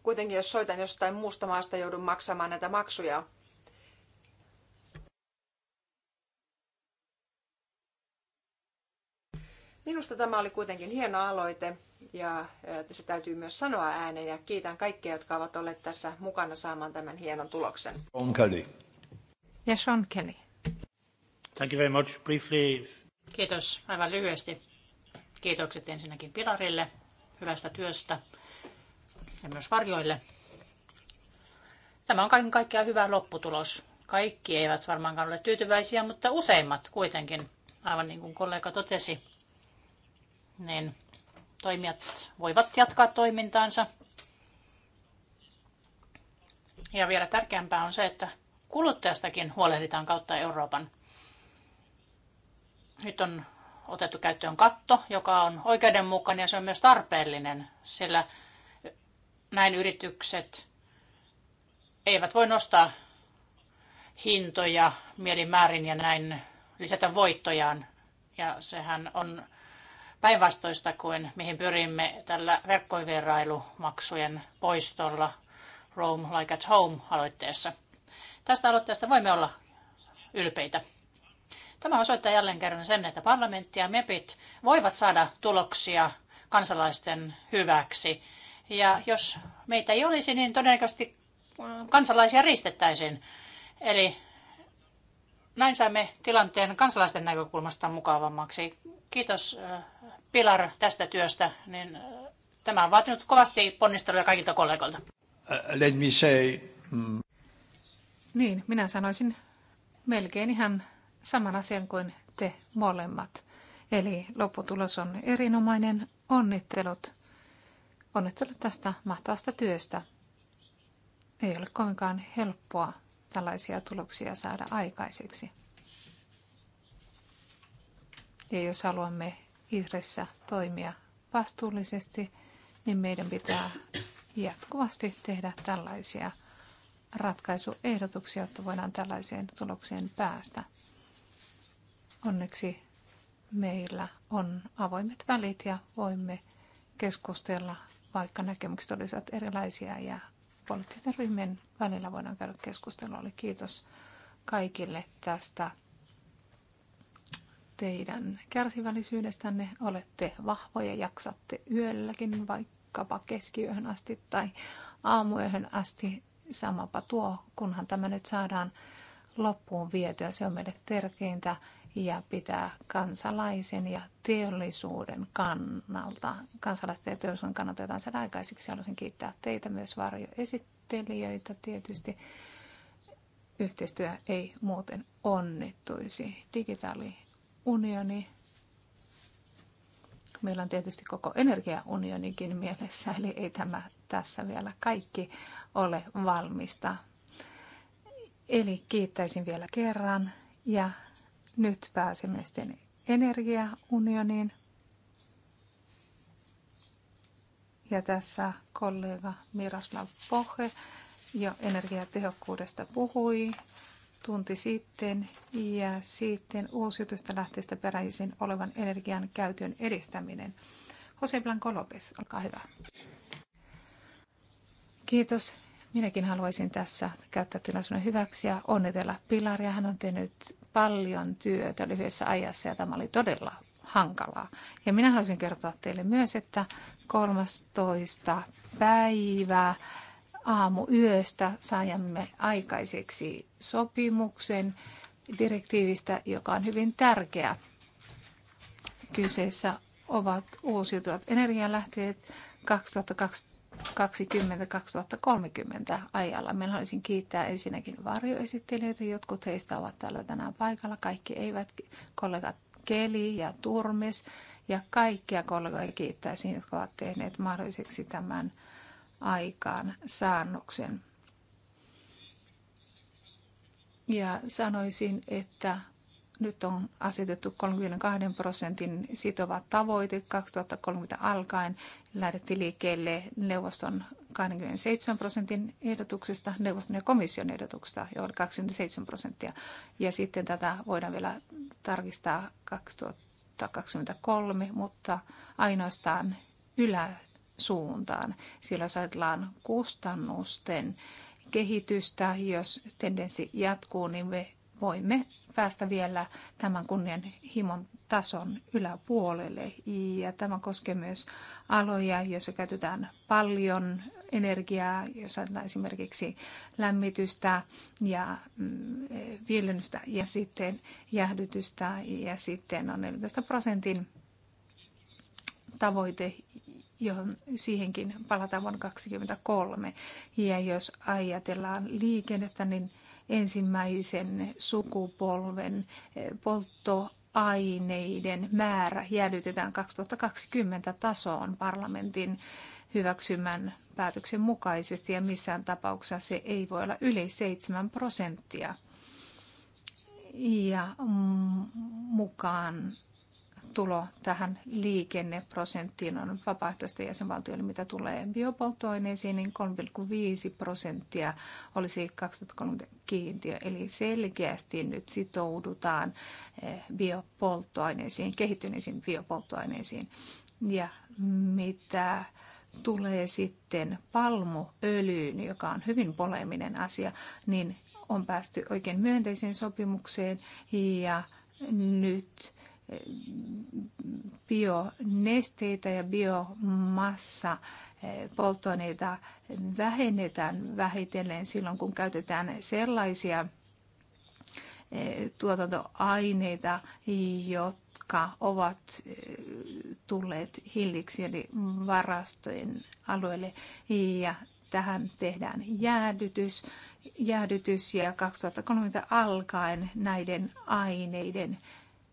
kuitenkin jos soitan jostain muusta maasta, joudun maksamaan näitä maksuja. Minusta tämä oli kuitenkin hieno aloite ja se täytyy myös sanoa ääneen ja kiitän kaikkia, jotka ovat olleet tässä mukana saamaan tämän hienon tuloksen. Sean Kelly. Ja Sean Kelly. Thank you very much. Briefly. Kiitos aivan lyhyesti. Kiitokset ensinnäkin Pilarille hyvästä työstä ja myös varjoille. Tämä on kaiken kaikkiaan hyvä lopputulos. Kaikki eivät varmaankaan ole tyytyväisiä, mutta useimmat kuitenkin, aivan niin kuin kollega totesi, niin toimijat voivat jatkaa toimintaansa. Ja vielä tärkeämpää on se, että kuluttajastakin huolehditaan kautta Euroopan. Nyt on otettu käyttöön katto, joka on oikeudenmukainen ja se on myös tarpeellinen, sillä näin yritykset eivät voi nostaa hintoja mielimäärin ja näin lisätä voittojaan. Ja sehän on päinvastoista kuin mihin pyrimme tällä verkkovierailumaksujen poistolla Roam Like at Home-aloitteessa. Tästä aloitteesta voimme olla ylpeitä. Tämä osoittaa jälleen kerran sen, että parlamentti ja MEPit voivat saada tuloksia kansalaisten hyväksi ja jos meitä ei olisi, niin todennäköisesti mm, kansalaisia riistettäisiin. Eli näin saimme tilanteen kansalaisten näkökulmasta mukavammaksi. Kiitos äh, Pilar tästä työstä. Niin äh, tämä on vaatinut kovasti ponnisteluja kaikilta kollegoilta. Uh, let me say... Mm. Niin, minä sanoisin melkein ihan saman asian kuin te molemmat. Eli lopputulos on erinomainen. Onnittelut Onnittelut tästä mahtavasta työstä. Ei ole kovinkaan helppoa tällaisia tuloksia saada aikaiseksi. Ja jos haluamme Ihressä toimia vastuullisesti, niin meidän pitää jatkuvasti tehdä tällaisia ratkaisuehdotuksia, jotta voidaan tällaiseen tulokseen päästä. Onneksi meillä on avoimet välit ja voimme keskustella vaikka näkemykset olisivat erilaisia ja poliittisten ryhmien välillä voidaan käydä keskustelua. Eli kiitos kaikille tästä teidän kärsivällisyydestänne. Olette vahvoja, jaksatte yölläkin vaikkapa keskiyöhön asti tai aamuyöhön asti. Samapa tuo, kunhan tämä nyt saadaan loppuun vietyä. Se on meille tärkeintä ja pitää kansalaisen ja teollisuuden kannalta, kansalaisten ja teollisuuden kannalta jotain sen aikaiseksi. Haluaisin kiittää teitä myös varjoesittelijöitä tietysti. Yhteistyö ei muuten onnittuisi. Digitaaliunioni. Meillä on tietysti koko energiaunionikin mielessä, eli ei tämä tässä vielä kaikki ole valmista. Eli kiittäisin vielä kerran ja nyt pääsemme sitten energiaunioniin. Ja tässä kollega Miroslav Pohe jo energiatehokkuudesta puhui tunti sitten ja sitten uusiutuista lähteistä peräisin olevan energian käytön edistäminen. Jose Blanco Lopez, olkaa hyvä. Kiitos. Minäkin haluaisin tässä käyttää tilaisuuden hyväksi ja onnitella Pilaria. Hän on tehnyt paljon työtä lyhyessä ajassa ja tämä oli todella hankalaa. Ja minä haluaisin kertoa teille myös, että 13. päivää yöstä saimme aikaiseksi sopimuksen direktiivistä, joka on hyvin tärkeä. Kyseessä ovat uusiutuvat energialähteet 2020 2020-2030 ajalla. Meillä haluaisin kiittää ensinnäkin varjoesittelijöitä. Jotkut heistä ovat täällä tänään paikalla. Kaikki eivät. Kollegat Keli ja Turmes ja kaikkia kollegoja kiittäisin, jotka ovat tehneet mahdolliseksi tämän aikaan saannoksen. Ja sanoisin, että nyt on asetettu 32 prosentin sitova tavoite 2030 alkaen. Lähdettiin liikkeelle neuvoston 27 prosentin ehdotuksesta, neuvoston ja komission ehdotuksesta, jo oli 27 prosenttia. Ja sitten tätä voidaan vielä tarkistaa 2023, mutta ainoastaan yläsuuntaan. Siellä jos ajatellaan kustannusten kehitystä, jos tendenssi jatkuu, niin me voimme päästä vielä tämän kunnianhimon tason yläpuolelle. Ja tämä koskee myös aloja, joissa käytetään paljon energiaa, jos ajatellaan esimerkiksi lämmitystä ja mm, viljelystä ja sitten jäähdytystä ja sitten on 14 prosentin tavoite, johon siihenkin palataan vuonna 2023. Ja jos ajatellaan liikennettä, niin ensimmäisen sukupolven eh, poltto aineiden määrä jäädytetään 2020 tasoon parlamentin hyväksymän päätöksen mukaisesti ja missään tapauksessa se ei voi olla yli 7 prosenttia. Ja mukaan tulo tähän liikenneprosenttiin on vapaaehtoista jäsenvaltioille, mitä tulee biopolttoaineisiin, niin 3,5 prosenttia olisi 2030 kiintiö. Eli selkeästi nyt sitoudutaan eh, biopolttoaineisiin, kehittyneisiin biopolttoaineisiin. Ja mitä tulee sitten palmuöljyyn, joka on hyvin poleminen asia, niin on päästy oikein myönteiseen sopimukseen ja nyt bionesteitä ja biomassa eh, polttoaineita vähennetään vähitellen silloin, kun käytetään sellaisia eh, tuotantoaineita, jotka ovat eh, tulleet hilliksi eli varastojen alueelle ja tähän tehdään jäädytys, jäädytys ja 2030 alkaen näiden aineiden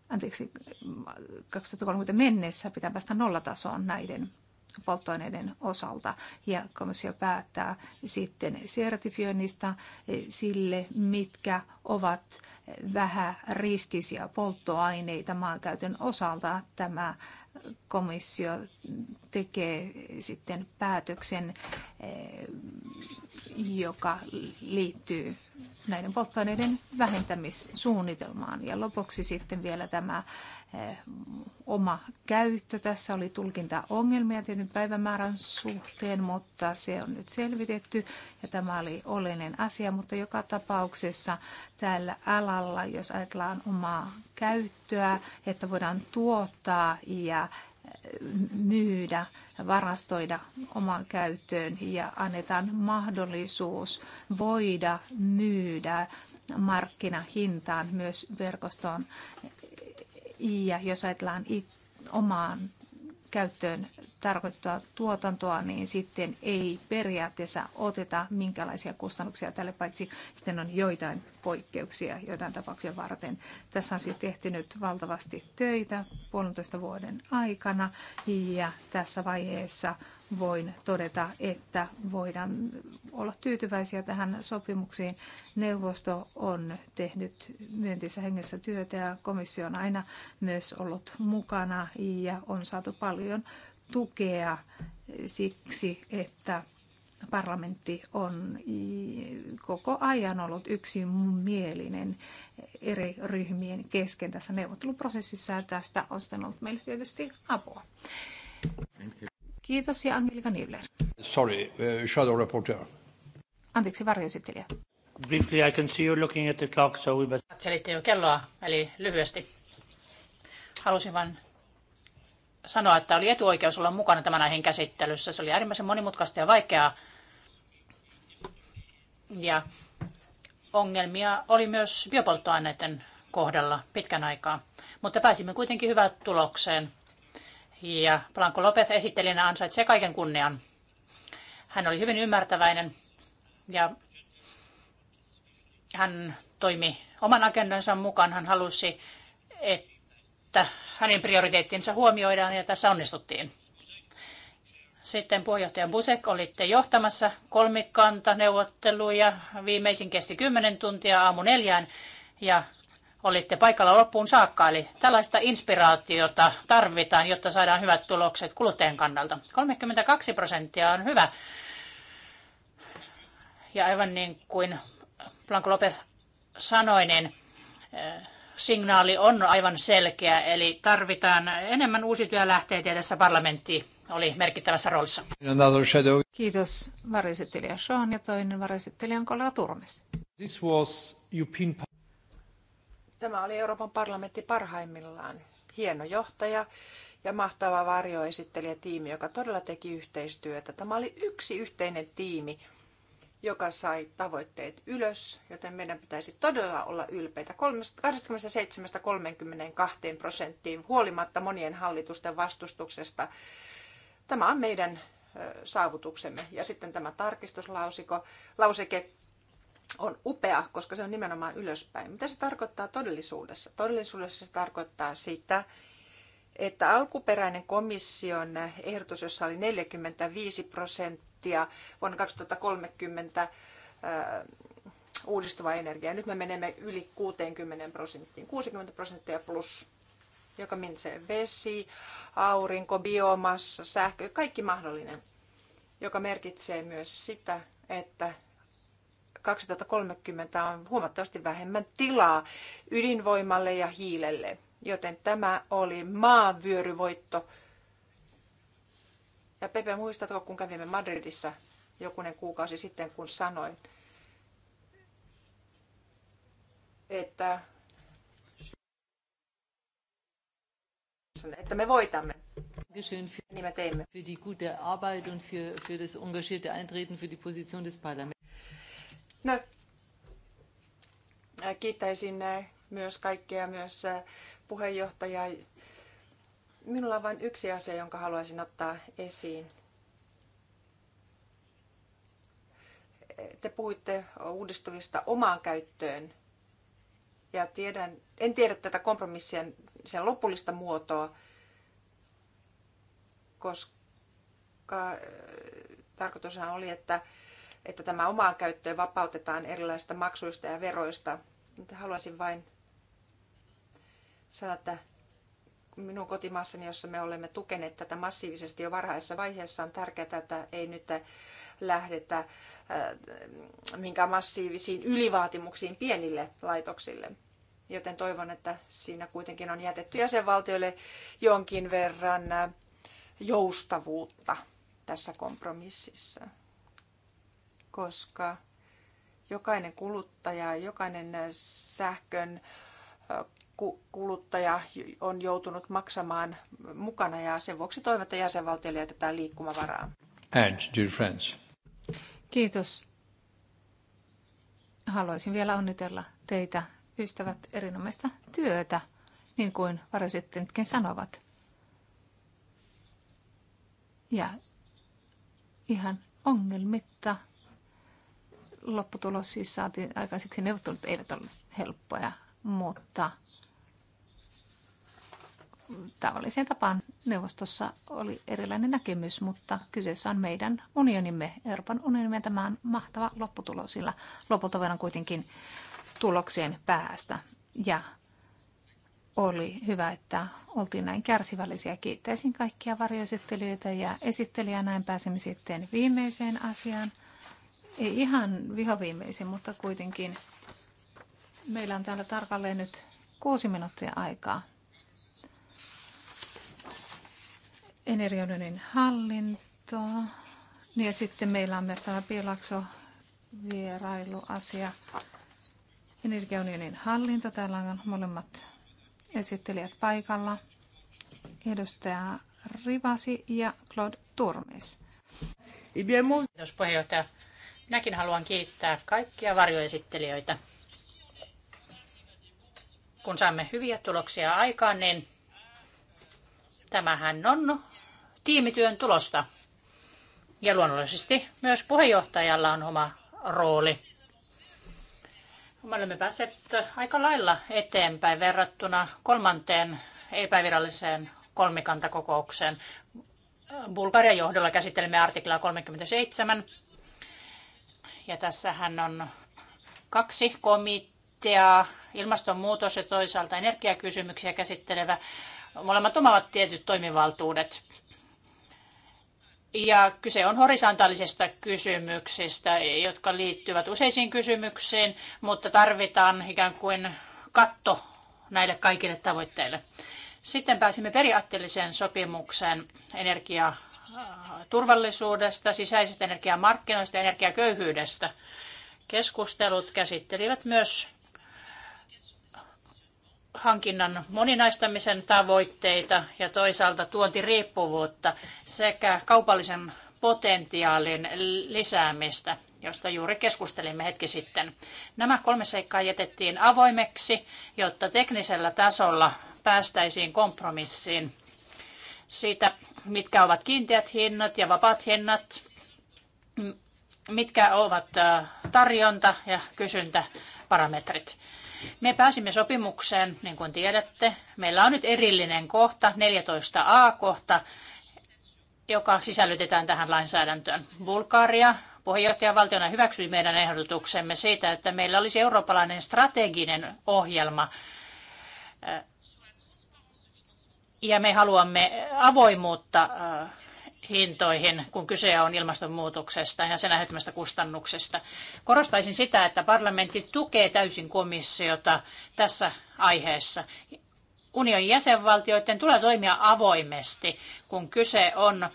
anteeksi, 2030 mennessä pitää päästä nollatasoon näiden polttoaineiden osalta ja komissio päättää sitten sertifioinnista sille, mitkä ovat vähäriskisiä polttoaineita maankäytön osalta. Tämä komissio tekee sitten päätöksen, eh, joka liittyy näiden polttoaineiden vähentämissuunnitelmaan. Ja lopuksi sitten vielä tämä eh, oma käyttö. Tässä oli tulkinta ongelmia tietyn päivämäärän suhteen, mutta se on nyt selvitetty ja tämä oli oleellinen asia. Mutta joka tapauksessa tällä alalla, jos ajatellaan omaa käyttöä, että voidaan tuottaa ja myydä, varastoida omaan käyttöön ja annetaan mahdollisuus voida myydä markkinahintaan myös verkostoon. Ja jos ajatellaan omaan käyttöön tarkoittaa tuotantoa, niin sitten ei periaatteessa oteta minkälaisia kustannuksia tälle, paitsi sitten on joitain poikkeuksia joitain tapauksia varten. Tässä on siis tehty nyt valtavasti töitä puolentoista vuoden aikana ja tässä vaiheessa voin todeta, että voidaan olla tyytyväisiä tähän sopimuksiin. Neuvosto on tehnyt myöntissä hengessä työtä ja komissio on aina myös ollut mukana ja on saatu paljon tukea siksi, että parlamentti on koko ajan ollut yksimielinen eri ryhmien kesken tässä neuvotteluprosessissa ja tästä on sitten ollut meille tietysti apua. Kiitos ja Angelika Niller. Sorry, uh, shadow reporter. Anteeksi, varjoesittelijä. Briefly, I can see you looking at the clock, so we better... Katselitte jo kelloa, eli lyhyesti. Halusin vain sanoa, että oli etuoikeus olla mukana tämän aiheen käsittelyssä. Se oli äärimmäisen monimutkaista ja vaikeaa. Ja ongelmia oli myös biopolttoaineiden kohdalla pitkän aikaa. Mutta pääsimme kuitenkin hyvään tulokseen. Ja Blanco Lopez esittelijänä ansaitsee kaiken kunnian. Hän oli hyvin ymmärtäväinen ja hän toimi oman agendansa mukaan. Hän halusi, että että hänen prioriteettinsa huomioidaan ja tässä onnistuttiin. Sitten puheenjohtaja Busek olitte johtamassa kolmikanta neuvotteluja. Viimeisin kesti 10 tuntia aamu neljään ja olitte paikalla loppuun saakka. Eli tällaista inspiraatiota tarvitaan, jotta saadaan hyvät tulokset kuluttajan kannalta. 32 prosenttia on hyvä. Ja aivan niin kuin Blanco Lopez sanoi, niin eh, signaali on aivan selkeä, eli tarvitaan enemmän uusiutuja lähteitä ja tässä parlamentti oli merkittävässä roolissa. Kiitos varjesittelijä Sean ja toinen varjesittelijä on kollega Turmes. This was Tämä oli Euroopan parlamentti parhaimmillaan. Hieno johtaja ja mahtava varjoesittelijätiimi, joka todella teki yhteistyötä. Tämä oli yksi yhteinen tiimi joka sai tavoitteet ylös, joten meidän pitäisi todella olla ylpeitä 27-32 prosenttiin huolimatta monien hallitusten vastustuksesta. Tämä on meidän saavutuksemme. Ja sitten tämä tarkistuslauseke lauseke on upea, koska se on nimenomaan ylöspäin. Mitä se tarkoittaa todellisuudessa? Todellisuudessa se tarkoittaa sitä, että alkuperäinen komission ehdotus, jossa oli 45 prosenttia vuonna 2030 uudistuva energia. Nyt me menemme yli 60 prosenttiin, 60 prosenttia plus, joka minse vesi, aurinko, biomassa, sähkö, kaikki mahdollinen, joka merkitsee myös sitä, että 2030 on huomattavasti vähemmän tilaa ydinvoimalle ja hiilelle. Joten tämä oli maanvyöryvoitto. Ja Pepe, muistatko, kun kävimme Madridissa jokunen kuukausi sitten, kun sanoin, että, että me voitamme. Dankeschön für, niin me teimme. für die gute Arbeit und für, für das engagierte Eintreten für die Position des Parlaments. No, kiittäisin äh, myös kaikkea myös äh, puheenjohtaja. Minulla on vain yksi asia, jonka haluaisin ottaa esiin. Te puhuitte uudistuvista omaan käyttöön. Ja tiedän, en tiedä tätä kompromissien sen lopullista muotoa, koska äh, tarkoitushan oli, että, että tämä omaan käyttöön vapautetaan erilaisista maksuista ja veroista. Mutta haluaisin vain saada minun kotimaassani, jossa me olemme tukeneet tätä massiivisesti jo varhaisessa vaiheessa, on tärkeää, että ei nyt lähdetä äh, minkään massiivisiin ylivaatimuksiin pienille laitoksille. Joten toivon, että siinä kuitenkin on jätetty jäsenvaltioille jonkin verran äh, joustavuutta tässä kompromississa, koska jokainen kuluttaja, jokainen sähkön äh, kuluttaja on joutunut maksamaan mukana ja sen vuoksi toivon, että jäsenvaltioille jätetään liikkumavaraa. And, dear friends. Kiitos. Haluaisin vielä onnitella teitä, ystävät, erinomaista työtä, niin kuin varasittenkin sanovat. Ja ihan ongelmitta lopputulos siis saatiin aikaiseksi. Neuvottelut eivät ole helppoja, mutta tavalliseen tapaan neuvostossa oli erilainen näkemys, mutta kyseessä on meidän unionimme, Euroopan unionimme. Tämä on mahtava lopputulos, sillä lopulta voidaan kuitenkin tulokseen päästä. Ja oli hyvä, että oltiin näin kärsivällisiä. Kiittäisin kaikkia varjoesittelijöitä ja esittelijää. Näin pääsemme sitten viimeiseen asiaan. Ei ihan vihoviimeisin, mutta kuitenkin meillä on täällä tarkalleen nyt kuusi minuuttia aikaa energiaunionin hallinto. Niin ja sitten meillä on myös tämä Pielakso vierailuasia. Energiaunionin hallinto. Täällä on molemmat esittelijät paikalla. Edustaja Rivasi ja Claude Turmes. Eh Kiitos puheenjohtaja. Minäkin haluan kiittää kaikkia varjoesittelijöitä. Kun saamme hyviä tuloksia aikaan, niin tämähän on tiimityön tulosta. Ja luonnollisesti myös puheenjohtajalla on oma rooli. Me olemme päässeet aika lailla eteenpäin verrattuna kolmanteen epäviralliseen kolmikantakokoukseen. Bulgarian johdolla käsittelemme artiklaa 37. Ja tässähän on kaksi komiteaa, ilmastonmuutos ja toisaalta energiakysymyksiä käsittelevä. Molemmat omavat tietyt toimivaltuudet. Ja kyse on horisontaalisista kysymyksistä, jotka liittyvät useisiin kysymyksiin, mutta tarvitaan ikään kuin katto näille kaikille tavoitteille. Sitten pääsimme periaatteelliseen sopimukseen energiaturvallisuudesta, sisäisistä energiamarkkinoista ja energiaköyhyydestä. Keskustelut käsittelivät myös hankinnan moninaistamisen tavoitteita ja toisaalta tuontiriippuvuutta sekä kaupallisen potentiaalin lisäämistä, josta juuri keskustelimme hetki sitten. Nämä kolme seikkaa jätettiin avoimeksi, jotta teknisellä tasolla päästäisiin kompromissiin siitä, mitkä ovat kiinteät hinnat ja vapaat hinnat, mitkä ovat äh, tarjonta- ja kysyntäparametrit. Me pääsimme sopimukseen, niin kuin tiedätte. Meillä on nyt erillinen kohta, 14a-kohta, joka sisällytetään tähän lainsäädäntöön. Bulgaria puheenjohtajavaltiona hyväksyi meidän ehdotuksemme siitä, että meillä olisi eurooppalainen strateginen ohjelma ja me haluamme avoimuutta hintoihin, kun kyse on ilmastonmuutoksesta ja sen aiheuttamasta kustannuksesta. Korostaisin sitä, että parlamentti tukee täysin komissiota tässä aiheessa. Unionin jäsenvaltioiden tulee toimia avoimesti, kun kyse on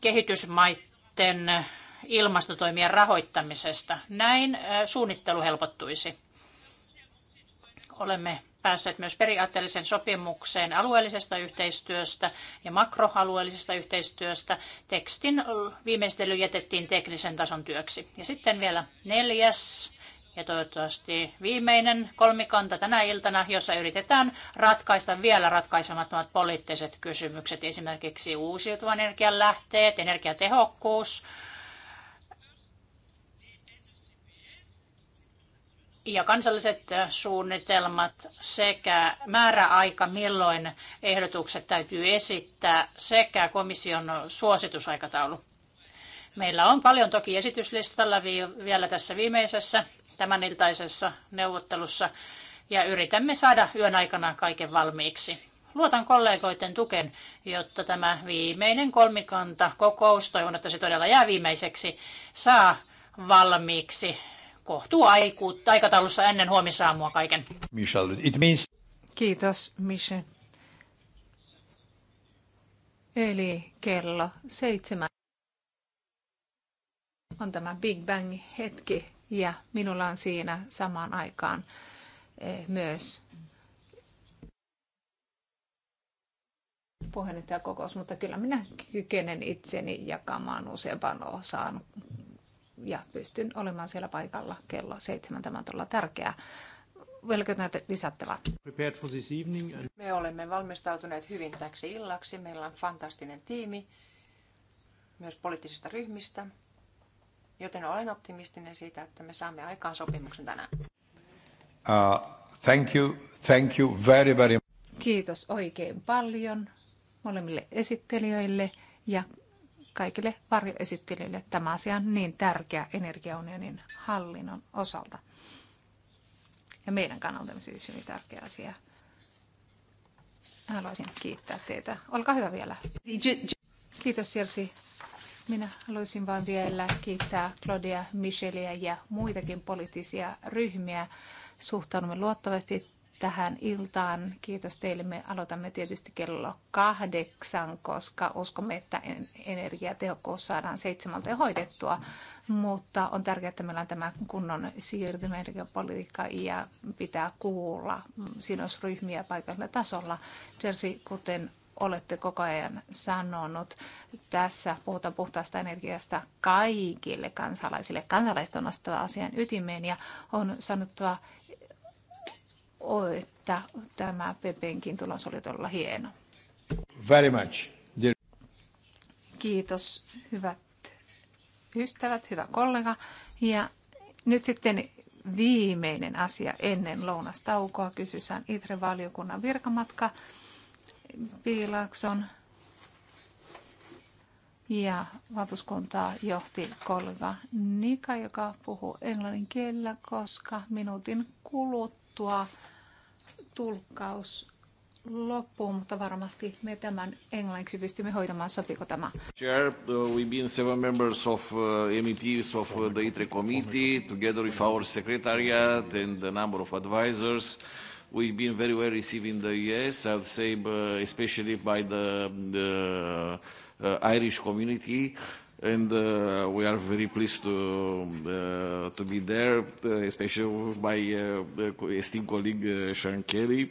kehitysmaiden ilmastotoimien rahoittamisesta. Näin suunnittelu helpottuisi. Olemme päässeet myös periaatteelliseen sopimukseen alueellisesta yhteistyöstä ja makroalueellisesta yhteistyöstä. Tekstin viimeistely jätettiin teknisen tason työksi. Ja sitten vielä neljäs ja toivottavasti viimeinen kolmikanta tänä iltana, jossa yritetään ratkaista vielä ratkaisemattomat poliittiset kysymykset, esimerkiksi uusiutuvan energian lähteet, energiatehokkuus, ja kansalliset äh, suunnitelmat sekä määräaika, milloin ehdotukset täytyy esittää sekä komission suositusaikataulu. Meillä on paljon toki esityslistalla vielä tässä viimeisessä tämän iltaisessa neuvottelussa ja yritämme saada yön aikana kaiken valmiiksi. Luotan kollegoiden tuken, jotta tämä viimeinen kolmikanta kokous, toivon että se todella jää viimeiseksi, saa valmiiksi kohtuu aikuutta aikataulussa ennen huomisaamua kaiken. Michel, it means... Kiitos, Michel. Eli kello seitsemän on tämä Big Bang hetki ja minulla on siinä samaan aikaan eh, myös puheenjohtajakokous, mutta kyllä minä kykenen itseni jakamaan useampaan osaan ja pystyn olemaan siellä paikalla kello seitsemän. Tämä on todella tärkeää. Vieläkö näitä lisättävää? Me olemme valmistautuneet hyvin täksi illaksi. Meillä on fantastinen tiimi myös poliittisista ryhmistä, joten olen optimistinen siitä, että me saamme aikaan sopimuksen tänään. Uh, thank you, thank you very, very... Kiitos oikein paljon molemmille esittelijöille ja kaikille varjoesittelijöille. Tämä asia on niin tärkeä energiaunionin hallinnon osalta. Ja meidän kannaltamme siis hyvin tärkeä asia. Haluaisin kiittää teitä. Olkaa hyvä vielä. Kiitos Sirsi. Minä haluaisin vain vielä kiittää Claudia, Michelia ja muitakin poliittisia ryhmiä. Suhtaudumme luottavasti tähän iltaan. Kiitos teille. Me aloitamme tietysti kello kahdeksan, koska uskomme, että energiatehokkuus saadaan seitsemältä hoidettua. Mutta on tärkeää, että meillä on tämä kunnon energiapolitiikka ja pitää kuulla sidosryhmiä paikallisella tasolla. Jersey, kuten olette koko ajan sanonut. Tässä puhutaan puhtaasta energiasta kaikille kansalaisille. Kansalaiset on asian ytimeen ja on sanottava, että tämä Pepenkin tulos oli todella hieno. Very much. Kiitos, hyvät ystävät, hyvä kollega. Ja nyt sitten viimeinen asia ennen lounastaukoa. Kysyssä on Itren valiokunnan virkamatka Piilakson ja valtuuskuntaa johti kollega Nika, joka puhuu englannin kielellä, koska minuutin kuluttua tuo tulkkaus loppuun, mutta varmasti me tämän englanniksi pystymme hoitamaan. Sopiko tämä? Chair, uh, we've been seven members of uh, MEPs of uh, the ITRE committee, together with our secretariat and a number of advisors. We've been very well received in the US, I'd say, uh, especially by the, the uh, Irish community. Uh, and uh, we are very pleased to, uh, to be there, uh, especially with my uh, esteemed colleague uh, Sharon Kelly.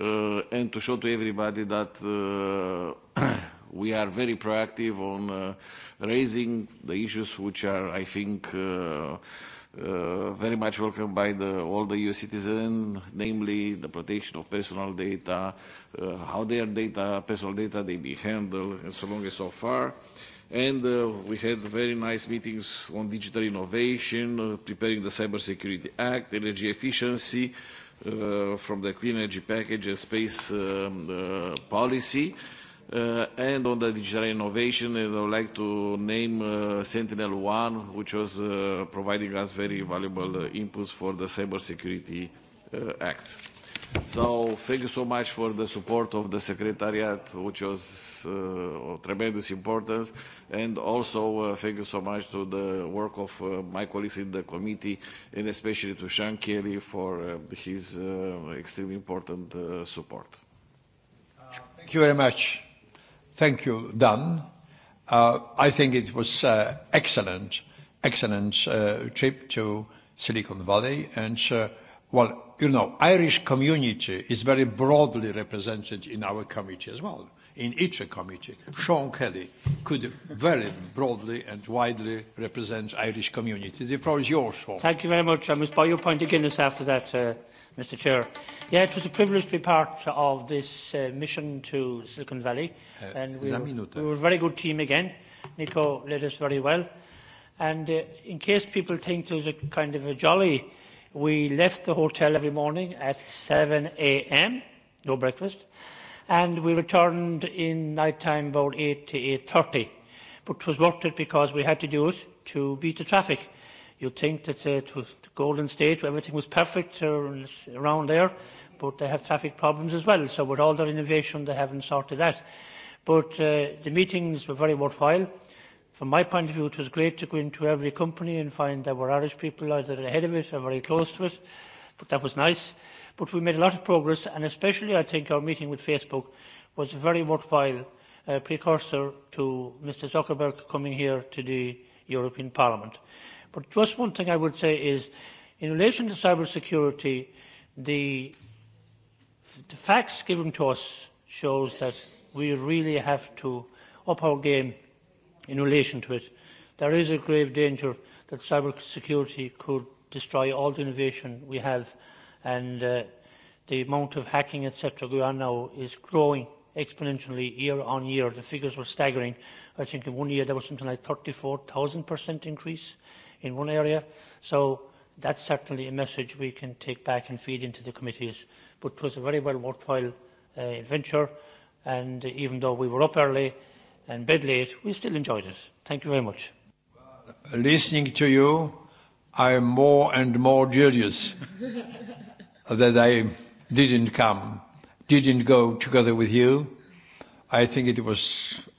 uh, and to show to everybody that uh, [CLEARS THROAT] we are very proactive on uh, raising the issues which are, I think, uh, uh, very much welcomed by the, all the EU citizens, namely the protection of personal data, uh, how their data, personal data, they be handled, and so long and so far. And uh, we had very nice meetings on digital innovation, uh, preparing the Cybersecurity Act, energy efficiency, uh, Uh, from the clean energy package and space um, uh, policy. Uh, and on the digital innovation, and I would like to name uh, Sentinel-1, which was uh, providing us very valuable uh, inputs for the cybersecurity uh, acts. So thank you so much for the support of the Secretariat, which was uh, of tremendous importance, and also uh, thank you so much to the work of uh, my colleagues in the committee, and especially to Sean Kelly for uh, his uh, extremely important uh, support. Uh, thank you very much. Thank you, Dan. Uh, I think it was uh, excellent, excellent uh, trip to Silicon Valley, and uh, well you know, Irish community is very broadly represented in our committee as well, in each committee. Sean Kelly could very broadly and widely represent Irish community. The floor is yours, Sean. Thank you very much. I must buy your point again this after that, uh, Mr Chair. Yeah, it was a privilege to be part of this uh, mission to Silicon Valley. Uh, and we were, we were a very good team again. Nico led us very well. And uh, in case people think there's a kind of a jolly We left the hotel every morning at 7 a.m., no breakfast, and we returned in night time about 8 to 8.30. But it was worth it because we had to do it to beat the traffic. You'd think that uh, it was the Golden State, where everything was perfect around there, but they have traffic problems as well. So with all their innovation, they haven't sorted that. But uh, the meetings were very worthwhile from my point of view it was great to go into every company and find there were irish people either ahead of it or very close to it but that was nice but we made a lot of progress and especially i think our meeting with facebook was a very worthwhile uh, precursor to mr zuckerberg coming here to the european parliament. but just one thing i would say is in relation to cyber security the, the facts given to us shows that we really have to up our game in relation to it. There is a grave danger that cyber security could destroy all the innovation we have and uh, the amount of hacking etc. going on now is growing exponentially year on year. The figures were staggering. I think in one year there was something like 34,000% increase in one area. So that's certainly a message we can take back and feed into the committees. But it was a very well worthwhile uh, venture and even though we were up early and bed late, we still enjoyed it. Thank you very much. Listening to you, I am more and more jealous [LAUGHS] that I didn't come, didn't go together with you. I think it was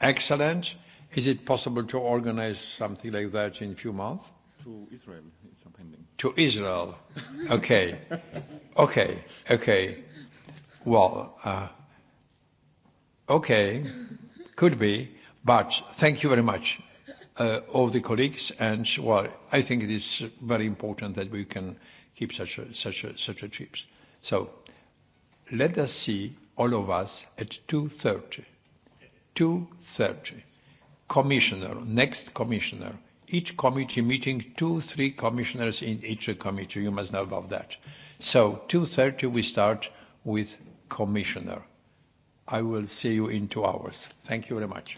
excellent. Is it possible to organize something like that in a few months? To Israel, it's pending. To Israel, okay, okay, okay. Well, uh, okay, could be. But thank you very much, uh, all the colleagues, and well, I think it is very important that we can keep such a, such a, such a trips. So let us see all of us at 2.30. 2.30. Commissioner, next commissioner. Each committee meeting, two, three commissioners in each committee. You must know about that. So 2.30 we start with commissioner. I will see you in two hours. Thank you very much.